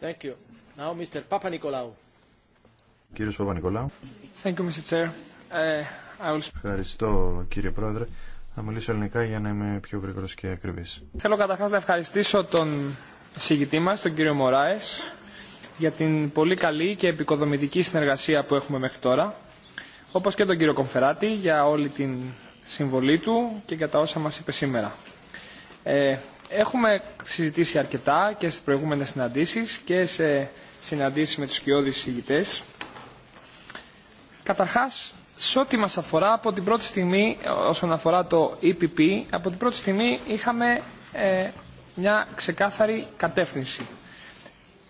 Thank you. Now, Mr. Papa Nicolaou. Uh, Ευχαριστώ κύριε Πρόεδρε. Θα μιλήσω ελληνικά για να είμαι πιο γρήγορο και ακριβή. Θέλω καταρχά να ευχαριστήσω τον συγητή μα, τον κύριο Μωράε, για την πολύ καλή και επικοδομητική συνεργασία που έχουμε μέχρι τώρα. Όπω και τον κύριο Κομφεράτη για όλη την συμβολή του και για τα όσα μα είπε σήμερα. Ε, έχουμε συζητήσει αρκετά και σε προηγούμενε συναντήσει και σε συναντήσει με του κοιόδη συγητέ. Καταρχάς, σε ό,τι μας αφορά, από την πρώτη στιγμή, όσον αφορά το EPP, από την πρώτη στιγμή είχαμε ε, μια ξεκάθαρη κατεύθυνση.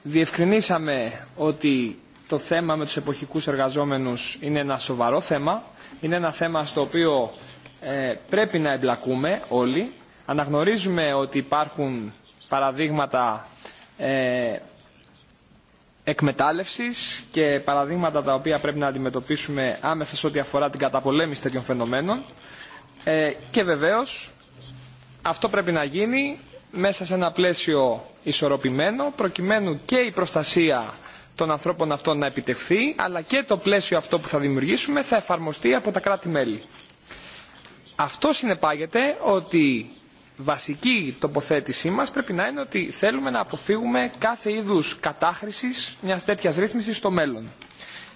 Διευκρινίσαμε ότι το θέμα με τους εποχικούς εργαζόμενους είναι ένα σοβαρό θέμα. Είναι ένα θέμα στο οποίο ε, πρέπει να εμπλακούμε όλοι. Αναγνωρίζουμε ότι υπάρχουν παραδείγματα ε, εκμετάλλευσης και παραδείγματα τα οποία πρέπει να αντιμετωπίσουμε άμεσα σε ό,τι αφορά την καταπολέμηση τέτοιων φαινομένων ε, και βεβαίως αυτό πρέπει να γίνει μέσα σε ένα πλαίσιο ισορροπημένο προκειμένου και η προστασία των ανθρώπων αυτών να επιτευχθεί αλλά και το πλαίσιο αυτό που θα δημιουργήσουμε θα εφαρμοστεί από τα κράτη-μέλη. Αυτό συνεπάγεται ότι βασική τοποθέτησή μας πρέπει να είναι ότι θέλουμε να αποφύγουμε κάθε είδους κατάχρησης μιας τέτοιας ρύθμισης στο μέλλον.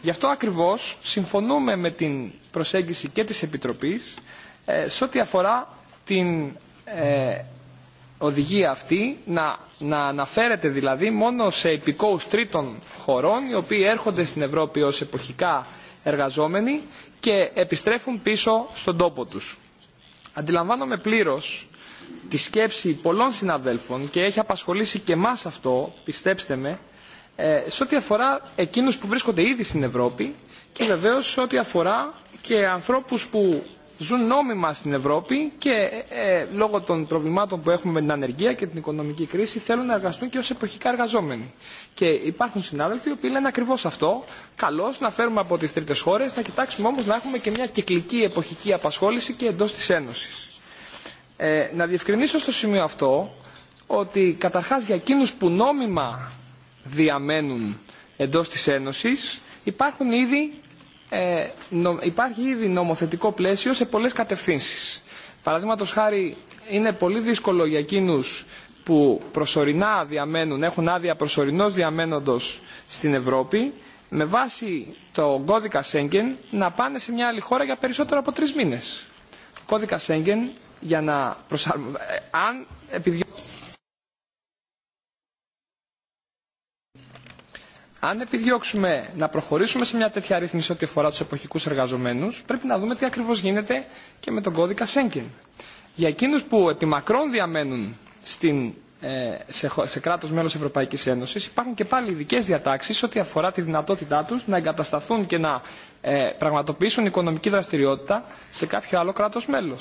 Γι' αυτό ακριβώς συμφωνούμε με την προσέγγιση και της Επιτροπής ε, σε ό,τι αφορά την ε, οδηγία αυτή να, να αναφέρεται δηλαδή μόνο σε επικοους τρίτων χωρών οι οποίοι έρχονται στην Ευρώπη ως εποχικά εργαζόμενοι και επιστρέφουν πίσω στον τόπο τους. Αντιλαμβάνομαι πλήρως τη σκέψη πολλών συναδέλφων και έχει απασχολήσει και εμά αυτό, πιστέψτε με, ε, σε ό,τι αφορά εκείνους που βρίσκονται ήδη στην Ευρώπη και βεβαίως σε ό,τι αφορά και ανθρώπους που ζουν νόμιμα στην Ευρώπη και ε, ε, λόγω των προβλημάτων που έχουμε με την ανεργία και την οικονομική κρίση θέλουν να εργαστούν και ως εποχικά εργαζόμενοι. Και υπάρχουν συνάδελφοι που λένε ακριβώς αυτό. Καλώς να φέρουμε από τις τρίτες χώρες, να κοιτάξουμε όμως να έχουμε και μια κυκλική εποχική απασχόληση και εντός της Ένωσης. Ε, να διευκρινίσω στο σημείο αυτό ότι καταρχάς για εκείνους που νόμιμα διαμένουν εντός της Ένωσης υπάρχουν ήδη, ε, υπάρχει ήδη νομοθετικό πλαίσιο σε πολλές κατευθύνσεις. Παραδείγματο χάρη είναι πολύ δύσκολο για εκείνους που προσωρινά διαμένουν, έχουν άδεια προσωρινώς διαμένοντος στην Ευρώπη με βάση το κώδικα Σέγγεν να πάνε σε μια άλλη χώρα για περισσότερο από τρεις μήνες. κώδικα Σέγγεν για να ε, Αν επιδιώξουμε να προχωρήσουμε σε μια τέτοια ρύθμιση ό,τι αφορά του εποχικού εργαζομένου, πρέπει να δούμε τι ακριβώ γίνεται και με τον κώδικα Σέγγεν. Για εκείνου που επιμακρών διαμένουν στην, ε, σε, σε κράτο μέλο Ευρωπαϊκή Ένωση, υπάρχουν και πάλι ειδικέ διατάξει ό,τι αφορά τη δυνατότητά του να εγκατασταθούν και να ε, πραγματοποιήσουν οικονομική δραστηριότητα σε κάποιο άλλο κράτο μέλο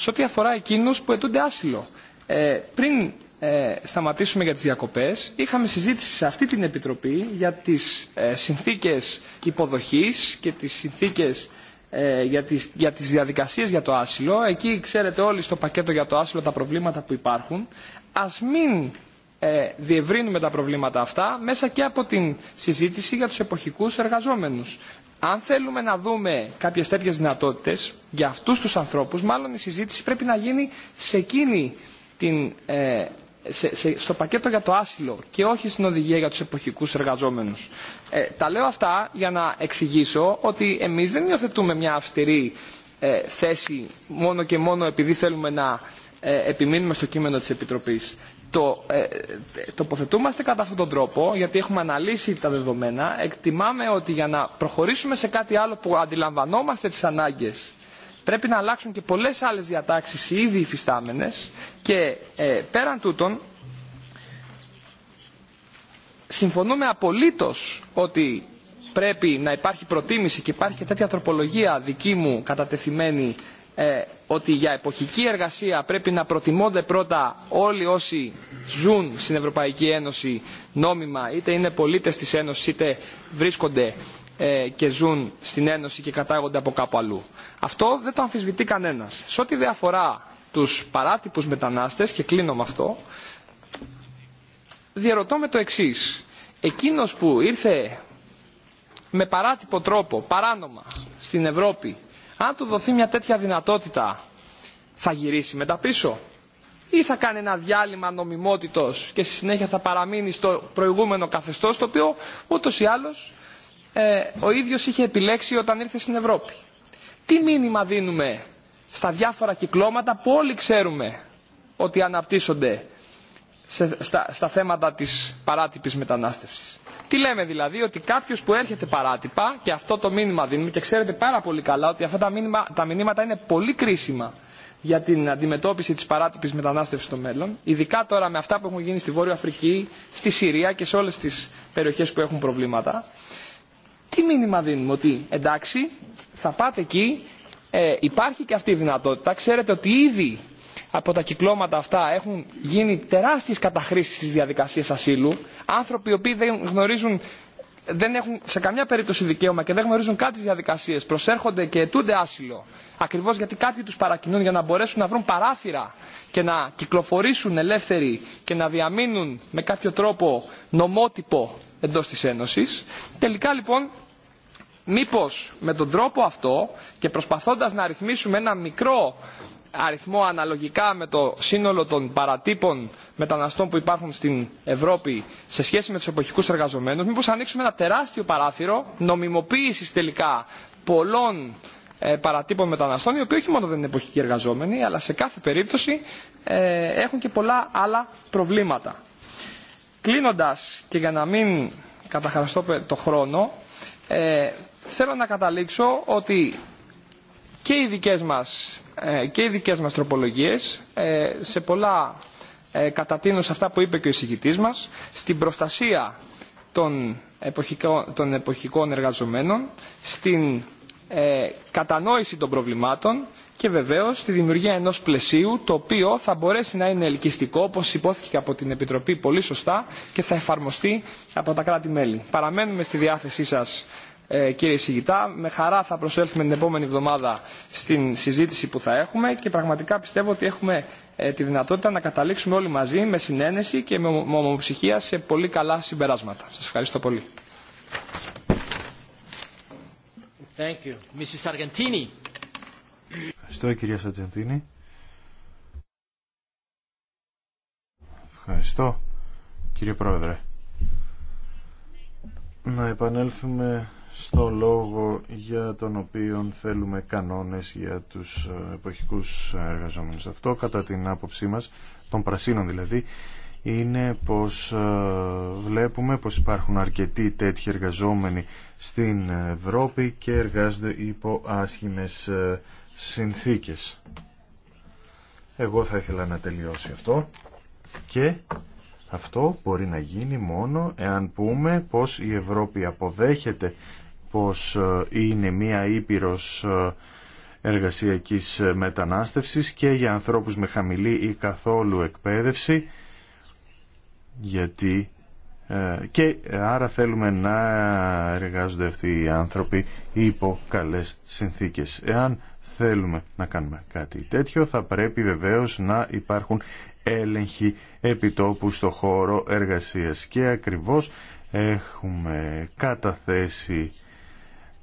σε ό,τι αφορά εκείνους που αιτούνται άσυλο. Ε, πριν ε, σταματήσουμε για τις διακοπές, είχαμε συζήτηση σε αυτή την Επιτροπή για τις ε, συνθήκες υποδοχής και τις συνθήκες ε, για τις, για τις διαδικασίες για το άσυλο. Εκεί ξέρετε όλοι στο πακέτο για το άσυλο τα προβλήματα που υπάρχουν. Ας μην ε, διευρύνουμε τα προβλήματα αυτά μέσα και από την συζήτηση για τους εποχικούς εργαζόμενους. Αν θέλουμε να δούμε κάποιες τέτοιες δυνατότητες για αυτούς τους ανθρώπους, μάλλον η συζήτηση πρέπει να γίνει σε εκείνη την, ε, στο πακέτο για το άσυλο και όχι στην οδηγία για τους εποχικούς εργαζόμενους. Ε, τα λέω αυτά για να εξηγήσω ότι εμείς δεν υιοθετούμε μια αυστηρή ε, θέση μόνο και μόνο επειδή θέλουμε να επιμείνουμε στο κείμενο της Επιτροπής το, ε, τοποθετούμαστε κατά αυτόν τον τρόπο, γιατί έχουμε αναλύσει τα δεδομένα, εκτιμάμε ότι για να προχωρήσουμε σε κάτι άλλο που αντιλαμβανόμαστε τις ανάγκες, πρέπει να αλλάξουν και πολλές άλλες διατάξεις ήδη υφιστάμενες και ε, πέραν τούτων συμφωνούμε απολύτως ότι πρέπει να υπάρχει προτίμηση και υπάρχει και τέτοια τροπολογία δική μου κατατεθειμένη ε, ότι για εποχική εργασία πρέπει να προτιμώνται πρώτα όλοι όσοι ζουν στην Ευρωπαϊκή Ένωση νόμιμα, είτε είναι πολίτες της Ένωσης, είτε βρίσκονται ε, και ζουν στην Ένωση και κατάγονται από κάπου αλλού. Αυτό δεν το αμφισβητεί κανένας. Σε ό,τι δεν αφορά τους παράτυπους μετανάστες, και κλείνω με αυτό, διαρωτώ με το εξής. Εκείνος που ήρθε με παράτυπο τρόπο, παράνομα, στην Ευρώπη αν του δοθεί μια τέτοια δυνατότητα, θα γυρίσει μετά πίσω ή θα κάνει ένα διάλειμμα νομιμότητος και στη συνέχεια θα παραμείνει στο προηγούμενο καθεστώς το οποίο ούτως ή άλλως ε, ο ίδιος είχε επιλέξει όταν ήρθε στην Ευρώπη. Τι μήνυμα δίνουμε στα διάφορα κυκλώματα που όλοι ξέρουμε ότι αναπτύσσονται σε, στα, θέματα της παράτυπης μετανάστευσης. Τι λέμε δηλαδή, ότι κάποιο που έρχεται παράτυπα, και αυτό το μήνυμα δίνουμε και ξέρετε πάρα πολύ καλά ότι αυτά τα, μήνυμα, τα μηνύματα είναι πολύ κρίσιμα για την αντιμετώπιση τη παράτυπη μετανάστευση στο μέλλον, ειδικά τώρα με αυτά που έχουν γίνει στη Βόρεια Αφρική, στη Συρία και σε όλε τι περιοχέ που έχουν προβλήματα. Τι μήνυμα δίνουμε, ότι εντάξει, θα πάτε εκεί, ε, υπάρχει και αυτή η δυνατότητα, ξέρετε ότι ήδη από τα κυκλώματα αυτά έχουν γίνει τεράστιες καταχρήσεις στις διαδικασίες ασύλου. Άνθρωποι οι οποίοι δεν γνωρίζουν δεν έχουν σε καμιά περίπτωση δικαίωμα και δεν γνωρίζουν καν τι διαδικασίε, προσέρχονται και αιτούνται άσυλο. Ακριβώ γιατί κάποιοι του παρακινούν για να μπορέσουν να βρουν παράθυρα και να κυκλοφορήσουν ελεύθεροι και να διαμείνουν με κάποιο τρόπο νομότυπο εντό τη Ένωση. Τελικά λοιπόν, μήπω με τον τρόπο αυτό και προσπαθώντα να ρυθμίσουμε ένα μικρό αριθμό αναλογικά με το σύνολο των παρατύπων μεταναστών που υπάρχουν στην Ευρώπη σε σχέση με τους εποχικούς εργαζομένους, μήπως ανοίξουμε ένα τεράστιο παράθυρο νομιμοποίησης τελικά πολλών ε, παρατύπων μεταναστών, οι οποίοι όχι μόνο δεν είναι εποχικοί εργαζόμενοι, αλλά σε κάθε περίπτωση ε, έχουν και πολλά άλλα προβλήματα. Κλείνοντας και για να μην καταχαραστώ το χρόνο, ε, θέλω να καταλήξω ότι και οι δικές μας, ε, και τροπολογίες ε, σε πολλά ε, κατατείνουν σε αυτά που είπε και ο εισηγητής μας στην προστασία των εποχικών, των εποχικών εργαζομένων στην κατανόηση των προβλημάτων και βεβαίως στη δημιουργία ενός πλαισίου το οποίο θα μπορέσει να είναι ελκυστικό όπως υπόθηκε από την Επιτροπή πολύ σωστά και θα εφαρμοστεί από τα κράτη-μέλη. Παραμένουμε στη διάθεσή σας ε, κύριε Σιγητά. Με χαρά θα προσέλθουμε την επόμενη εβδομάδα στην συζήτηση που θα έχουμε και πραγματικά πιστεύω ότι έχουμε ε, τη δυνατότητα να καταλήξουμε όλοι μαζί με συνένεση και με ομοψυχία σε πολύ καλά συμπεράσματα. Σας ευχαριστώ πολύ. Thank you. Mrs. Argentini. Ευχαριστώ κυρία Ευχαριστώ κύριε Πρόεδρε. Να επανέλθουμε στο λόγο για τον οποίο θέλουμε κανόνες για τους ε, εποχικούς εργαζόμενους. Αυτό κατά την άποψή μας, των πρασίνων δηλαδή, είναι πως ε, βλέπουμε πως υπάρχουν αρκετοί τέτοιοι εργαζόμενοι στην Ευρώπη και εργάζονται υπό άσχημες ε, συνθήκες. Εγώ θα ήθελα να τελειώσει αυτό και αυτό μπορεί να γίνει μόνο εάν πούμε πως η Ευρώπη αποδέχεται πως ε, είναι μία ήπειρος ε, εργασιακής ε, μετανάστευσης και για ανθρώπους με χαμηλή ή καθόλου εκπαίδευση γιατί και άρα θέλουμε να εργάζονται αυτοί οι άνθρωποι υπό καλές συνθήκες. Εάν θέλουμε να κάνουμε κάτι τέτοιο θα πρέπει βεβαίως να υπάρχουν έλεγχοι επιτόπου στο χώρο εργασίας. Και ακριβώς έχουμε καταθέσει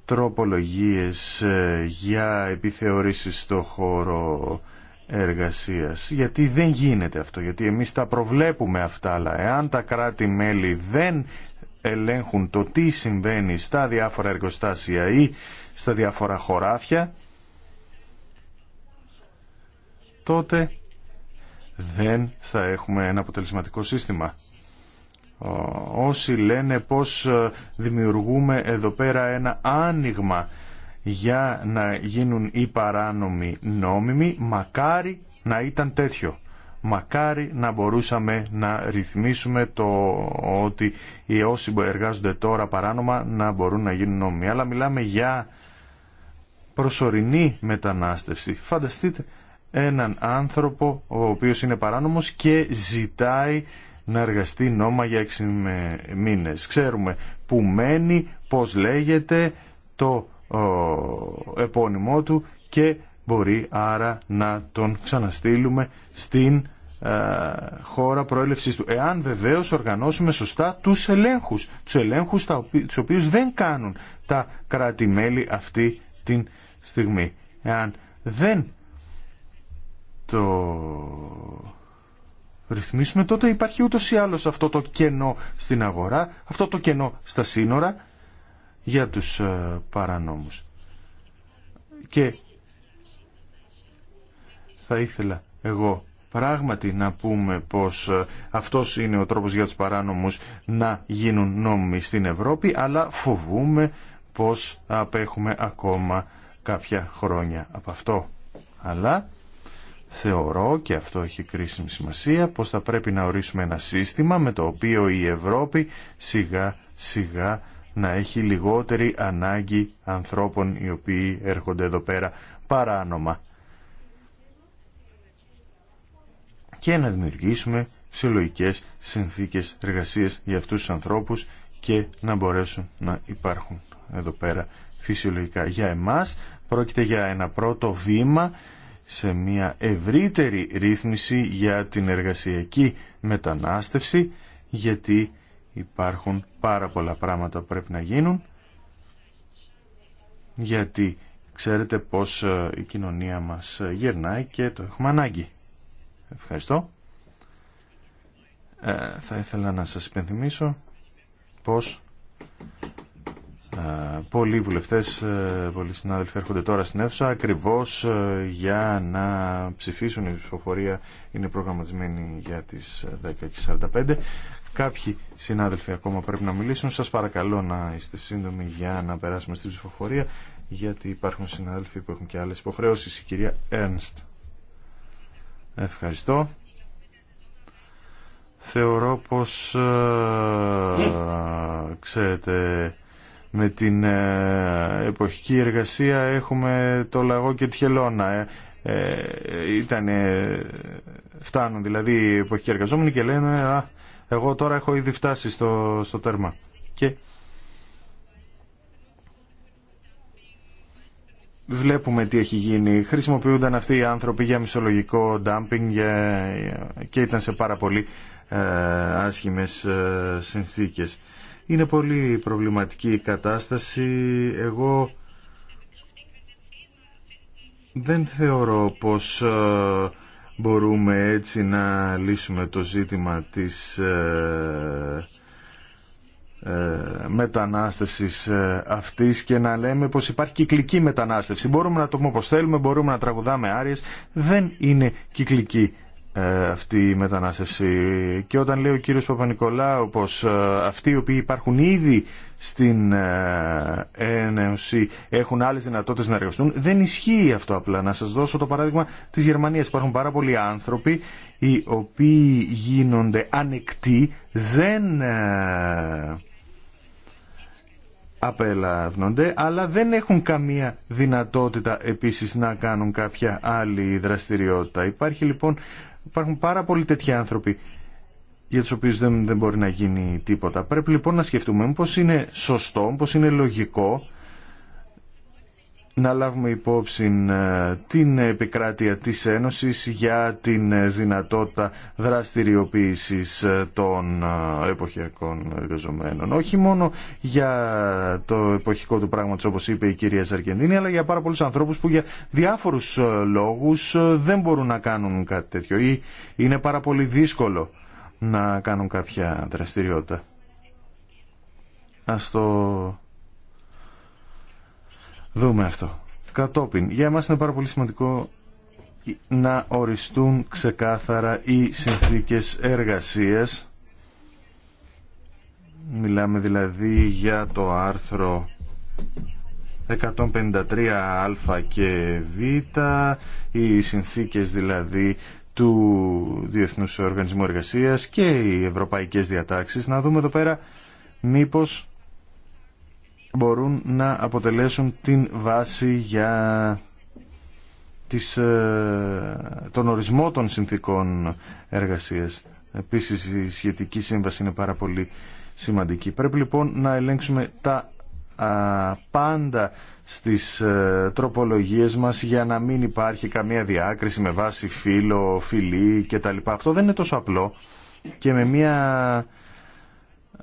τροπολογίες ε, για επιθεωρήσεις στο χώρο εργασίας. Γιατί δεν γίνεται αυτό, γιατί εμείς τα προβλέπουμε αυτά, αλλά εάν τα κράτη-μέλη δεν ελέγχουν το τι συμβαίνει στα διάφορα εργοστάσια ή στα διάφορα χωράφια, τότε δεν θα έχουμε ένα αποτελεσματικό σύστημα. Όσοι λένε πως ε, δημιουργούμε εδώ πέρα ένα άνοιγμα για να γίνουν οι παράνομοι νόμιμοι, μακάρι να ήταν τέτοιο. Μακάρι να μπορούσαμε να ρυθμίσουμε το ότι οι όσοι εργάζονται τώρα παράνομα να μπορούν να γίνουν νόμιμοι. Αλλά μιλάμε για προσωρινή μετανάστευση. Φανταστείτε έναν άνθρωπο ο οποίος είναι παράνομος και ζητάει να εργαστεί νόμα για 6 μήνες. Ξέρουμε που μένει, πώς λέγεται, το επώνυμό του και μπορεί άρα να τον ξαναστείλουμε στην ε, χώρα προέλευσης του. Εάν βεβαίως οργανώσουμε σωστά τους ελέγχους, τους ελέγχους τα, τους οποίους δεν κάνουν τα κράτη-μέλη αυτή την στιγμή. Εάν δεν το ρυθμίσουμε, τότε υπάρχει ούτως ή άλλως αυτό το κενό στην αγορά, αυτό το κενό στα σύνορα για τους ε, παρανόμους. Και θα ήθελα εγώ πράγματι να πούμε πως ε, αυτός είναι ο τρόπος για τους παράνομους να γίνουν νόμιμοι στην Ευρώπη, αλλά φοβούμε πως απέχουμε ακόμα κάποια χρόνια από αυτό. Αλλά Θεωρώ, και αυτό έχει κρίσιμη σημασία, πως θα πρέπει να ορίσουμε ένα σύστημα με το οποίο η Ευρώπη σιγά σιγά να έχει λιγότερη ανάγκη ανθρώπων οι οποίοι έρχονται εδώ πέρα παράνομα. Και να δημιουργήσουμε συλλογικές συνθήκες εργασίας για αυτούς τους ανθρώπους και να μπορέσουν να υπάρχουν εδώ πέρα φυσιολογικά. Για εμάς πρόκειται για ένα πρώτο βήμα σε μια ευρύτερη ρύθμιση για την εργασιακή μετανάστευση γιατί υπάρχουν πάρα πολλά πράγματα που πρέπει να γίνουν γιατί ξέρετε πως ε, η κοινωνία μας γερνάει και το έχουμε ανάγκη. Ευχαριστώ. Ε, θα ήθελα να σας υπενθυμίσω πως ε, πολλοί βουλευτές, ε, πολλοί συνάδελφοι έρχονται τώρα στην αίθουσα ακριβώς ε, για να ψηφίσουν. Η ψηφοφορία είναι προγραμματισμένη για τις 10.45. Κάποιοι συνάδελφοι ακόμα πρέπει να μιλήσουν. Σας παρακαλώ να είστε σύντομοι για να περάσουμε στην ψηφοφορία γιατί υπάρχουν συνάδελφοι που έχουν και άλλες υποχρεώσεις. Η κυρία Έρνστ. Ευχαριστώ. Θεωρώ πως, ξέρετε, με την ε, εποχική εργασία έχουμε το λαγό και τη χελώνα. Ε, ε ήταν, φτάνουν δηλαδή οι εποχικοί εργαζόμενοι και λένε «Α, εγώ τώρα έχω ήδη φτάσει στο, στο τέρμα». Και βλέπουμε τι έχει γίνει. Χρησιμοποιούνταν αυτοί οι άνθρωποι για μισολογικό ντάμπινγκ και ήταν σε πάρα πολύ ε, άσχημες ε, συνθήκες. Είναι πολύ προβληματική η κατάσταση. Εγώ δεν θεωρώ πως ε, μπορούμε έτσι να λύσουμε το ζήτημα της ε, ε, μετανάστευσης αυτής και να λέμε πως υπάρχει κυκλική μετανάστευση. Μπορούμε να το πούμε όπως θέλουμε, μπορούμε να τραγουδάμε άριες. Δεν είναι κυκλική ε, αυτή η μετανάστευση. Και όταν λέει ο κύριος Παπα-Νικολάου πως ε, αυτοί οι οποίοι υπάρχουν ήδη στην ε, Ένωση έχουν άλλες δυνατότητες να εργαστούν, δεν ισχύει αυτό απλά. Να σας δώσω το παράδειγμα της Γερμανίας. Υπάρχουν πάρα πολλοί άνθρωποι οι οποίοι γίνονται ανεκτοί, δεν απελαύνονται, αλλά δεν έχουν καμία δυνατότητα επίσης να κάνουν κάποια άλλη δραστηριότητα. Υπάρχει λοιπόν Υπάρχουν πάρα πολλοί τέτοιοι άνθρωποι για τους οποίους δεν, δεν μπορεί να γίνει τίποτα. Πρέπει λοιπόν να σκεφτούμε πώς είναι σωστό, πώς είναι λογικό να λάβουμε υπόψη ε, την επικράτεια της Ένωσης για την ε, δυνατότητα δραστηριοποίησης ε, των εποχιακών εργαζομένων. Όχι μόνο για το εποχικό του πράγματος όπως είπε η κυρία Σαρκεντίνη, αλλά για πάρα πολλούς ανθρώπους που για διάφορους λόγους δεν μπορούν να κάνουν κάτι τέτοιο ή είναι πάρα πολύ δύσκολο να κάνουν κάποια δραστηριότητα δούμε αυτό. Κατόπιν, για εμάς είναι πάρα πολύ σημαντικό να οριστούν ξεκάθαρα οι συνθήκες εργασίας. Μιλάμε δηλαδή για το άρθρο 153α και β, οι συνθήκες δηλαδή του Διεθνούς Οργανισμού Εργασίας και οι ευρωπαϊκές διατάξεις. Να δούμε εδώ πέρα μήπως μπορούν να αποτελέσουν την βάση για τις, ε, τον ορισμό των συνθήκων εργασίας. Επίσης η σχετική σύμβαση είναι πάρα πολύ σημαντική. Πρέπει λοιπόν να ελέγξουμε τα πάντα στις ε, τροπολογίες μας για να μην υπάρχει καμία διάκριση με βάση φίλο, φιλή κτλ. Αυτό δεν είναι τόσο απλό και με μια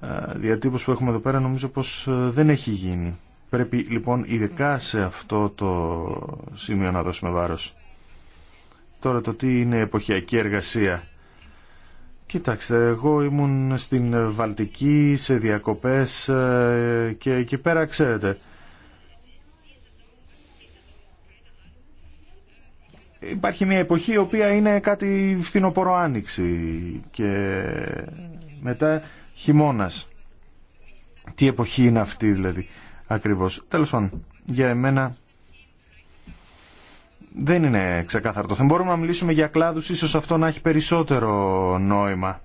ε, διατύπωση που έχουμε εδώ πέρα νομίζω πως ε, δεν έχει γίνει. Πρέπει λοιπόν ειδικά σε αυτό το σημείο να δώσουμε βάρος. Τώρα το τι είναι εποχιακή εργασία. Κοιτάξτε, εγώ ήμουν στην Βαλτική, σε διακοπές ε, και εκεί πέρα ξέρετε. Υπάρχει μια εποχή η οποία είναι κάτι φθινοπορο άνοιξη και μετά χειμώνας. Τι εποχή είναι αυτή δηλαδή ακριβώς. Τέλος πάντων, για εμένα δεν είναι ξεκάθαρο το Μπορούμε να μιλήσουμε για κλάδους, ίσως αυτό να έχει περισσότερο νόημα.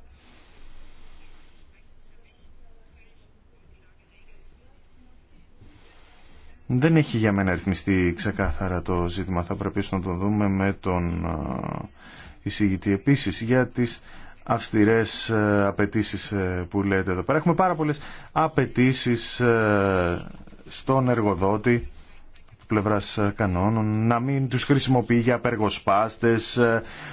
Δεν έχει για μένα ρυθμιστεί ξεκάθαρα το ζήτημα. Θα πρέπει να το δούμε με τον ε, εισηγητή επίσης για τις αυστηρές ε, απαιτήσει ε, που λέτε εδώ πέρα. Έχουμε πάρα πολλέ απαιτήσει ε, στον εργοδότη πλευράς κανόνων, να μην τους χρησιμοποιεί για απεργοσπάστες,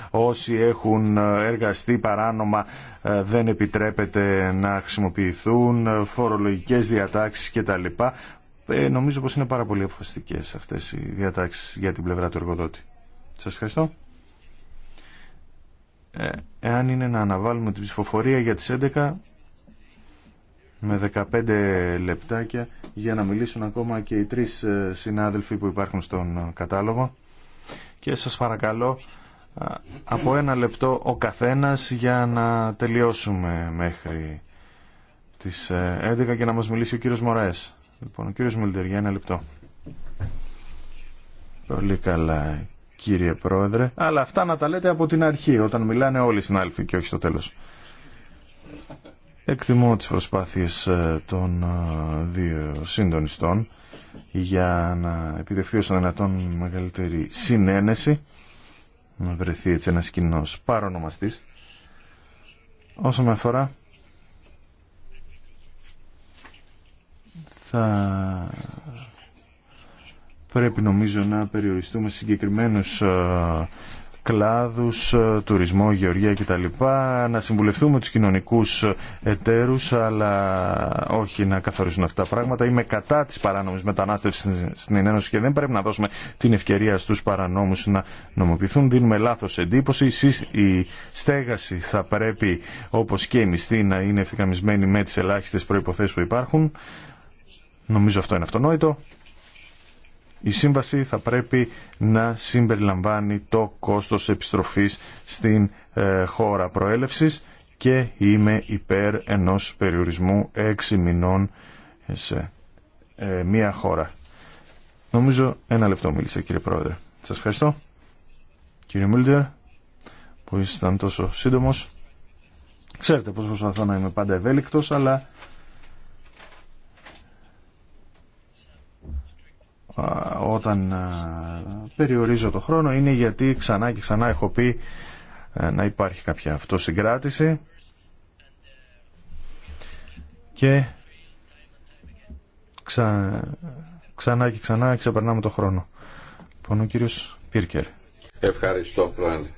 όσοι έχουν εργαστεί παράνομα δεν επιτρέπεται να χρησιμοποιηθούν, φορολογικές διατάξεις κτλ. Ε, νομίζω πως είναι πάρα πολύ αποφασιστικές αυτές οι διατάξεις για την πλευρά του εργοδότη. Σας ευχαριστώ. Ε, εάν είναι να αναβάλουμε την ψηφοφορία για τις 11 με 15 λεπτάκια για να μιλήσουν ακόμα και οι τρεις ε, συνάδελφοι που υπάρχουν στον κατάλογο και σας παρακαλώ ε, από ένα λεπτό ο καθένας για να τελειώσουμε μέχρι τις 11 και να μας μιλήσει ο κύριος Μωραές. Λοιπόν, ο κύριος Μιλτερ για ένα λεπτό. Πολύ καλά κύριε Πρόεδρε, αλλά αυτά να τα λέτε από την αρχή, όταν μιλάνε όλοι οι άλφη και όχι στο τέλος. Εκτιμώ τις προσπάθειες ε, των ε, δύο συντονιστών για να επιτευχθεί ως δυνατόν μεγαλύτερη συνένεση, να βρεθεί έτσι ένας κοινό παρονομαστής. Όσο με αφορά, θα πρέπει νομίζω να περιοριστούμε συγκεκριμένους ε, κλάδους, ε, τουρισμό, γεωργία κτλ. Να συμβουλευτούμε τους κοινωνικούς ε, εταίρους, αλλά όχι να καθορίσουν αυτά τα πράγματα. Είμαι κατά της παράνομης μετανάστευσης στην Ένωση και δεν πρέπει να δώσουμε την ευκαιρία στους παρανόμους να νομοποιηθούν. Δίνουμε λάθος εντύπωση. Η στέγαση θα πρέπει, όπως και η μισθή, να είναι ευθυγραμμισμένη με τις ελάχιστες προϋποθέσεις που υπάρχουν. Νομίζω αυτό είναι αυτονόητο. Η σύμβαση θα πρέπει να συμπεριλαμβάνει το κόστος επιστροφής στην ε, χώρα προέλευσης και είμαι υπέρ ενός περιορισμού έξι μηνών σε ε, μία χώρα. Νομίζω ένα λεπτό μίλησα κύριε Πρόεδρε. Σας ευχαριστώ. Κύριε Μούλτερ που ήσασταν τόσο σύντομος. Ξέρετε πως προσπαθώ να είμαι πάντα ευέλικτος αλλά όταν περιορίζω το χρόνο είναι γιατί ξανά και ξανά έχω πει ε, να υπάρχει κάποια αυτοσυγκράτηση και ξανά και ξανά ξεπερνάμε το χρόνο. Λοιπόν, κύριος Πίρκερ. Ευχαριστώ, Πρόεδρε.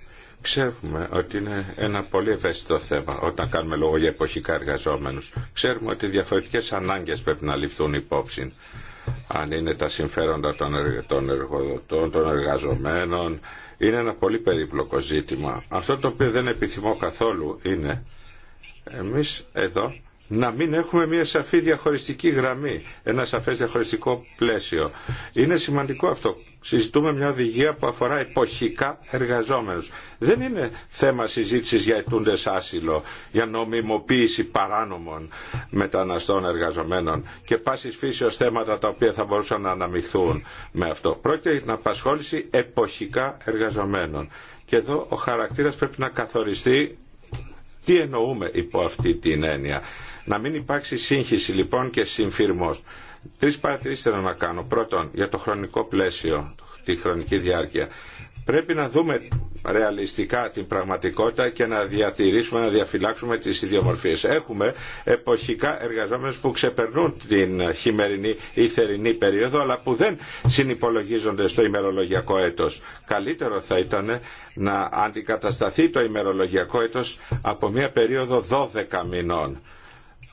Ξέρουμε ότι είναι ένα πολύ ευαίσθητο θέμα όταν κάνουμε λόγο για εποχικά εργαζόμενους. Ξέρουμε ότι διαφορετικές ανάγκες πρέπει να ληφθούν υπόψη αν είναι τα συμφέροντα των εργοδοτών, των εργαζομένων. Είναι ένα πολύ περίπλοκο ζήτημα. Αυτό το οποίο δεν επιθυμώ καθόλου είναι εμείς εδώ να μην έχουμε μια σαφή διαχωριστική γραμμή, ένα σαφές διαχωριστικό πλαίσιο. Είναι σημαντικό αυτό. Συζητούμε μια οδηγία που αφορά εποχικά εργαζόμενους. Δεν είναι θέμα συζήτησης για ετούντες άσυλο, για νομιμοποίηση παράνομων μεταναστών εργαζομένων και πάσης φύσεως θέματα τα οποία θα μπορούσαν να αναμειχθούν με αυτό. Πρόκειται για την απασχόληση εποχικά εργαζομένων. Και εδώ ο χαρακτήρας πρέπει να καθοριστεί τι εννοούμε υπό αυτή την έννοια. Να μην υπάρξει σύγχυση λοιπόν και συμφυρμός. Τρεις παρατηρήσεις θέλω να κάνω. Πρώτον, για το χρονικό πλαίσιο, τη χρονική διάρκεια. Πρέπει να δούμε ρεαλιστικά την πραγματικότητα και να διατηρήσουμε, να διαφυλάξουμε τις ιδιομορφίες. Έχουμε εποχικά εργαζόμενους που ξεπερνούν την χειμερινή ή θερινή περίοδο, αλλά που δεν συνυπολογίζονται στο ημερολογιακό έτος. Καλύτερο θα ήταν να αντικατασταθεί το ημερολογιακό έτος από μια περίοδο 12 μηνών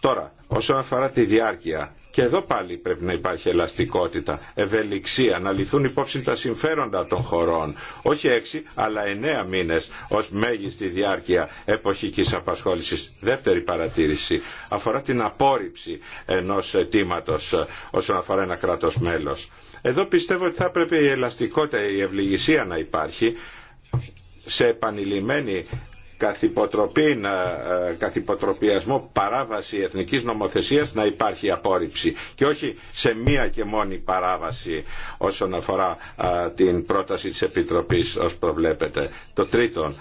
Τώρα, όσον αφορά τη διάρκεια, και εδώ πάλι πρέπει να υπάρχει ελαστικότητα, ευελιξία, να λυθούν υπόψη τα συμφέροντα των χωρών. Όχι έξι, αλλά εννέα μήνε ω μέγιστη διάρκεια εποχική απασχόληση. Δεύτερη παρατήρηση αφορά την απόρριψη ενό αιτήματο ε, όσον αφορά ένα κράτο μέλο. Εδώ πιστεύω ότι θα πρέπει η ελαστικότητα, η ευληγησία να υπάρχει σε επανειλημμένη ε, καθυποτροπιασμό παράβαση εθνικής νομοθεσίας να υπάρχει απόρριψη και όχι σε μία και μόνη παράβαση όσον αφορά την πρόταση της Επιτροπής ως προβλέπεται. Το τρίτον,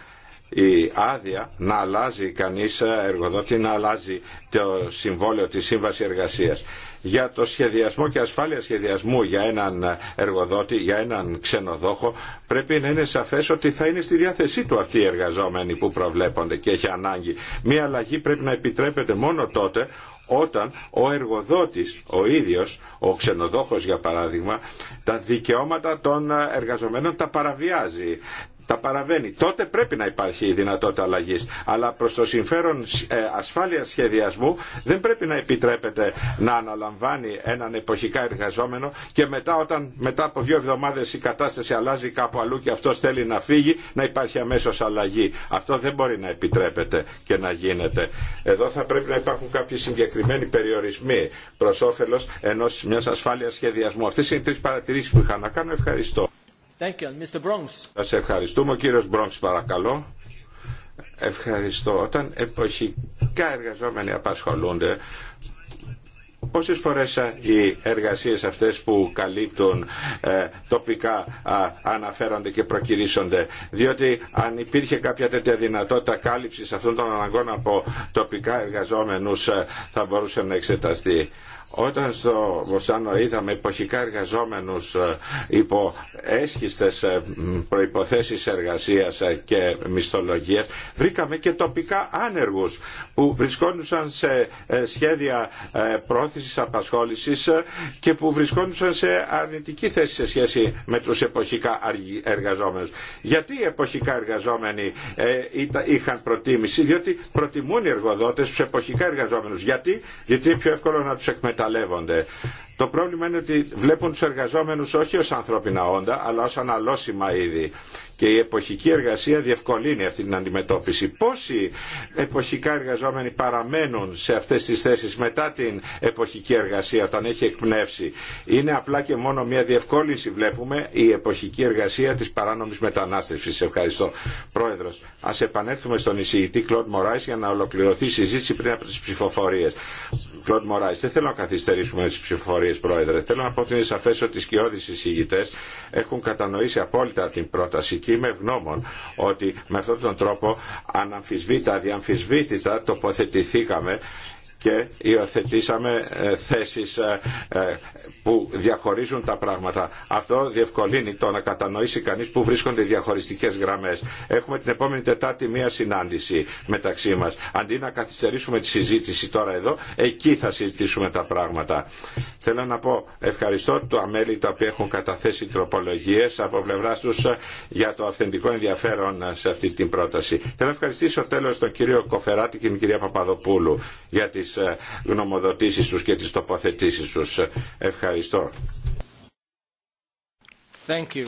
η άδεια να αλλάζει κανείς ε, εργοδότη να αλλάζει το συμβόλαιο της σύμβαση εργασίας για το σχεδιασμό και ασφάλεια σχεδιασμού για έναν εργοδότη, για έναν ξενοδόχο, πρέπει να είναι σαφές ότι θα είναι στη διάθεσή του αυτοί οι εργαζόμενοι που προβλέπονται και έχει ανάγκη. Μία αλλαγή πρέπει να επιτρέπεται μόνο τότε όταν ο εργοδότης, ο ίδιος, ο ξενοδόχος για παράδειγμα, τα δικαιώματα των εργαζομένων τα παραβιάζει τα παραβαίνει. Τότε πρέπει να υπάρχει η δυνατότητα αλλαγής. Αλλά προς το συμφέρον ε, ασφάλειας σχεδιασμού δεν πρέπει να επιτρέπεται να αναλαμβάνει έναν εποχικά εργαζόμενο και μετά όταν μετά από δύο εβδομάδες η κατάσταση αλλάζει κάπου αλλού και αυτός θέλει να φύγει να υπάρχει αμέσως αλλαγή. Αυτό δεν μπορεί να επιτρέπεται και να γίνεται. Εδώ θα πρέπει να υπάρχουν κάποιοι συγκεκριμένοι περιορισμοί προς όφελος ενός μιας ασφάλειας σχεδιασμού. Αυτές είναι οι τρεις παρατηρήσεις που είχα να κάνω. Ευχαριστώ. Σα ευχαριστούμε. Ο κύριος Μπρόγκ, παρακαλώ. Ευχαριστώ. Όταν εποχικά εργαζόμενοι απασχολούνται Πόσες φορές οι εργασίες αυτές που καλύπτουν ε, τοπικά αναφέρονται και προκυρήσονται. Διότι αν υπήρχε κάποια τέτοια δυνατότητα κάλυψης αυτών των αναγκών από τοπικά εργαζόμενους ε, θα μπορούσε να εξεταστεί. Όταν στο Βοσάνο είδαμε εποχικά εργαζόμενους ε, υπό έσχιστες προϋποθέσεις εργασίας και μισθολογίας, βρήκαμε και τοπικά άνεργους που βρισκόντουσαν σε σχέδια πρόθεσης σε απασχόλησης και που βρισκόντουσαν σε αρνητική θέση σε σχέση με του εποχικά εργαζόμενους. Γιατί οι εποχικά εργαζόμενοι ε, είχαν προτίμηση, διότι προτιμούν οι εργοδότε τους εποχικά εργαζόμενους. Γιατί, γιατί είναι πιο εύκολο να τους εκμεταλλεύονται. Το πρόβλημα είναι ότι βλέπουν τους εργαζόμενους όχι ως ανθρώπινα όντα, αλλά ως αναλώσιμα είδη και η εποχική εργασία διευκολύνει αυτή την αντιμετώπιση. Πόσοι εποχικά εργαζόμενοι παραμένουν σε αυτές τις θέσεις μετά την εποχική εργασία όταν έχει εκπνεύσει. Είναι απλά και μόνο μια διευκόλυνση βλέπουμε η εποχική εργασία της παράνομης μετανάστευσης. Ευχαριστώ. Πρόεδρος, ας επανέλθουμε στον εισηγητή Κλοντ Μωράης για να ολοκληρωθεί η συζήτηση πριν από τις ψηφοφορίες. Κλοντ Μωράης, δεν θέλω να καθυστερήσουμε τις ψηφοφορίες, Πρόεδρε. Θέλω να πω ότι είναι σαφές ότι οι σκιώδεις εισηγητές έχουν κατανοήσει απόλυτα την πρόταση και είμαι ευγνώμων ότι με αυτόν τον τρόπο αναμφισβήτα, διαμφισβήτητα τοποθετηθήκαμε και υιοθετήσαμε ε, θέσεις ε, ε, που διαχωρίζουν τα πράγματα. Αυτό διευκολύνει το να κατανοήσει κανείς που βρίσκονται οι διαχωριστικές γραμμές. Έχουμε την επόμενη Τετάρτη μία συνάντηση μεταξύ μας. Αντί να καθυστερήσουμε τη συζήτηση τώρα εδώ, εκεί θα συζητήσουμε τα πράγματα. Θέλω να πω ευχαριστώ του αμέλη τα οποία έχουν καταθέσει τροπολογίες από πλευρά τους για το αυθεντικό ενδιαφέρον σε αυτή την πρόταση. Θέλω να ευχαριστήσω τέλο τον κύριο Κοφεράτη και την κυρία Παπαδοπούλου για τι ε, γνωμοδοτήσει του και τι τοποθετήσει του. Ευχαριστώ. Thank you.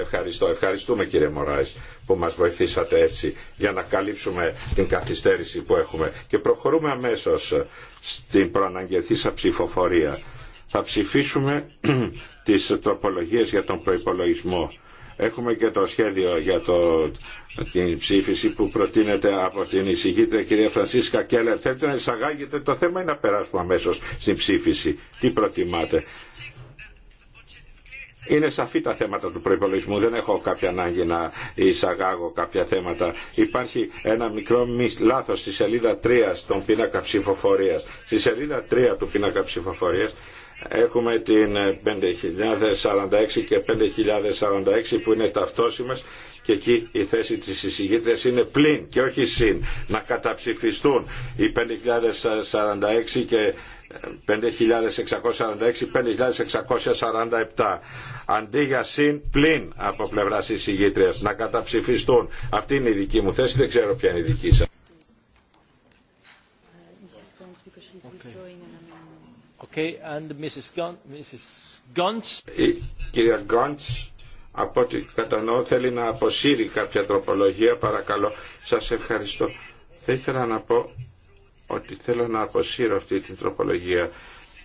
ευχαριστώ. Ευχαριστούμε κύριε Μωράης που μας βοηθήσατε έτσι για να καλύψουμε την καθυστέρηση που έχουμε. Και προχωρούμε αμέσως στην προαναγγελθήσα ψηφοφορία. Θα ψηφίσουμε *clears throat* τις τροπολογίες για τον προϋπολογισμό. Έχουμε και το σχέδιο για το, την ψήφιση που προτείνεται από την εισηγήτρια κυρία Φρανσίσκα Κέλλερ. Θέλετε να εισαγάγετε το θέμα ή να περάσουμε αμέσω στην ψήφιση. Τι προτιμάτε. Είναι σαφή τα θέματα του προπολογισμού. Δεν έχω κάποια ανάγκη να εισαγάγω κάποια θέματα. Υπάρχει ένα μικρό λάθος στη σελίδα 3 στον πίνακα ψηφοφορία. Στη σελίδα 3 του πίνακα ψηφοφορία Έχουμε την 5046 και 5046 που είναι ταυτόσιμες και εκεί η θέση της εισηγήτριας είναι πλην και όχι συν. Να καταψηφιστούν οι 5046 και 5.646-5.647 αντί για συν πλην από πλευρά εισηγήτριας να καταψηφιστούν. Αυτή είναι η δική μου θέση, δεν ξέρω ποια είναι η δική σας. κυρία Γκόντς, από ό,τι κατανοώ, θέλει να αποσύρει κάποια τροπολογία. Παρακαλώ, σας ευχαριστώ. Θα ήθελα να πω ότι θέλω να αποσύρω αυτή την τροπολογία.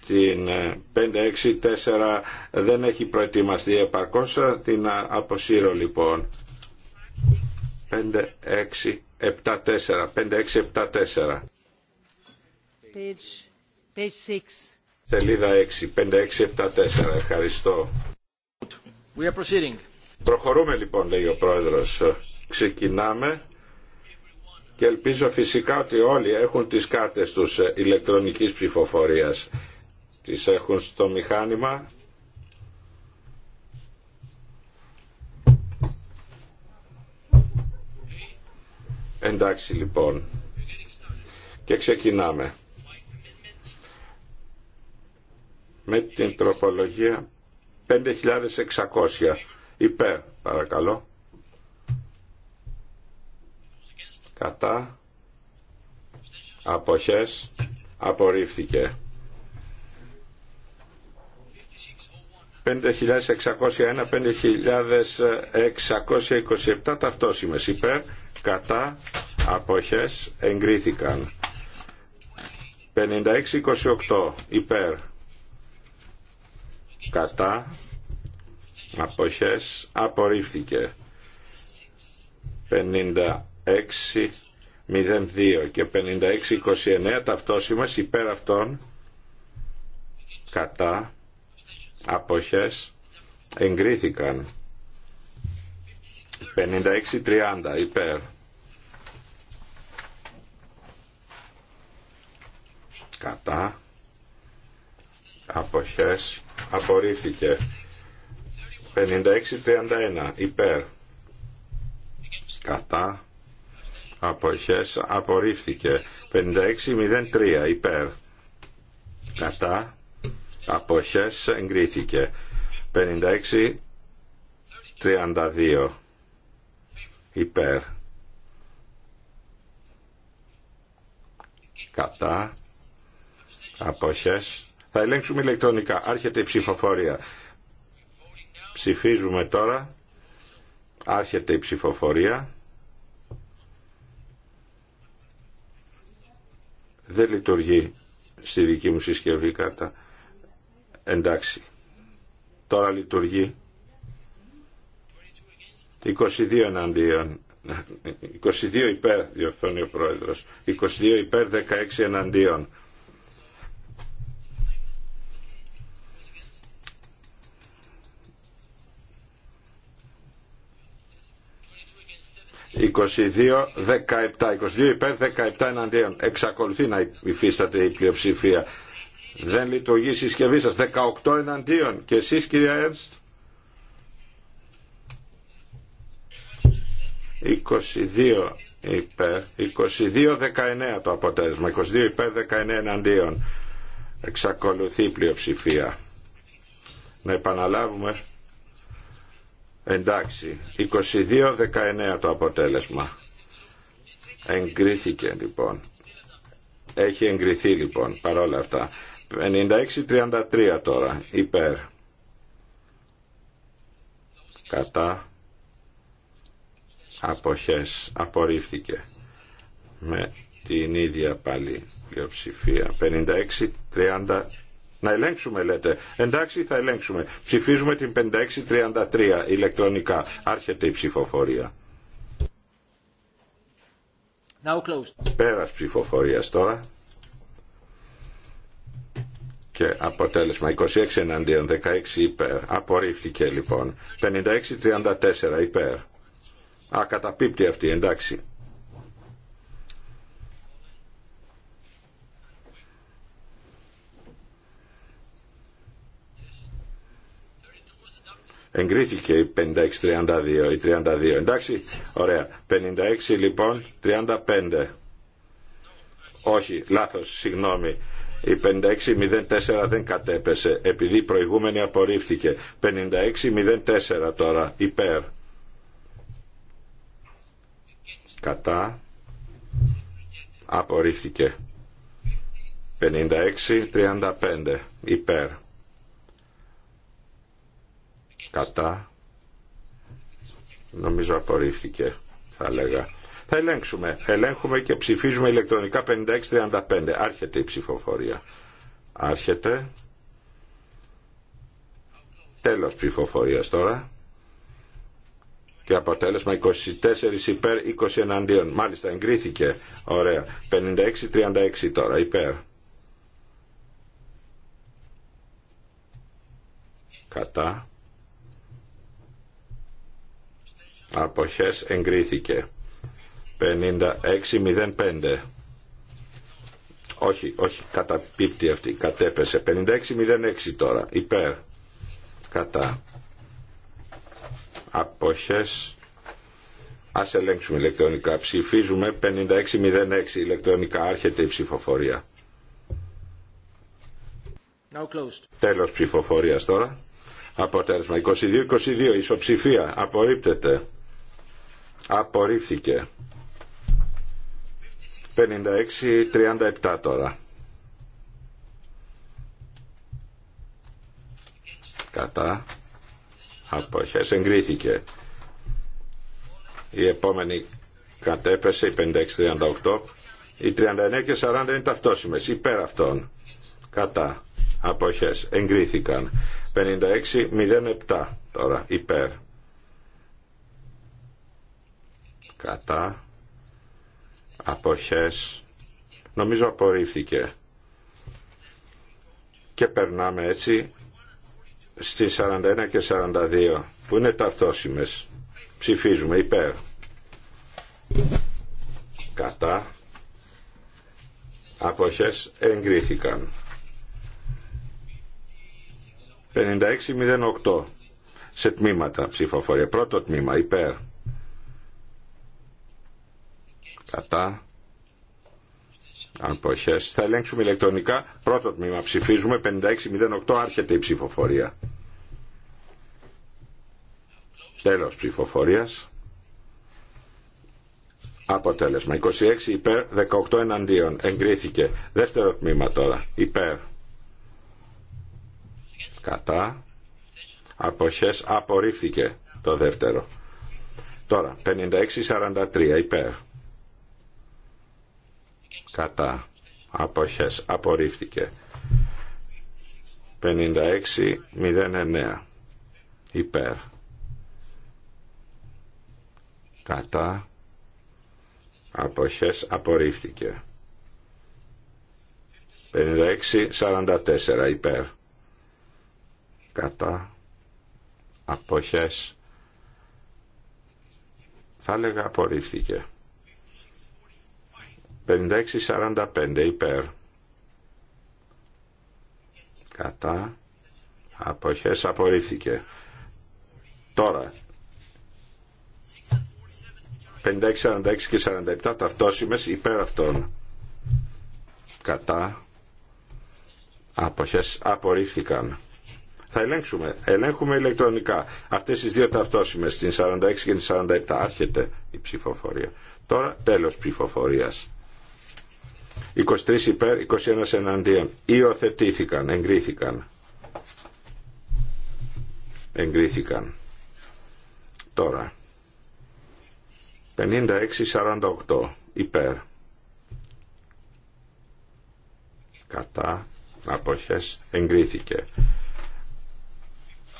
Την 5-6-4 ε, δεν έχει προετοιμαστεί επαρκώς, την ε, αποσύρω λοιπόν. 5-6-7-4. 5-6-7-4. page 6. Τελίδα 6, 5674. Ευχαριστώ. We are proceeding. Προχωρούμε λοιπόν, λέει ο πρόεδρος. Ξεκινάμε και ελπίζω φυσικά ότι όλοι έχουν τις κάρτες τους ηλεκτρονικής ψηφοφορίας. Τις έχουν στο μηχάνημα. Εντάξει λοιπόν. Και ξεκινάμε. με την τροπολογία 5600 υπέρ παρακαλώ κατά αποχές απορρίφθηκε 5601-5627 ταυτόσημες υπέρ κατά αποχές εγκρίθηκαν 5628 υπέρ κατά αποχές απορρίφθηκε 56.02 και 5629 ταυτόσημας υπέρ αυτών κατά αποχές εγκρίθηκαν 5630 υπέρ κατά αποχές απορρίφθηκε 56-31 υπέρ κατά αποχές απορρίφθηκε 56-03 υπέρ κατά αποχές εγκρίθηκε 56-32 υπέρ κατά αποχές θα ελέγξουμε ηλεκτρονικά. Άρχεται η ψηφοφορία. Ψηφίζουμε τώρα. Άρχεται η ψηφοφορία. Δεν λειτουργεί στη δική μου συσκευή κατά. Εντάξει. Τώρα λειτουργεί. 22 εναντίον. 22 υπέρ, διορθώνει ο πρόεδρος. 22 υπέρ, 16 εναντίον. 22, 17, 22 υπέρ, 17 εναντίον. Εξακολουθεί να υφίσταται η πλειοψηφία. Δεν λειτουργεί η συσκευή σας. 18 εναντίον. Και εσείς κυρία Έρνστ. 22 υπέρ, 22-19 το αποτέλεσμα. 22 υπέρ, 19 εναντίον. Εξακολουθεί η πλειοψηφία. Να επαναλάβουμε Εντάξει, 22-19 το αποτέλεσμα. Εγκρίθηκε λοιπόν. Έχει εγκριθεί λοιπόν παρόλα 56. 96-33 τώρα, υπέρ. Κατά. Αποχές, απορρίφθηκε. Με την ίδια πάλι πλειοψηφία. Να ελέγξουμε λέτε. Εντάξει θα ελέγξουμε. Ψηφίζουμε την 5633 ηλεκτρονικά. Άρχεται η ψηφοφορία. Now closed. Πέρας ψηφοφορίας τώρα. Και αποτέλεσμα 26 εναντίον 16 υπέρ. Απορρίφθηκε λοιπόν. 5634 υπέρ. Α, καταπίπτει αυτή, εντάξει. Εγκρίθηκε η 56-32, η 32, εντάξει. Ωραία. 56 λοιπόν, 35. Όχι, λάθος, συγγνώμη. Η 56-04 δεν κατέπεσε, επειδή η προηγούμενη απορρίφθηκε. 56-04 τώρα, υπέρ. Κατά. Απορρίφθηκε. 56-35, υπέρ κατά νομίζω απορρίφθηκε θα έλεγα θα ελέγξουμε ελέγχουμε και ψηφίζουμε ηλεκτρονικά 56-35 άρχεται η ψηφοφορία άρχεται τέλος ψηφοφορίας τώρα και αποτέλεσμα 24 υπέρ 20 εναντίον. Μάλιστα εγκρίθηκε. Ωραία. 56-36 τώρα υπέρ. Κατά. αποχές εγκρίθηκε 5605 όχι, όχι, καταπίπτει αυτή, κατέπεσε. 5606 τώρα, υπέρ, κατά, αποχές, ας ελέγξουμε ηλεκτρονικά. Ψηφίζουμε 5606 ηλεκτρονικά, άρχεται η ψηφοφορία. Now closed. Τέλος ψηφοφορίας τώρα. Αποτέλεσμα 22-22, ισοψηφία, απορρίπτεται. Απορρίφθηκε. 56-37 τώρα. Κατά. Αποχές. Εγκρίθηκε. Η επόμενη κατέπεσε η 56-38. Η 39 και 40 είναι ταυτόσιμες. Υπέρ αυτών. Κατά. Αποχές. Εγκρίθηκαν. 56-07 τώρα. Υπέρ. κατά αποχές νομίζω απορρίφθηκε και περνάμε έτσι στι 41 και 42 που είναι ταυτόσιμες ψηφίζουμε υπέρ κατά αποχές εγκρίθηκαν 56-08 σε τμήματα ψηφοφορία πρώτο τμήμα υπέρ κατά αποχές. Θα ελέγξουμε ηλεκτρονικά. Πρώτο τμήμα ψηφίζουμε. 5608 άρχεται η ψηφοφορία. Τέλος ψηφοφορίας. Αποτέλεσμα. 26 υπέρ, 18 εναντίον. Εγκρίθηκε. Δεύτερο τμήμα τώρα. Υπέρ. Κατά. Αποχές απορρίφθηκε το δεύτερο. Τώρα, 56-43 υπέρ κατά αποχές απορρίφθηκε 56-09 υπέρ κατά αποχές απορρίφθηκε 56-44 υπέρ κατά αποχές θα έλεγα απορρίφθηκε 56-45 υπέρ. Κατά. Αποχές απορρίφθηκε. Τώρα. 56, 46 και 47 ταυτόσιμες υπέρ αυτών. Κατά. Αποχές απορρίφθηκαν. Θα ελέγξουμε. Ελέγχουμε ηλεκτρονικά. Αυτές τις δύο ταυτόσιμες, την 46 και την 47. Άρχεται η ψηφοφορία. Τώρα τέλος ψηφοφορίας. 23 υπέρ, 21 εναντίον. Υιοθετήθηκαν, εγκρίθηκαν. Εγκρίθηκαν. Τώρα. 56-48 υπέρ. Κατά. Αποχές. Εγκρίθηκε.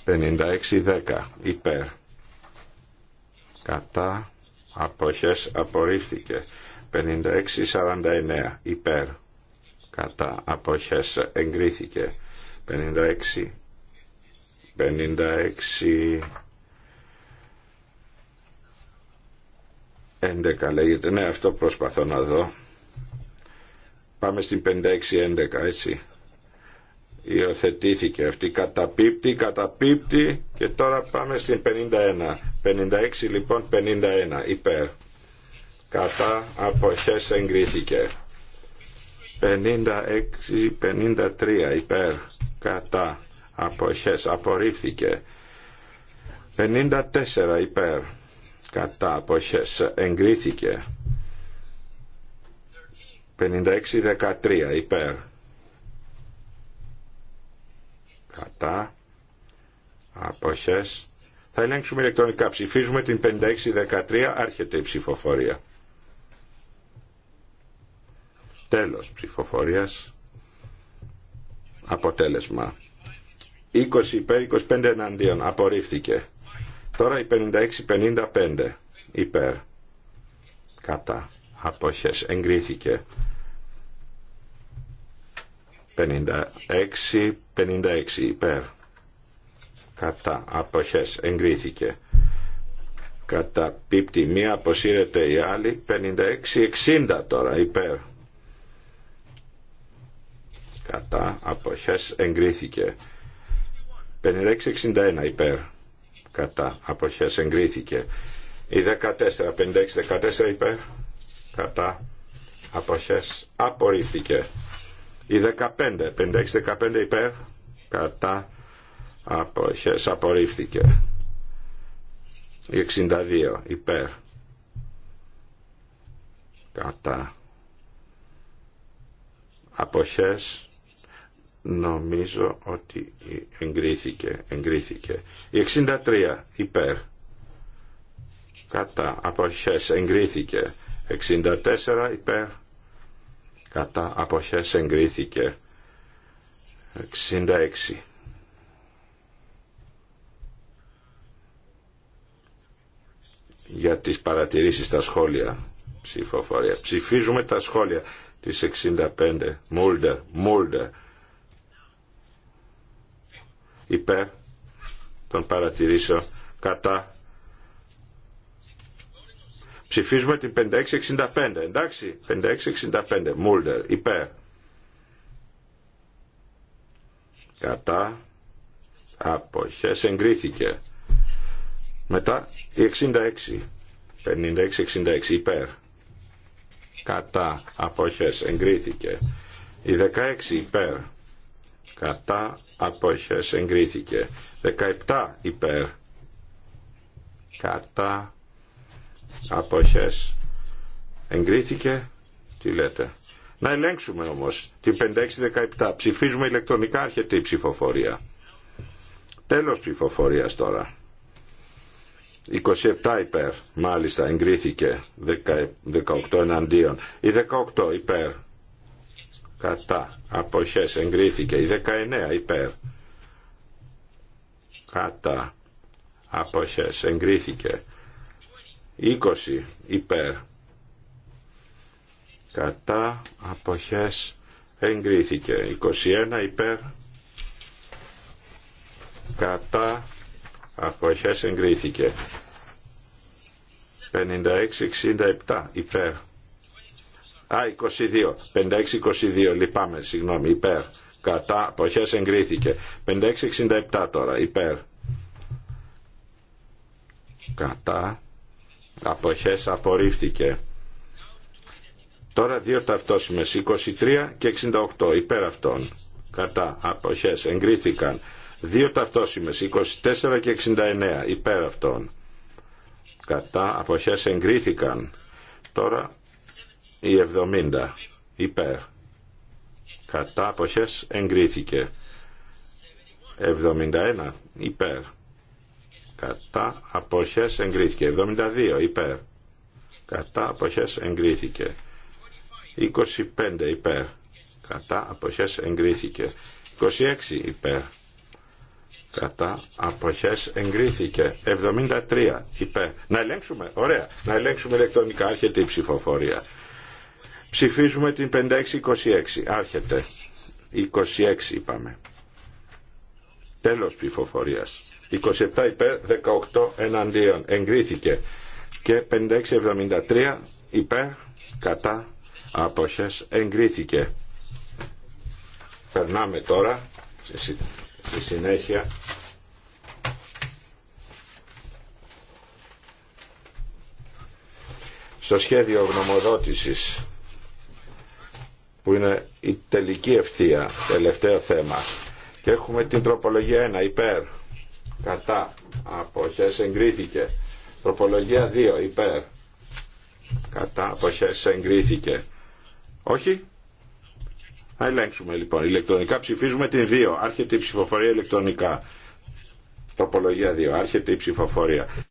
56-10 υπέρ. Κατά. Αποχές. Απορρίφθηκε. 56-49 υπέρ κατά αποχές εγκρίθηκε 56 56 11 λέγεται ναι αυτό προσπαθώ να δω πάμε στην 56-11 έτσι υιοθετήθηκε αυτή κατά καταπίπτει και τώρα πάμε στην 51 56 λοιπόν 51 υπέρ κατά αποχές εγκρίθηκε 56-53 υπέρ κατά αποχές απορρίφθηκε 54 υπέρ κατά αποχές εγκρίθηκε 56-13 υπέρ κατά αποχές θα ελέγξουμε ηλεκτρονικά ψηφίζουμε την 56-13 άρχεται η ψηφοφορία Τέλος ψηφοφορίας. Αποτέλεσμα. 20 υπέρ, 25 εναντίον. Απορρίφθηκε. Τώρα η 56-55 υπέρ. Κατά. Απόχες. Εγκρίθηκε. 56-56 υπέρ. Κατά. Απόχες. Εγκρίθηκε. Κατά πίπτη μία αποσύρεται η άλλη. 56-60 τώρα υπέρ κατά αποχές εγκρίθηκε 61 υπέρ κατά αποχές εγκρίθηκε η 14 5614 υπέρ κατά αποχές απορρίφθηκε η 15 5615 υπέρ κατά αποχές απορρίφθηκε η 62 υπέρ κατά αποχές Νομίζω ότι εγκρίθηκε, εγκρίθηκε. Η 63 υπέρ. Κατά αποχές εγκρίθηκε. 64 υπέρ. Κατά αποχές εγκρίθηκε. 66. για τις παρατηρήσεις στα σχόλια ψηφοφορία. Ψηφίζουμε τα σχόλια της 65. μούλτερ Μούλντερ υπέρ τον παρατηρήσω κατά ψηφίζουμε την 5665 εντάξει 5665 Μούλτερ υπέρ κατά αποχές εγκρίθηκε μετά η 66 5666 υπέρ κατά αποχές εγκρίθηκε η 16 υπέρ κατά απόχες εγκρίθηκε 17 υπέρ κατά απόχες εγκρίθηκε τι λέτε να ελέγξουμε όμως την 5617 ψηφίζουμε ηλεκτρονικά έρχεται η ψηφοφορία τέλος ψηφοφορια τώρα 27 υπέρ μάλιστα εγκρίθηκε 18 εναντίον η 18 υπέρ κατά αποχές εγκρίθηκε η 19 υπέρ κατά αποχές εγκρίθηκε 20 υπέρ κατά αποχές εγκρίθηκε 21 υπέρ κατά αποχές εγκρίθηκε 56-67 υπέρ Α22, 56-22. λυπάμαι, συγγνώμη, υπέρ. Κατά, αποχές εγκρίθηκε. 67 τώρα, υπέρ. Κατά, αποχές απορρίφθηκε. Τώρα δύο ταυτόσημες, 23 και 68, υπέρ αυτών. Κατά, αποχές εγκρίθηκαν. Δύο ταυτόσημες, 24 και 69, υπέρ αυτών. Κατά, αποχές εγκρίθηκαν. Τώρα η 70 υπέρ. Κατά αποχές εγκρίθηκε. 71 υπέρ. Κατά αποχές εγκρίθηκε. 72 υπέρ. Κατά αποχές εγκρίθηκε. 25 υπέρ. Κατά αποχές εγκρίθηκε. 26 υπέρ. Κατά αποχές εγκρίθηκε. 73 υπέρ. Να ελέγξουμε. Ωραία. Να ελέγξουμε ηλεκτρονικά. Άρχεται η ψηφοφορία. Ψηφίζουμε την 5626. Άρχεται. 26 είπαμε. Τέλος ψηφοφορίας. 27 υπέρ, 18 εναντίον. Εγκρίθηκε. Και 5673 υπέρ, κατά, άποχες. Εγκρίθηκε. Περνάμε τώρα στη συνέχεια στο σχέδιο γνωμοδότησης που είναι η τελική ευθεία, τελευταίο θέμα. Και έχουμε την τροπολογία 1, υπέρ, κατά, αποχές εγκρίθηκε. Τροπολογία 2, υπέρ, κατά, αποχές εγκρίθηκε. Όχι. Θα ελέγξουμε λοιπόν. Ηλεκτρονικά ψηφίζουμε την 2. Άρχεται η ψηφοφορία ηλεκτρονικά. Τροπολογία 2. Άρχεται η ψηφοφορία.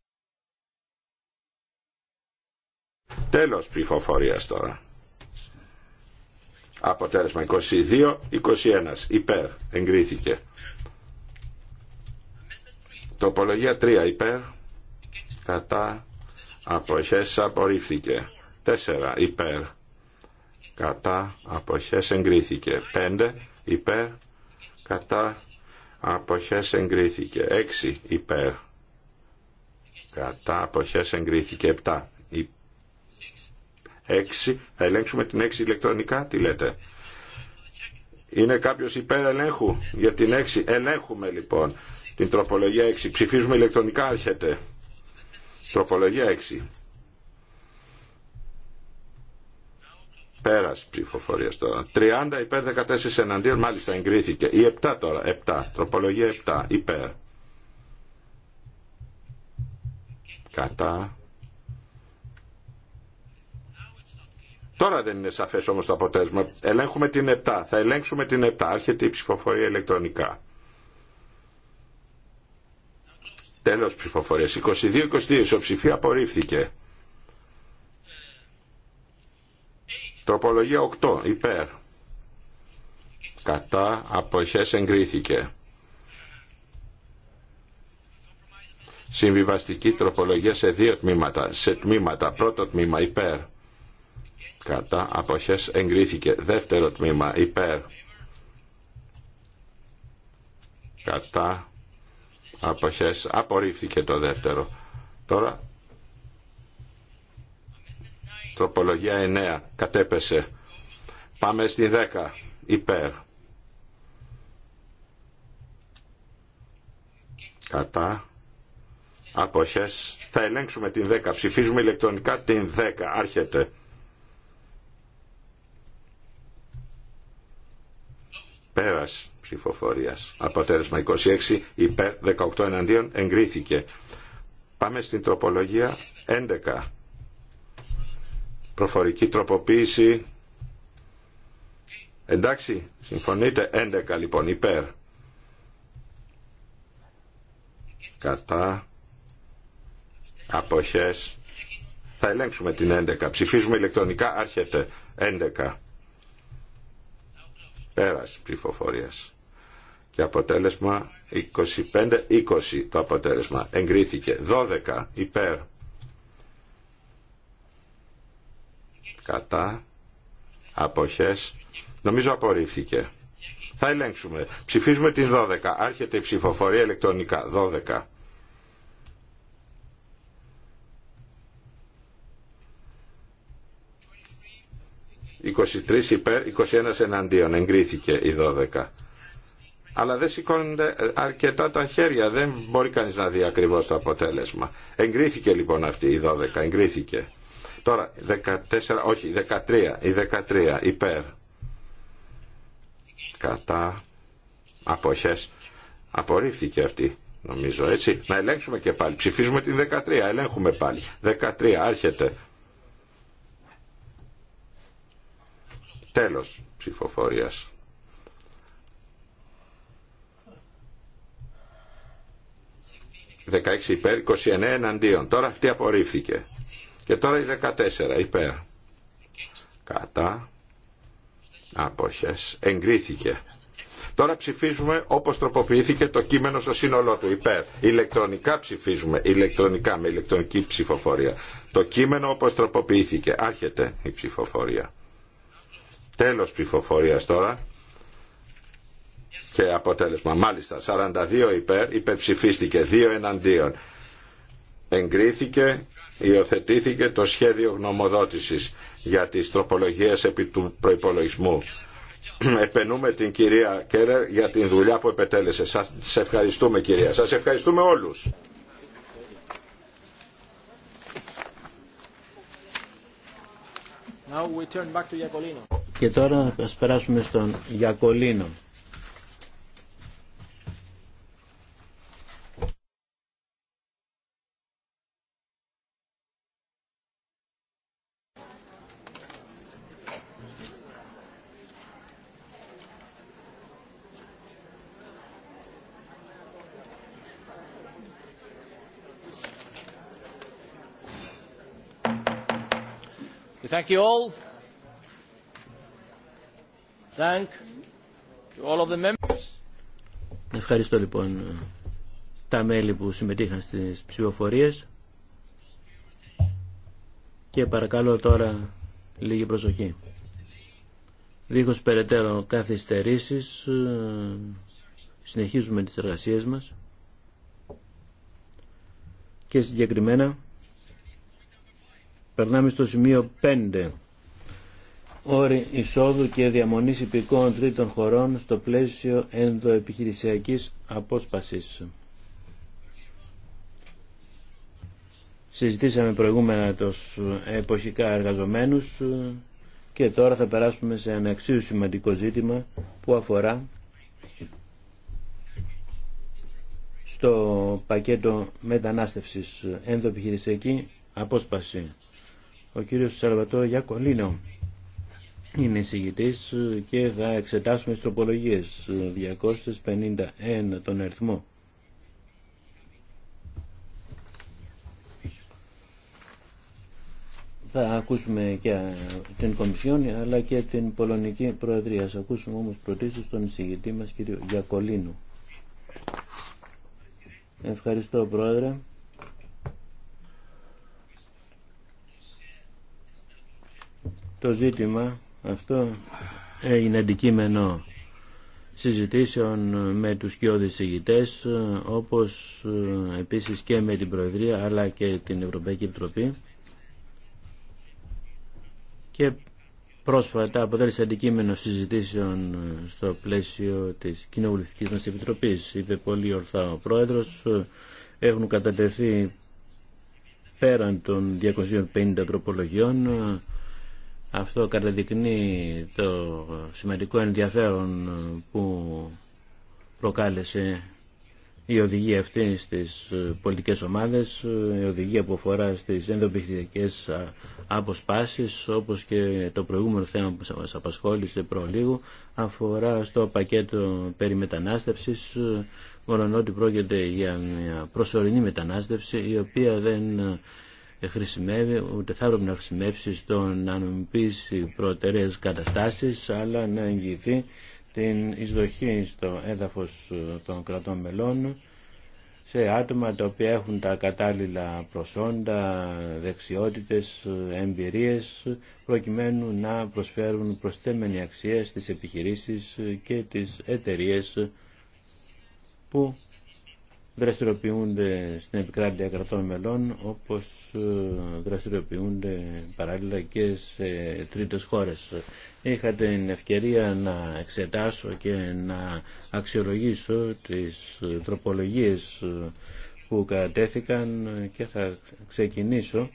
Τέλος ψηφοφορίας τώρα. Αποτέλεσμα 22-21 υπέρ εγκρίθηκε. Τοπολογία 3 υπέρ κατά αποχές απορρίφθηκε. 4 υπέρ κατά αποχές εγκρίθηκε. 5 υπέρ κατά αποχές εγκρίθηκε. 6 υπέρ κατά αποχές εγκρίθηκε. 7 6. Θα ελέγξουμε την 6 ηλεκτρονικά. Τι λέτε. Είναι κάποιος υπέρ ελέγχου για την 6. Ελέγχουμε λοιπόν την τροπολογία 6. Ψηφίζουμε ηλεκτρονικά. έρχεται. Τροπολογία 6. Πέρας ψηφοφορία τώρα. 30 υπέρ 14 εναντίον μάλιστα εγκρίθηκε. Η 7 τώρα. 7. Τροπολογία 7. Υπέρ. Κατά. Τώρα δεν είναι σαφές όμως το αποτέλεσμα. Ελέγχουμε την 7. Θα ελέγξουμε την 7. Άρχεται η ψηφοφορία ηλεκτρονικά. Τέλος ψηφοφορίας. 22-22 ισοψηφία απορρίφθηκε. Τροπολογία 8. Υπέρ. Κατά αποχές εγκρίθηκε. Συμβιβαστική τροπολογία σε δύο τμήματα. Σε τμήματα. Πρώτο τμήμα υπέρ κατά αποχές εγκρίθηκε δεύτερο τμήμα υπέρ κατά αποχές απορρίφθηκε το δεύτερο τώρα τροπολογία 9 κατέπεσε πάμε στη 10 υπέρ κατά αποχές θα ελέγξουμε την 10 ψηφίζουμε ηλεκτρονικά την 10 άρχεται Πέρας ψηφοφορίας. Αποτέλεσμα 26 υπέρ 18 εναντίον εγκρίθηκε. Πάμε στην τροπολογία 11. Προφορική τροποποίηση. Εντάξει, συμφωνείτε. 11 λοιπόν υπέρ. Κατά. Αποχές. Θα ελέγξουμε την 11. Ψηφίζουμε ηλεκτρονικά. Άρχεται 11. Πέρας ψηφοφορίας. Και αποτέλεσμα 25-20 το αποτέλεσμα. Εγκρίθηκε. 12 υπέρ. Κατά. Αποχές. Νομίζω απορρίφθηκε. Θα ελέγξουμε. Ψηφίζουμε την 12. Άρχεται η ψηφοφορία ηλεκτρονικά. 12. 23 υπέρ, 21 εναντίον. Εγκρίθηκε η 12. Αλλά δεν σηκώνονται αρκετά τα χέρια. Δεν μπορεί κανείς να δει ακριβώς το αποτέλεσμα. Εγκρίθηκε λοιπόν αυτή η 12. Εγκρίθηκε. Τώρα 14, όχι 13, η 13 υπέρ. Κατά αποχές. Απορρίφθηκε αυτή νομίζω έτσι. Να ελέγξουμε και πάλι. Ψηφίζουμε την 13. Ελέγχουμε πάλι. 13 άρχεται. Τέλος ψηφοφορίας. ...16 υπέρ, 29 εναντίον. Τώρα αυτή απορρίφθηκε. Και τώρα η 14 υπέρ. Κατά. Απόχες. Εγκρίθηκε. Τώρα ψηφίζουμε όπως τροποποιήθηκε το κείμενο στο σύνολό του. Υπέρ. Ηλεκτρονικά ψηφίζουμε. Ηλεκτρονικά με ηλεκτρονική ψηφοφορία. Το κείμενο όπως τροποποιήθηκε. Άρχεται η ψηφοφορία. Τέλος ψηφοφορίας τώρα. Και αποτέλεσμα. Μάλιστα, 42 υπέρ, υπερψηφίστηκε, 2 εναντίον. Εγκρίθηκε, υιοθετήθηκε το σχέδιο γνωμοδότησης για τις τροπολογίες επί του προϋπολογισμού. Επενούμε την κυρία Κέρερ για την δουλειά που επετέλεσε. Σας ευχαριστούμε κυρία. Σας ευχαριστούμε όλους. Now we turn back to και τώρα ας περάσουμε στον Γιακολίνο. Thank you all. Ευχαριστώ λοιπόν τα μέλη που συμμετείχαν στις ψηφοφορίες και παρακαλώ τώρα λίγη προσοχή. Δίχως περαιτέρω κάθε συνεχίζουμε τις εργασίες μας και συγκεκριμένα περνάμε στο σημείο 5 όροι εισόδου και διαμονή υπηκόων τρίτων χωρών στο πλαίσιο ενδοεπιχειρησιακή απόσπαση. Συζητήσαμε προηγούμενα τους εποχικά εργαζομένους και τώρα θα περάσουμε σε ένα αξίου σημαντικό ζήτημα που αφορά στο πακέτο μετανάστευσης ενδοεπιχειρησιακή απόσπαση. Ο κύριος Σαλβατό Γιακολίνο είναι εισηγητής και θα εξετάσουμε τις τροπολογίες 251 τον αριθμό. Θα ακούσουμε και την Κομισιόν αλλά και την Πολωνική Προεδρία. Θα ακούσουμε όμως πρωτίστως τον εισηγητή μας κύριο Γιακολίνου. Ευχαριστώ Πρόεδρε. Το ζήτημα αυτό έγινε αντικείμενο συζητήσεων με τους κοιόδης ηγητές όπως ε, επίσης και με την Προεδρία αλλά και την Ευρωπαϊκή Επιτροπή και πρόσφατα αποτέλεσε αντικείμενο συζητήσεων ε, στο πλαίσιο της Κοινοβουλευτικής μας Επιτροπής. Είπε πολύ ορθά ο Πρόεδρος, ε, έχουν κατατεθεί πέραν των 250 τροπολογιών αυτό καταδεικνύει το σημαντικό ενδιαφέρον που προκάλεσε η οδηγία αυτή στις πολιτικές ομάδες, η οδηγία που αφορά στις ενδοπιχτικές αποσπάσεις, όπως και το προηγούμενο θέμα που μας απασχόλησε προλίγου, αφορά στο πακέτο περί μετανάστευσης, μόνο ότι πρόκειται για μια προσωρινή μετανάστευση, η οποία δεν χρησιμεύει, ούτε θα έπρεπε να χρησιμεύσει στο να νομιμοποιήσει προτεραίες καταστάσεις, αλλά να εγγυηθεί την εισδοχή στο έδαφος των κρατών μελών σε άτομα τα οποία έχουν τα κατάλληλα προσόντα, δεξιότητες, εμπειρίες προκειμένου να προσφέρουν προσθέμενη αξία στις επιχειρήσεις και τις εταιρείες που δραστηριοποιούνται στην επικράτεια κρατών μελών όπως ε, δραστηριοποιούνται παράλληλα και σε τρίτες χώρες. Είχα την ευκαιρία να εξετάσω και να αξιολογήσω τις ε, τροπολογίες ε, που κατέθηκαν και θα ξεκινήσω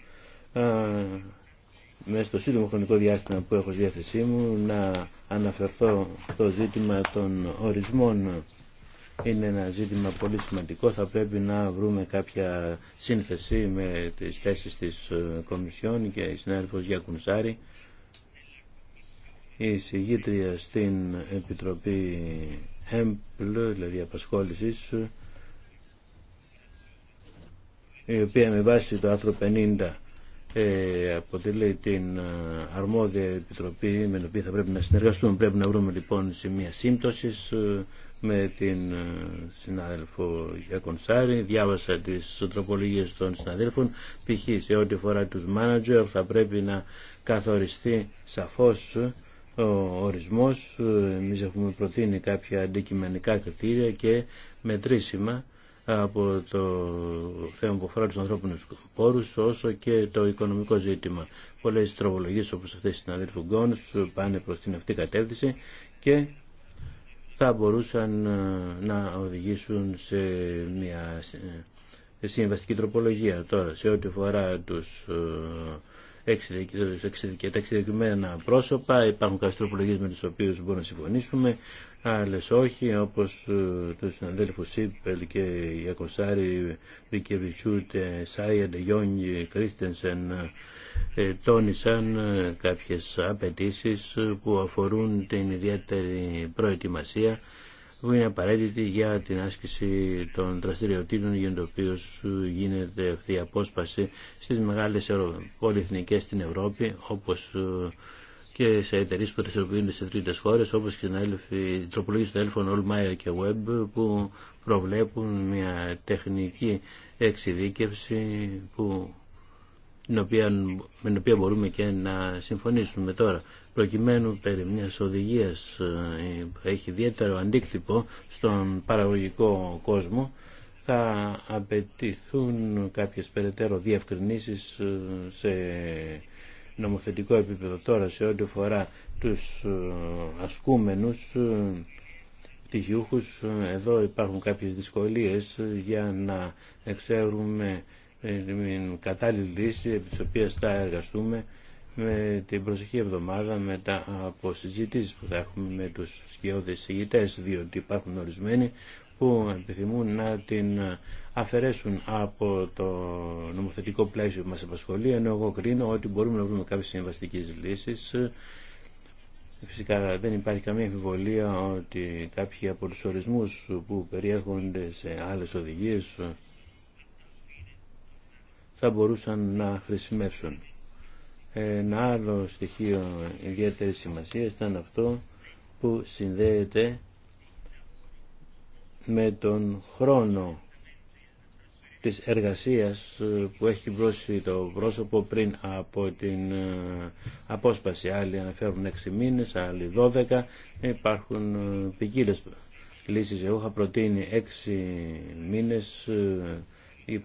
μέσα στο σύντομο χρονικό διάστημα που έχω στη διάθεσή μου να αναφερθώ στο ζήτημα των ορισμών είναι ένα ζήτημα πολύ σημαντικό. Θα πρέπει να βρούμε κάποια σύνθεση με τις θέσεις της ε, Κομισιόν και η συνάδελφος Κουνσάρη, η συγγήτρια στην Επιτροπή ΕΜΠΛ, δηλαδή απασχόλησης, η οποία με βάση το άρθρο 50 ε, αποτελεί την ε, αρμόδια επιτροπή με την οποία θα πρέπει να συνεργαστούμε. Πρέπει να βρούμε λοιπόν σημεία σύμπτωση ε, με την ε, συνάδελφο Γιακονσάρη. Διάβασα τις τροπολογίες των συναδέλφων. Π.χ. σε ό,τι αφορά τους μάνατζερ θα πρέπει να καθοριστεί σαφώς ο ορισμός. Εμείς έχουμε προτείνει κάποια αντικειμενικά κριτήρια και μετρήσιμα από το θέμα που αφορά του ανθρώπινου πόρου, όσο και το οικονομικό ζήτημα. Πολλέ τροπολογίε όπω αυτέ τη συναδέλφου Γκόν πάνε προ την αυτή κατεύθυνση και θα μπορούσαν ε, να οδηγήσουν σε μια ε, συμβαστική τροπολογία. Τώρα, σε ό,τι αφορά τους ε, τα εξειδικευμένα πρόσωπα, υπάρχουν κάποιες τροπολογίες με τις οποίες μπορούμε να συμφωνήσουμε, άλλε όχι, όπως ε, του συναδέλφου Σίπελ και Γιακοσάρη, Βικεβιτσούτε, Σάιεν, Γιόνι, Κρίστενσεν, ε, τόνισαν ε, κάποιες απαιτήσει που αφορούν την ιδιαίτερη προετοιμασία που είναι απαραίτητη για την άσκηση των δραστηριοτήτων για το οποίο γίνεται αυτή η απόσπαση στις μεγάλες πολυεθνικές στην Ευρώπη όπως και σε εταιρείε που χρησιμοποιούν σε τρίτε χώρε, όπω και στην τροπολογία των έλφων Ολμάιερ και Web, που προβλέπουν μια τεχνική εξειδίκευση που με την οποία μπορούμε και να συμφωνήσουμε τώρα. Προκειμένου περί μια οδηγία ε, που έχει ιδιαίτερο αντίκτυπο στον παραγωγικό κόσμο, θα απαιτηθούν κάποιες περαιτέρω διευκρινήσεις ε, σε νομοθετικό επίπεδο. Τώρα σε ό,τι αφορά τους ε, ασκούμενους ε, πτυχιούχους, ε, εδώ υπάρχουν κάποιες δυσκολίες για να εξέρουμε την κατάλληλη λύση επί της θα εργαστούμε με την προσεχή εβδομάδα μετά από συζητήσεις που θα έχουμε με τους σκιώδες ηγητές διότι υπάρχουν ορισμένοι που επιθυμούν να την αφαιρέσουν από το νομοθετικό πλαίσιο που μας απασχολεί, ενώ εγώ κρίνω ότι μπορούμε να βρούμε κάποιες συμβαστικές λύσεις. Φυσικά δεν υπάρχει καμία αμφιβολία ότι κάποιοι από τους ορισμούς που περιέχονται σε άλλες οδηγίες θα μπορούσαν να χρησιμεύσουν. Ένα άλλο στοιχείο ιδιαίτερη σημασία ήταν αυτό που συνδέεται με τον χρόνο της εργασίας ε, που έχει βρώσει το πρόσωπο πριν από την ε, απόσπαση. Άλλοι αναφέρουν 6 μήνες, άλλοι 12. Υπάρχουν ε, ποικίλε λύσεις. Εγώ είχα προτείνει 6 μήνες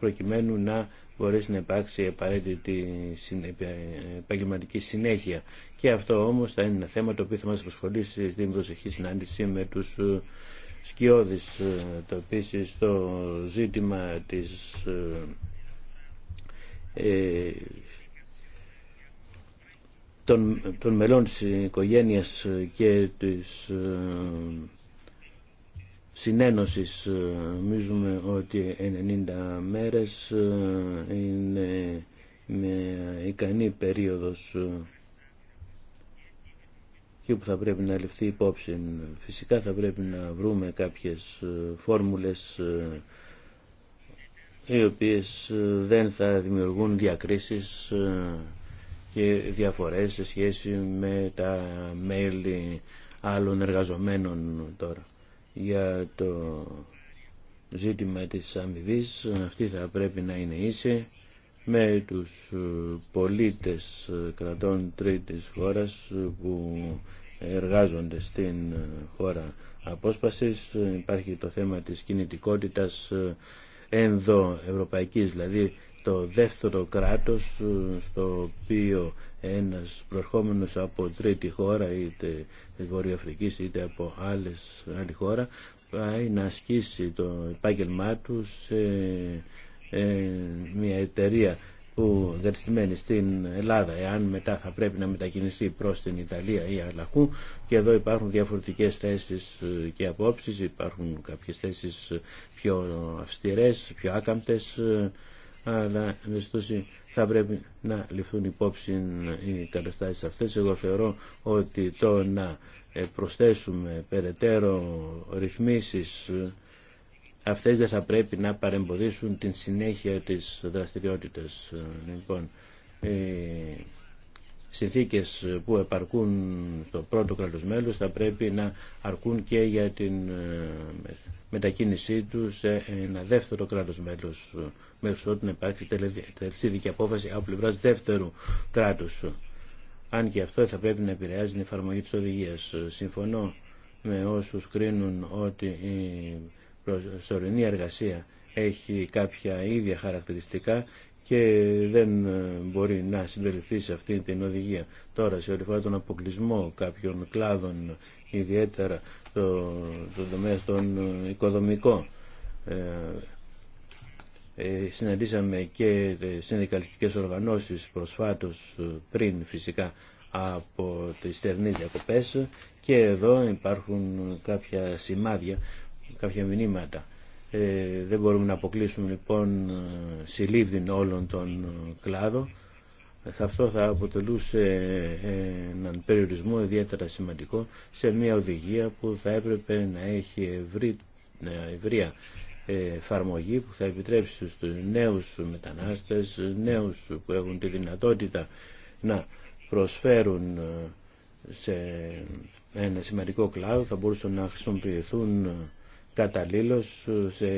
προκειμένου να μπορέσει να υπάρξει απαραίτητη επαγγελματική συνέχεια. Και αυτό όμως θα είναι ένα θέμα το οποίο θα μας προσχωρήσει στην προσεχή συνάντηση με τους σκιώδης ε, πίσω στο ζήτημα της ε, ε, των, των μελών της οικογένειας και της ε, συνένωσης νομίζουμε ότι 90 μέρες είναι μια ικανή περίοδος και που θα πρέπει να ληφθεί υπόψη. Φυσικά θα πρέπει να βρούμε κάποιες ε, φόρμουλες ε, οι οποίες ε, δεν θα δημιουργούν διακρίσεις και διαφορές σε σχέση με τα μέλη άλλων εργαζομένων τώρα. Για το ζήτημα της αμοιβής αυτή θα πρέπει να είναι ίση με τους ε, πολίτες ε, κρατών τρίτης χώρας ε, που εργάζονται στην χώρα απόσπασης. Υπάρχει το θέμα της κινητικότητας ενδοευρωπαϊκής, δηλαδή το δεύτερο κράτος στο οποίο ένας προερχόμενος από τρίτη χώρα είτε Βορειοαφρικής είτε από άλλες, άλλη χώρα πάει να ασκήσει το επάγγελμά του ε, μια εταιρεία που εγκαταστημένη στην Ελλάδα, εάν μετά θα πρέπει να μετακινηθεί προς την Ιταλία ή αλλαχού, και εδώ υπάρχουν διαφορετικές θέσεις ε, και απόψεις, υπάρχουν κάποιες θέσεις πιο αυστηρές, πιο άκαμπτες, ε, αλλά εμπιστώσει θα πρέπει να ληφθούν υπόψη οι καταστάσεις αυτές. Εγώ θεωρώ ότι το να προσθέσουμε περαιτέρω ρυθμίσεις αυτές δεν θα πρέπει να παρεμποδίσουν την συνέχεια της δραστηριότητας. Λοιπόν, συνθήκες που επαρκούν στο πρώτο κράτος μέλος θα πρέπει να αρκούν και για την ε, μετακίνησή του σε ένα δεύτερο κράτος μέλος μέχρι ότου να υπάρξει τελευταία απόφαση από πλευράς δεύτερου κράτους. Αν και αυτό θα πρέπει να επηρεάζει την εφαρμογή της οδηγίας. Συμφωνώ με όσους κρίνουν ότι προσωρινή εργασία έχει κάποια ίδια χαρακτηριστικά και δεν ε, μπορεί να συμπεριληφθεί σε αυτή την οδηγία. Τώρα, σε ό,τι τον αποκλεισμό κάποιων κλάδων, ιδιαίτερα το, το τομέα των ε, οικοδομικών, ε, ε, συναντήσαμε και συνδικαλιστικές οργανώσεις προσφάτως ε, πριν φυσικά από τις τερνείς διακοπές και εδώ υπάρχουν κάποια σημάδια κάποια μηνύματα. Ε, δεν μπορούμε να αποκλείσουμε λοιπόν συλλήβδιν όλων των κλάδων. θα αυτό θα αποτελούσε ε, έναν περιορισμό ιδιαίτερα σημαντικό σε μια οδηγία που θα έπρεπε να έχει ευρύ, ε, εφαρμογή που θα επιτρέψει στους νέους μετανάστες, νέους που έχουν τη δυνατότητα να προσφέρουν ε, σε ένα σημαντικό κλάδο, θα μπορούσαν να χρησιμοποιηθούν καταλήλως σε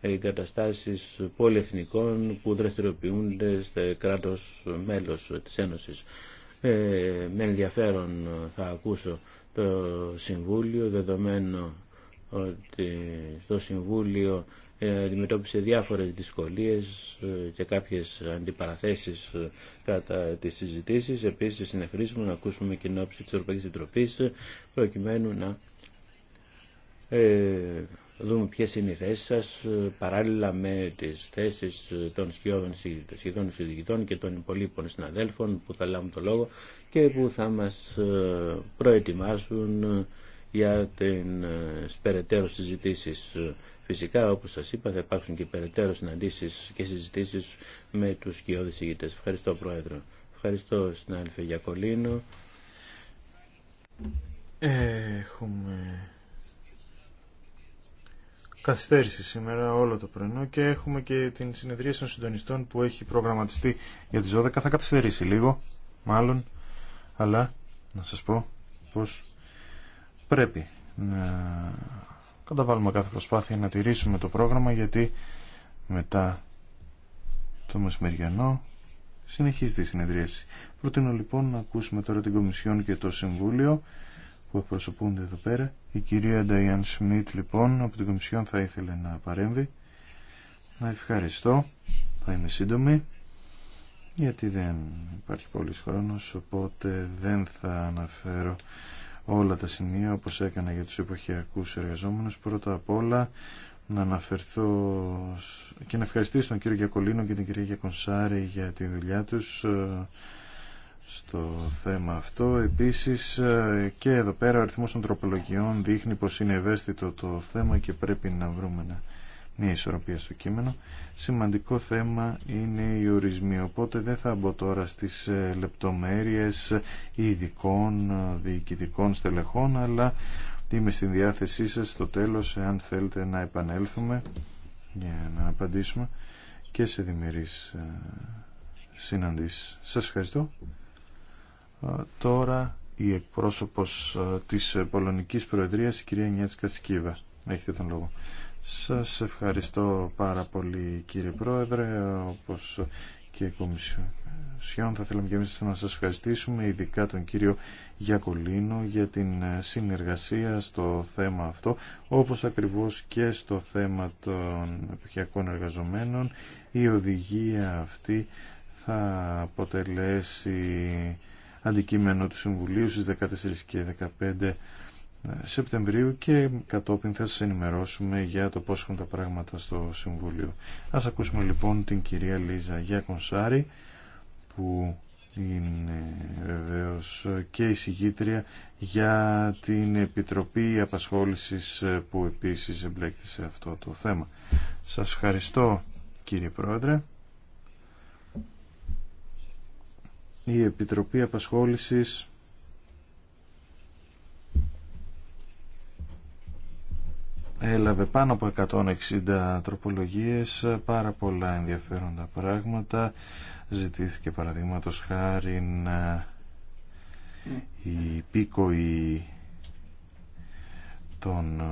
εγκαταστάσεις πολυεθνικών που δραστηριοποιούνται στο κράτος μέλος της Ένωσης. Ε, με ενδιαφέρον θα ακούσω το Συμβούλιο, δεδομένου ότι το Συμβούλιο ε, αντιμετώπισε διάφορες δυσκολίες ε, και κάποιες αντιπαραθέσεις ε, κατά τις συζητήσεις. Επίσης, είναι χρήσιμο να ακούσουμε κοινόψη της Ευρωπαϊκής Επιτροπής προκειμένου να ε, δούμε ποιε είναι οι θέσει σα ε, παράλληλα με τις θέσει ε, των σχεδόν συζητητών και των υπολείπων συναδέλφων που θα λάβουν το λόγο και που θα μας προετοιμάσουν για την περαιτέρω συζητήσεις. Φυσικά, όπως σας είπα, θα υπάρξουν και περαιτέρω συναντήσει και συζητήσεις με τους σκιώδη συζητητέ. Ευχαριστώ, Πρόεδρο. Ευχαριστώ, συνάδελφε Γιακολίνο. Έχουμε καθυστέρηση σήμερα όλο το πρωινό και έχουμε και την συνεδρία των συντονιστών που έχει προγραμματιστεί για τις 12. Θα καθυστερήσει λίγο, μάλλον, αλλά να σας πω πως πρέπει να καταβάλουμε κάθε προσπάθεια να τηρήσουμε το πρόγραμμα γιατί μετά το μεσημεριανό συνεχίζεται η συνεδρίαση. Προτείνω λοιπόν να ακούσουμε τώρα την Κομισιόν και το Συμβούλιο που εκπροσωπούνται εδώ πέρα. Η κυρία Νταϊάν Σμιτ λοιπόν από την Κομισιόν θα ήθελε να παρέμβει. Να ευχαριστώ. Θα είμαι σύντομη γιατί δεν υπάρχει πολύς χρόνος οπότε δεν θα αναφέρω όλα τα σημεία όπως έκανα για τους εποχιακούς εργαζόμενους. Πρώτα απ' όλα να αναφερθώ και να ευχαριστήσω τον κύριο Γιακολίνο και την κυρία Γιακονσάρη για τη δουλειά τους στο θέμα αυτό. Επίσης ε, και εδώ πέρα ο αριθμός των τροπολογιών δείχνει πως είναι ευαίσθητο το θέμα και πρέπει να βρούμε μια ισορροπία στο κείμενο. Σημαντικό θέμα είναι οι ορισμοί, οπότε δεν θα μπω τώρα στις ε, λεπτομέρειες ειδικών ε, διοικητικών στελεχών, αλλά είμαι στην διάθεσή σας στο τέλος, εάν θέλετε να επανέλθουμε για να απαντήσουμε και σε δημιουργείς συναντήσεις. Σας ευχαριστώ. Τώρα η εκπρόσωπος της ε, Πολωνικής Προεδρίας, η κυρία Νιέτσκα Σκίβα. Έχετε τον λόγο. Σας ευχαριστώ πάρα πολύ κύριε Πρόεδρε, όπως και η Κομισιόν. Θα θέλαμε και εμείς να σας ευχαριστήσουμε, ειδικά τον κύριο Γιακολίνο, για την ε, συνεργασία στο θέμα αυτό, όπως ακριβώς και στο θέμα των επιχειακών εργαζομένων. Η οδηγία αυτή θα αποτελέσει αντικείμενο του Συμβουλίου στις 14 και 15 ε, Σεπτεμβρίου και κατόπιν θα σας ενημερώσουμε για το πώς έχουν τα πράγματα στο Συμβούλιο. Ας ακούσουμε λοιπόν την κυρία Λίζα Γιακονσάρη που είναι βεβαίω και συγγήτρια για την Επιτροπή Απασχόλησης ε, που επίσης εμπλέκτησε αυτό το θέμα. Σας ευχαριστώ κύριε Πρόεδρε. η Επιτροπή Απασχόλησης έλαβε πάνω από 160 τροπολογίες, πάρα πολλά ενδιαφέροντα πράγματα. Ζητήθηκε παραδείγματο χάρη η πίκοη των ε,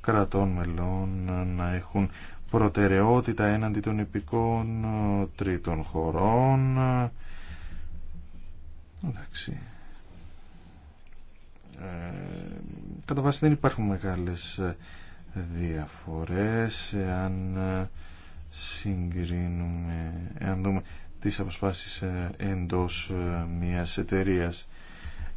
κρατών μελών να έχουν προτεραιότητα έναντι των υπηκών ε, τρίτων χωρών. Ε, εντάξει. Ε, κατά βάση δεν υπάρχουν μεγάλες ε, διαφορές εάν συγκρίνουμε, εάν δούμε τις αποσπάσεις εντός μιας εταιρείας.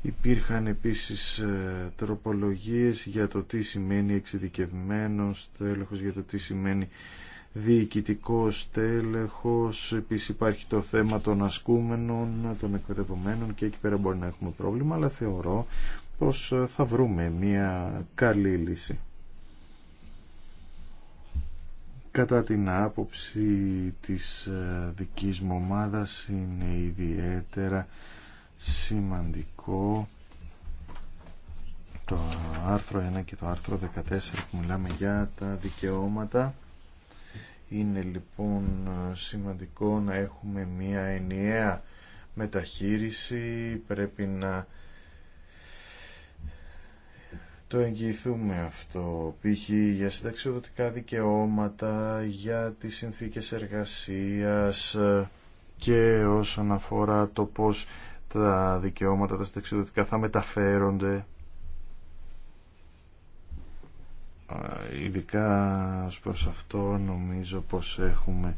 Υπήρχαν επίσης ε, τροπολογίες για το τι σημαίνει εξειδικευμένος τέλεχος, για το τι σημαίνει διοικητικό τέλεχος. Επίσης υπάρχει το θέμα των ασκούμενων, των εκπαιδευμένων και εκεί πέρα μπορεί να έχουμε πρόβλημα, αλλά θεωρώ πως ε, θα βρούμε μια καλή λύση. Κατά την άποψη της ε, δικής μου ομάδας είναι ιδιαίτερα σημαντικό το άρθρο 1 και το άρθρο 14 που μιλάμε για τα δικαιώματα είναι λοιπόν σημαντικό να έχουμε μία ενιαία μεταχείριση πρέπει να το εγγυηθούμε αυτό π.χ. για συνταξιοδοτικά δικαιώματα για τις συνθήκες εργασίας και όσον αφορά το πώς τα δικαιώματα τα συνταξιδοτικά θα μεταφέρονται ειδικά ως προς αυτό νομίζω πως έχουμε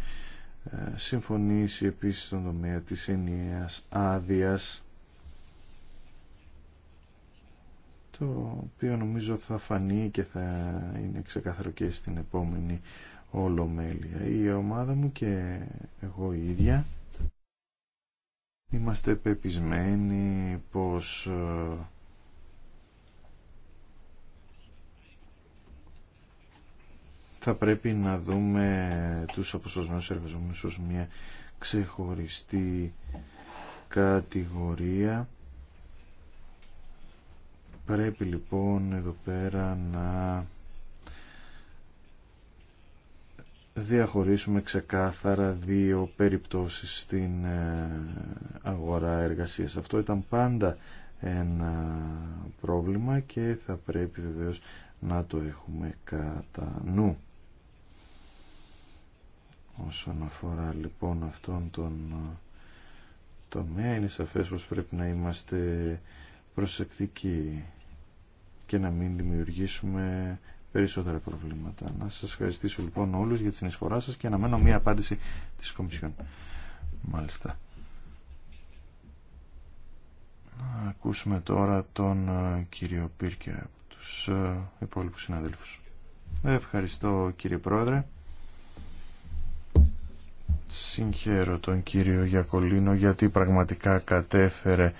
ε, συμφωνήσει επίσης στον τομέα της ενιαίας άδεια το οποίο νομίζω θα φανεί και θα είναι ξεκάθαρο και στην επόμενη ολομέλεια η ομάδα μου και εγώ η ίδια Είμαστε πεπισμένοι πως ε, θα πρέπει να δούμε τους αποσπασμένους εργαζομένους ως μια ξεχωριστή κατηγορία. Πρέπει λοιπόν εδώ πέρα να διαχωρίσουμε ξεκάθαρα δύο περιπτώσεις στην ε, αγορά εργασίας. Αυτό ήταν πάντα ένα πρόβλημα και θα πρέπει βεβαίως να το έχουμε κατά νου. Όσον αφορά λοιπόν αυτόν τον ε, τομέα είναι σαφές πως πρέπει να είμαστε προσεκτικοί και να μην δημιουργήσουμε περισσότερα προβλήματα. Να σας ευχαριστήσω λοιπόν όλους για την συνεισφορά σας και αναμένω μία απάντηση της Κομισιόν. Μάλιστα. Να ακούσουμε τώρα τον ε, κύριο Πύρκε από τους ε, υπόλοιπους συναδέλφους. Ευχαριστώ κύριε Πρόεδρε. Συγχαίρω τον κύριο Γιακολίνο γιατί πραγματικά κατέφερε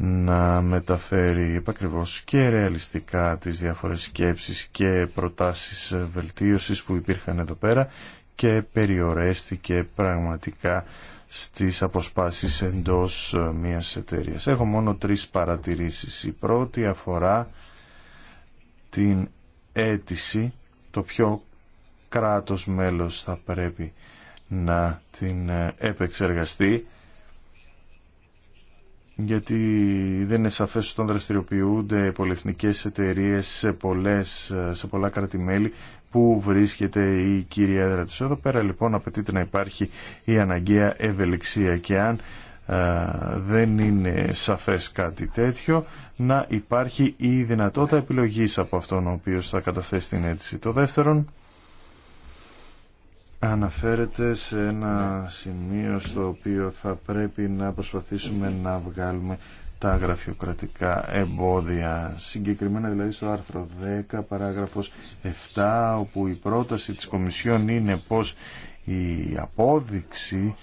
να μεταφέρει επακριβώς και ρεαλιστικά τις διάφορες σκέψεις και προτάσεις βελτίωσης που υπήρχαν εδώ πέρα και περιορέστηκε πραγματικά στις αποσπάσεις εντός ε, μιας εταιρείας. Έχω μόνο τρεις παρατηρήσεις. Η πρώτη αφορά την αίτηση, το πιο κράτος μέλος θα πρέπει να την ε, επεξεργαστεί γιατί δεν είναι σαφές όταν δραστηριοποιούνται πολυεθνικές εταιρείες σε, πολλές, σε πολλά κρατημέλη που βρίσκεται η κυρία έδρα της. Εδώ πέρα λοιπόν απαιτείται να υπάρχει η αναγκαία ευελιξία και αν δεν είναι σαφές κάτι τέτοιο να υπάρχει η δυνατότητα επιλογής από αυτόν ο οποίος θα καταθέσει την αίτηση. Το δεύτερον αναφέρεται σε ένα ναι. σημείο στο οποίο θα πρέπει να προσπαθήσουμε να βγάλουμε τα γραφειοκρατικά εμπόδια. Συγκεκριμένα δηλαδή στο άρθρο 10 παράγραφος 7 όπου η πρόταση της Κομισιόν είναι πως η απόδειξη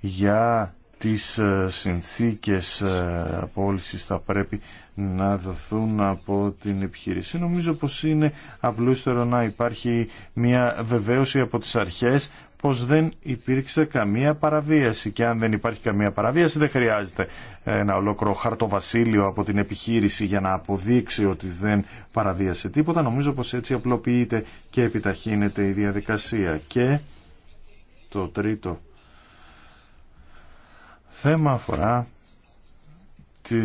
για τις ε, συνθήκες ε, απόλυσης θα πρέπει να δοθούν από την επιχείρηση. Νομίζω πως είναι απλούστερο να υπάρχει μια βεβαίωση από τις αρχές πως δεν υπήρξε καμία παραβίαση και αν δεν υπάρχει καμία παραβίαση δεν χρειάζεται ε, ένα ολόκληρο χαρτοβασίλειο από την επιχείρηση για να αποδείξει ότι δεν παραβίασε τίποτα. Νομίζω πως έτσι απλοποιείται και επιταχύνεται η διαδικασία. Και το τρίτο θέμα αφορά τη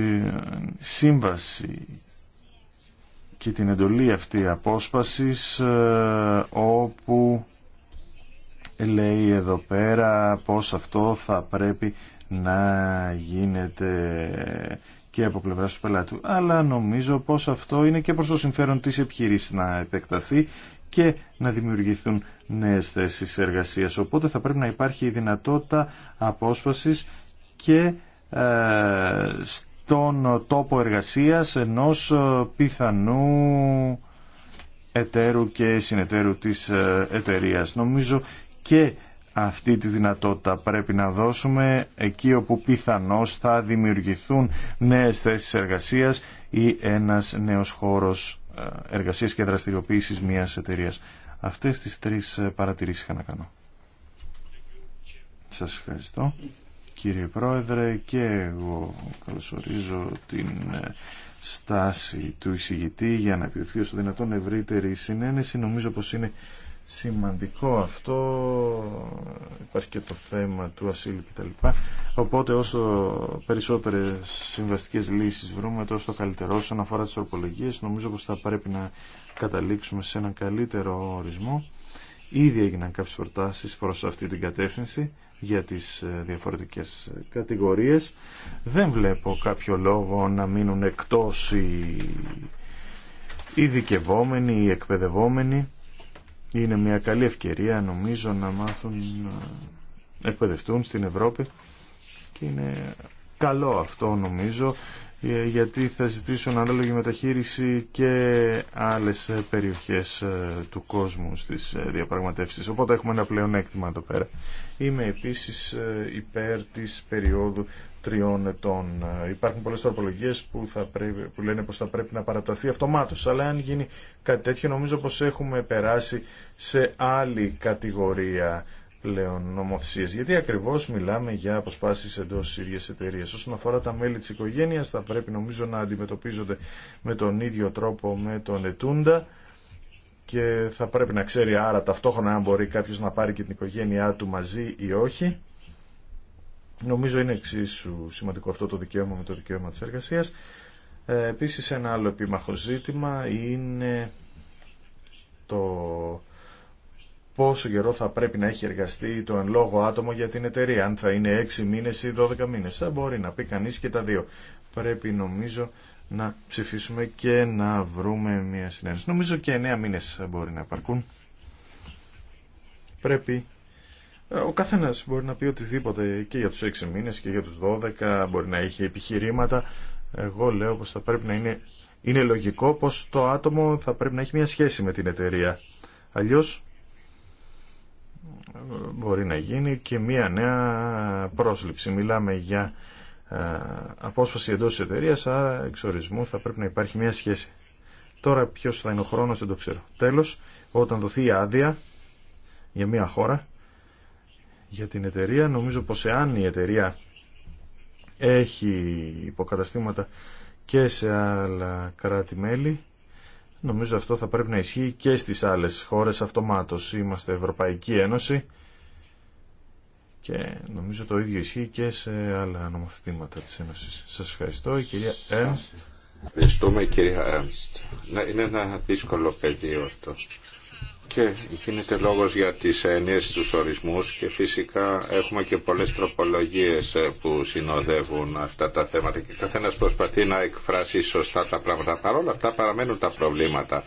σύμβαση και την εντολή αυτή απόσπασης ε, όπου λέει εδώ πέρα πως αυτό θα πρέπει να γίνεται και από πλευράς του πελάτου. Αλλά νομίζω πως αυτό είναι και προς το συμφέρον της επιχειρήσης να επεκταθεί και να δημιουργηθούν νέες θέσεις εργασίας. Οπότε θα πρέπει να υπάρχει η δυνατότητα απόσπασης και ε, στον τόπο εργασίας ενός ε, πιθανού εταίρου και συνεταίρου της ε, εταιρείας. Νομίζω και αυτή τη δυνατότητα πρέπει να δώσουμε εκεί όπου πιθανώς θα δημιουργηθούν νέες θέσεις εργασίας ή ένας νέος χώρος εργασίας και δραστηριοποίησης μιας εταιρείας. Αυτές τις τρεις παρατηρήσεις είχα να κάνω. Σας ευχαριστώ κύριε Πρόεδρε και εγώ καλωσορίζω την ε, στάση του εισηγητή για να επιβληθεί όσο δυνατόν ευρύτερη συνένεση. Νομίζω πως είναι σημαντικό αυτό. Υπάρχει και το θέμα του ασύλου κτλ. Οπότε όσο περισσότερες συμβαστικές λύσεις βρούμε τόσο καλύτερο όσον αφορά τις ορπολογίες νομίζω πως θα πρέπει να καταλήξουμε σε έναν καλύτερο ορισμό. Ήδη έγιναν κάποιες προτάσεις προς αυτή την κατεύθυνση για τις ε, διαφορετικές κατηγορίες. Δεν βλέπω κάποιο λόγο να μείνουν εκτός οι, ειδικευόμενοι, οι εκπαιδευόμενοι. Είναι μια καλή ευκαιρία νομίζω να μάθουν να εκπαιδευτούν στην Ευρώπη και είναι καλό αυτό νομίζω ε, γιατί θα ζητήσουν ανάλογη μεταχείριση και άλλες ε, περιοχές ε, του κόσμου στις διαπραγματεύσεις. Οπότε έχουμε ένα πλεονέκτημα εδώ πέρα. Είμαι επίσης υπέρ της περίοδου τριών ετών. Υπάρχουν πολλές τροπολογίες που, θα που λένε πως θα πρέπει να παραταθεί αυτομάτως, αλλά αν γίνει κάτι τέτοιο νομίζω πως έχουμε περάσει σε άλλη κατηγορία πλέον νομοθεσίες. Γιατί ακριβώς μιλάμε για αποσπάσεις εντός της ίδιας Όσον αφορά τα μέλη της οικογένειας θα πρέπει νομίζω να αντιμετωπίζονται με τον ίδιο τρόπο με τον ετούντα και θα πρέπει να ξέρει άρα ταυτόχρονα αν μπορεί κάποιος να πάρει και την οικογένειά του μαζί ή όχι. Νομίζω είναι εξίσου σημαντικό αυτό το δικαίωμα με το δικαίωμα της εργασίας. Ε, επίσης ένα άλλο επίμαχο ζήτημα είναι το πόσο καιρό θα πρέπει να έχει εργαστεί το εν λόγω άτομο για την εταιρεία, αν θα είναι 6 μήνε ή 12 μήνε. Θα μπορεί να πει κανεί και τα δύο. Πρέπει νομίζω να ψηφίσουμε και να βρούμε μια συνέντευξη. Νομίζω και 9 μήνε μπορεί να υπαρκούν. Πρέπει ε, ο καθένα μπορεί να πει οτιδήποτε και για του 6 μήνε και για του 12, μπορεί να έχει επιχειρήματα. Εγώ λέω πω θα πρέπει να είναι. Είναι λογικό πω το άτομο θα πρέπει να έχει μια σχέση με την εταιρεία. Αλλιώ μπορεί να γίνει και μία νέα πρόσληψη. Μιλάμε για ε, απόσπαση εντός της εταιρείας, άρα εξ θα πρέπει να υπάρχει μία σχέση. Τώρα ποιο θα είναι ο χρόνος δεν το ξέρω. Τέλος, όταν δοθεί η άδεια για μία χώρα, για την εταιρεία, νομίζω πως εάν η εταιρεία έχει υποκαταστήματα και σε άλλα κράτη-μέλη, Νομίζω αυτό θα πρέπει να ισχύει και στις άλλες χώρες αυτομάτως. Είμαστε Ευρωπαϊκή Ένωση και νομίζω το ίδιο ισχύει και σε άλλα νομοθετήματα της Ένωσης. Σας ευχαριστώ. Η κυρία Ernst. Ευχαριστούμε κυρία Ernst. Είναι ένα δύσκολο πεδίο αυτό και γίνεται λόγος για τις ενίες τους ορισμούς και φυσικά έχουμε και πολλές τροπολογίες ε, που συνοδεύουν αυτά τα θέματα και καθένας προσπαθεί να εκφράσει σωστά τα πράγματα. Παρ' όλα αυτά παραμένουν τα προβλήματα.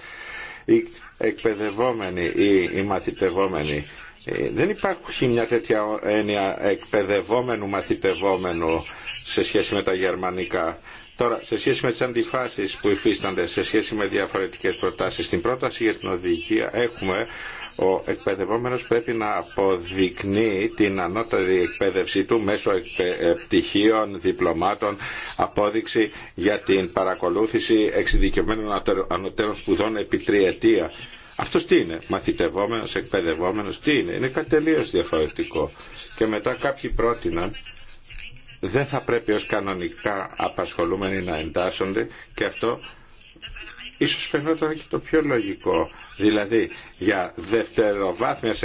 Οι εκπαιδευόμενοι ή οι μαθητευόμενοι ε, δεν υπάρχει μια τέτοια έννοια εκπαιδευόμενου μαθητευόμενου σε σχέση με τα γερμανικά Τώρα, σε σχέση με τι αντιφάσει που υφίστανται, σε σχέση με διαφορετικές προτάσεις, στην πρόταση για την οδηγία έχουμε ο εκπαιδευόμενο πρέπει να αποδεικνύει την ανώτερη εκπαίδευση του μέσω πτυχίων, διπλωμάτων, απόδειξη για την παρακολούθηση εξειδικευμένων ανωτέρων σπουδών επί τριετία. Αυτός τι είναι, μαθητευόμενος, εκπαιδευόμενο, τι είναι, είναι κάτι τελείω διαφορετικό. Και μετά κάποιοι πρότειναν δεν θα πρέπει ως κανονικά απασχολούμενοι να εντάσσονται και αυτό ίσως φαινόταν και το πιο λογικό. Δηλαδή για δευτεροβάθμιας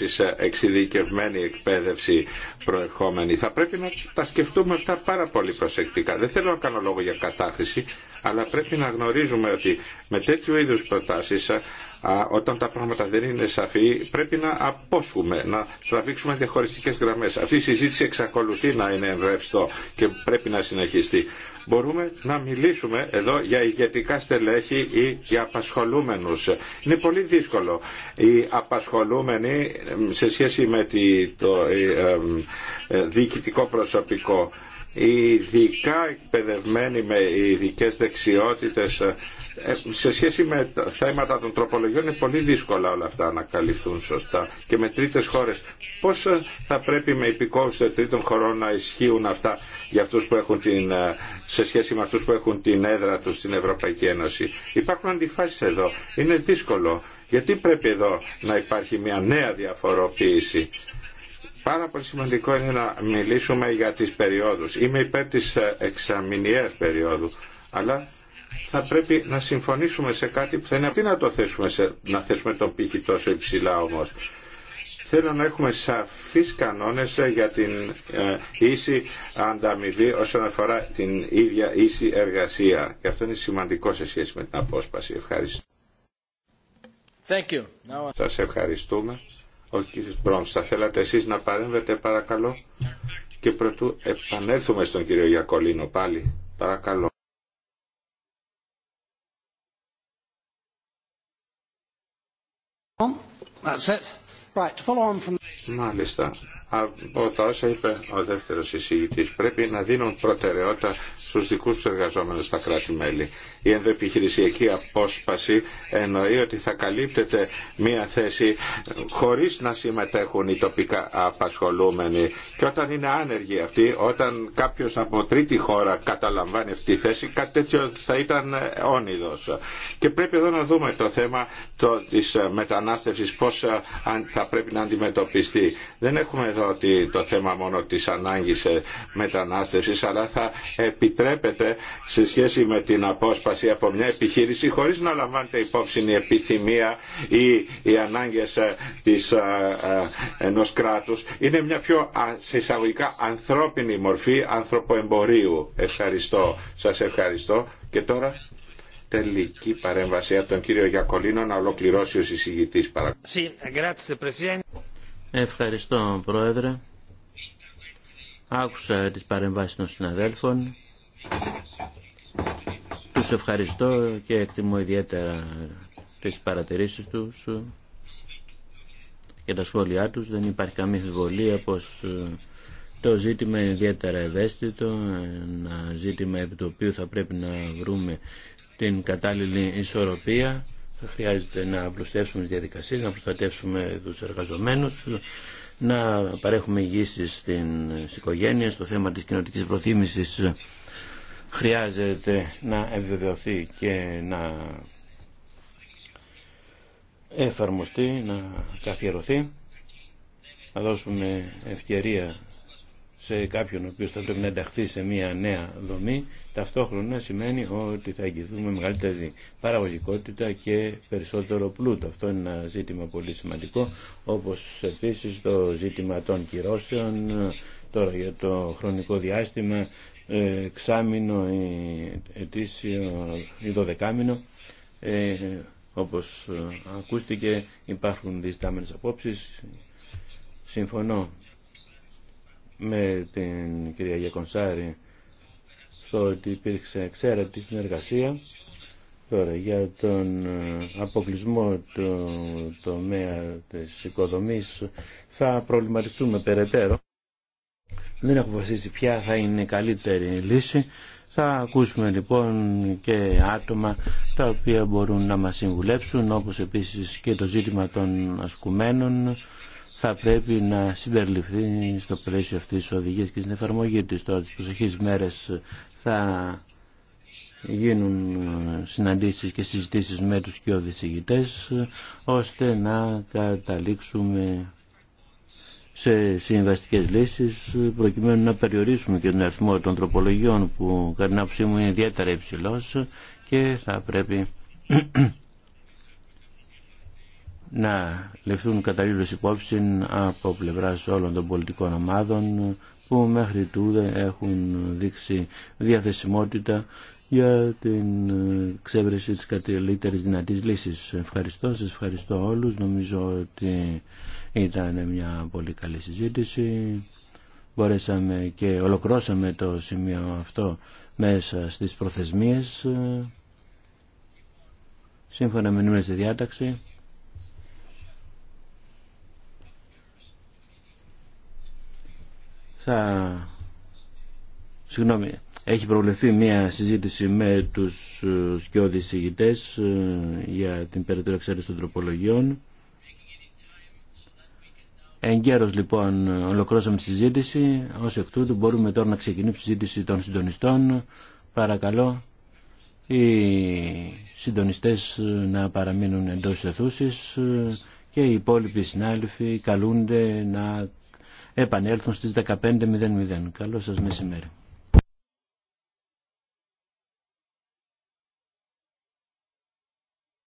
σε εξειδικευμένη εκπαίδευση προερχόμενη θα πρέπει να τα σκεφτούμε αυτά πάρα πολύ προσεκτικά. Δεν θέλω να κάνω λόγο για κατάχρηση αλλά πρέπει να γνωρίζουμε ότι με τέτοιου είδους προτάσεις ε, όταν τα πράγματα δεν είναι σαφή πρέπει να απόσχουμε, να τραβήξουμε διαχωριστικέ γραμμέ. Αυτή η συζήτηση εξακολουθεί να είναι εμβρευστό και πρέπει να συνεχιστεί. Μπορούμε να μιλήσουμε εδώ για ηγετικά στελέχη ή για απασχολούμενους. Είναι πολύ δύσκολο. Οι απασχολούμενοι σε σχέση με το ε, ε, διοικητικό προσωπικό ειδικά εκπαιδευμένοι με ειδικέ δεξιότητες ε, σε σχέση με τα θέματα των τροπολογιών είναι πολύ δύσκολα όλα αυτά να καλυφθούν σωστά και με τρίτες χώρες πώς ε, θα πρέπει με υπηκόους τρίτων χωρών να ισχύουν αυτά για αυτούς που έχουν την, ε, σε σχέση με αυτούς που έχουν την έδρα του στην Ευρωπαϊκή Ένωση υπάρχουν αντιφάσει εδώ είναι δύσκολο γιατί πρέπει εδώ να υπάρχει μια νέα διαφοροποίηση Πάρα πολύ σημαντικό είναι να μιλήσουμε για τις περιόδους. Είμαι υπέρ της ε, εξαμηνιαίας περίοδου, αλλά θα πρέπει να συμφωνήσουμε σε κάτι που θα είναι να το θέσουμε, να θέσουμε τον πύχη τόσο υψηλά όμως. Θέλω να έχουμε σαφείς κανόνες για την ε, ίση ανταμοιβή όσον αφορά την ίδια ίση εργασία. Και αυτό είναι σημαντικό σε σχέση με την απόσπαση. Ευχαριστώ. Σας ευχαριστούμε. Ο κύριος Μπρόμς, θα θέλατε εσείς να παρέμβετε παρακαλώ και πρωτού επανέλθουμε στον κύριο Γιακολίνο πάλι. Παρακαλώ. Μάλιστα. Από τα όσα είπε ο δεύτερος εισηγητής πρέπει να δίνουν προτεραιότητα στους δικούς τους εργαζόμενου στα κράτη-μέλη η ενδοεπιχειρησιακή απόσπαση εννοεί ότι θα καλύπτεται μία θέση χωρίς να συμμετέχουν οι τοπικά απασχολούμενοι. Και όταν είναι άνεργοι αυτοί, όταν κάποιος από τρίτη χώρα καταλαμβάνει αυτή τη θέση, κάτι τέτοιο θα ήταν όνειδος. Και πρέπει εδώ να δούμε το θέμα το, της μετανάστευσης, πώς ε, θα πρέπει να αντιμετωπιστεί. Δεν έχουμε εδώ το θέμα μόνο της ανάγκης ε, μετανάστευσης, αλλά θα επιτρέπεται σε σχέση με την απόσπαση απόφαση από μια επιχείρηση χωρίς να λαμβάνεται υπόψη η επιθυμία ή οι ανάγκες ε, της, ε, ε, ενός κράτους είναι μια πιο σε εισαγωγικά ανθρώπινη μορφή ανθρωποεμπορίου. Ευχαριστώ. Σα ευχαριστώ. Και τώρα τελική παρέμβαση από τον κύριο Γιακολίνο να ολοκληρώσει ο συζητητής παρακολουθεί. Ευχαριστώ Πρόεδρε. Άκουσα τις παρεμβάσεις των συναδέλφων τους ευχαριστώ και εκτιμώ ιδιαίτερα τις παρατηρήσεις τους και τα σχόλιά τους. Δεν υπάρχει καμία αμφιβολία πως ε, το ζήτημα είναι ιδιαίτερα ευαίσθητο, ένα ζήτημα επί το οποίο θα πρέπει να βρούμε την κατάλληλη ισορροπία. Θα χρειάζεται να απλουστεύσουμε τις διαδικασίες, να προστατεύσουμε τους εργαζομένους, να παρέχουμε υγιήσεις στι οικογένειε στο θέμα της κοινωτικής προθύμησης χρειάζεται να επιβεβαιωθεί και να εφαρμοστεί, να καθιερωθεί. Να δώσουμε ευκαιρία σε κάποιον ο οποίος θα πρέπει να ενταχθεί σε μια νέα δομή, ταυτόχρονα σημαίνει ότι θα εγγυηθούμε μεγαλύτερη παραγωγικότητα και περισσότερο πλούτο. Αυτό είναι ένα ζήτημα πολύ σημαντικό, όπως επίσης το ζήτημα των κυρώσεων, τώρα για το χρονικό διάστημα, εξάμηνο ή ε, ετήσιο ή δωδεκάμηνο. Ε, όπως ε, ακούστηκε υπάρχουν διστάμενες απόψεις. Συμφωνώ με την κυρία Γιακονσάρη στο ότι υπήρξε εξαίρετη συνεργασία τώρα για τον ε, αποκλεισμό του τομέα της οικοδομής θα προβληματιστούμε περαιτέρω δεν έχω αποφασίσει ποια θα είναι η καλύτερη λύση. Θα ακούσουμε λοιπόν και άτομα τα οποία μπορούν να μας συμβουλέψουν όπως επίσης και το ζήτημα των ασκουμένων θα πρέπει να συμπεριληφθεί στο πλαίσιο αυτής της οδηγίας και στην εφαρμογή της τώρα τις προσεχείς μέρες θα γίνουν συναντήσεις και συζητήσεις με τους και οδησηγητές ώστε να καταλήξουμε σε συμβαστικές λύσεις προκειμένου να περιορίσουμε και τον αριθμό των τροπολογιών που κατά την άποψή μου είναι ιδιαίτερα υψηλό και θα πρέπει *clears throat* να λεφθούν καταλήλως υπόψη από πλευρά όλων των πολιτικών ομάδων που μέχρι τούδε έχουν δείξει διαθεσιμότητα για την ξέβρεση της καλύτερης δυνατής λύσης. Ευχαριστώ, σας ευχαριστώ όλους. Νομίζω ότι ήταν μια πολύ καλή συζήτηση. Μπορέσαμε και ολοκλώσαμε το σημείο αυτό μέσα στις προθεσμίες. Σύμφωνα με νούμερα στη διάταξη. Θα... Συγγνώμη, έχει προβλεφθεί μια συζήτηση με τους σκιώδεις ηγητές ε, για την περαιτέρω εξαίρεση των τροπολογιών. Εγκαίρως λοιπόν ολοκλώσαμε τη συζήτηση. Ως εκ τούτου μπορούμε τώρα να ξεκινήσουμε τη συζήτηση των συντονιστών. Παρακαλώ οι συντονιστές να παραμείνουν εντός αιθούσης και οι υπόλοιποι συνάδελφοι καλούνται να επανέλθουν στις 15.00. Καλό σας μεσημέρι.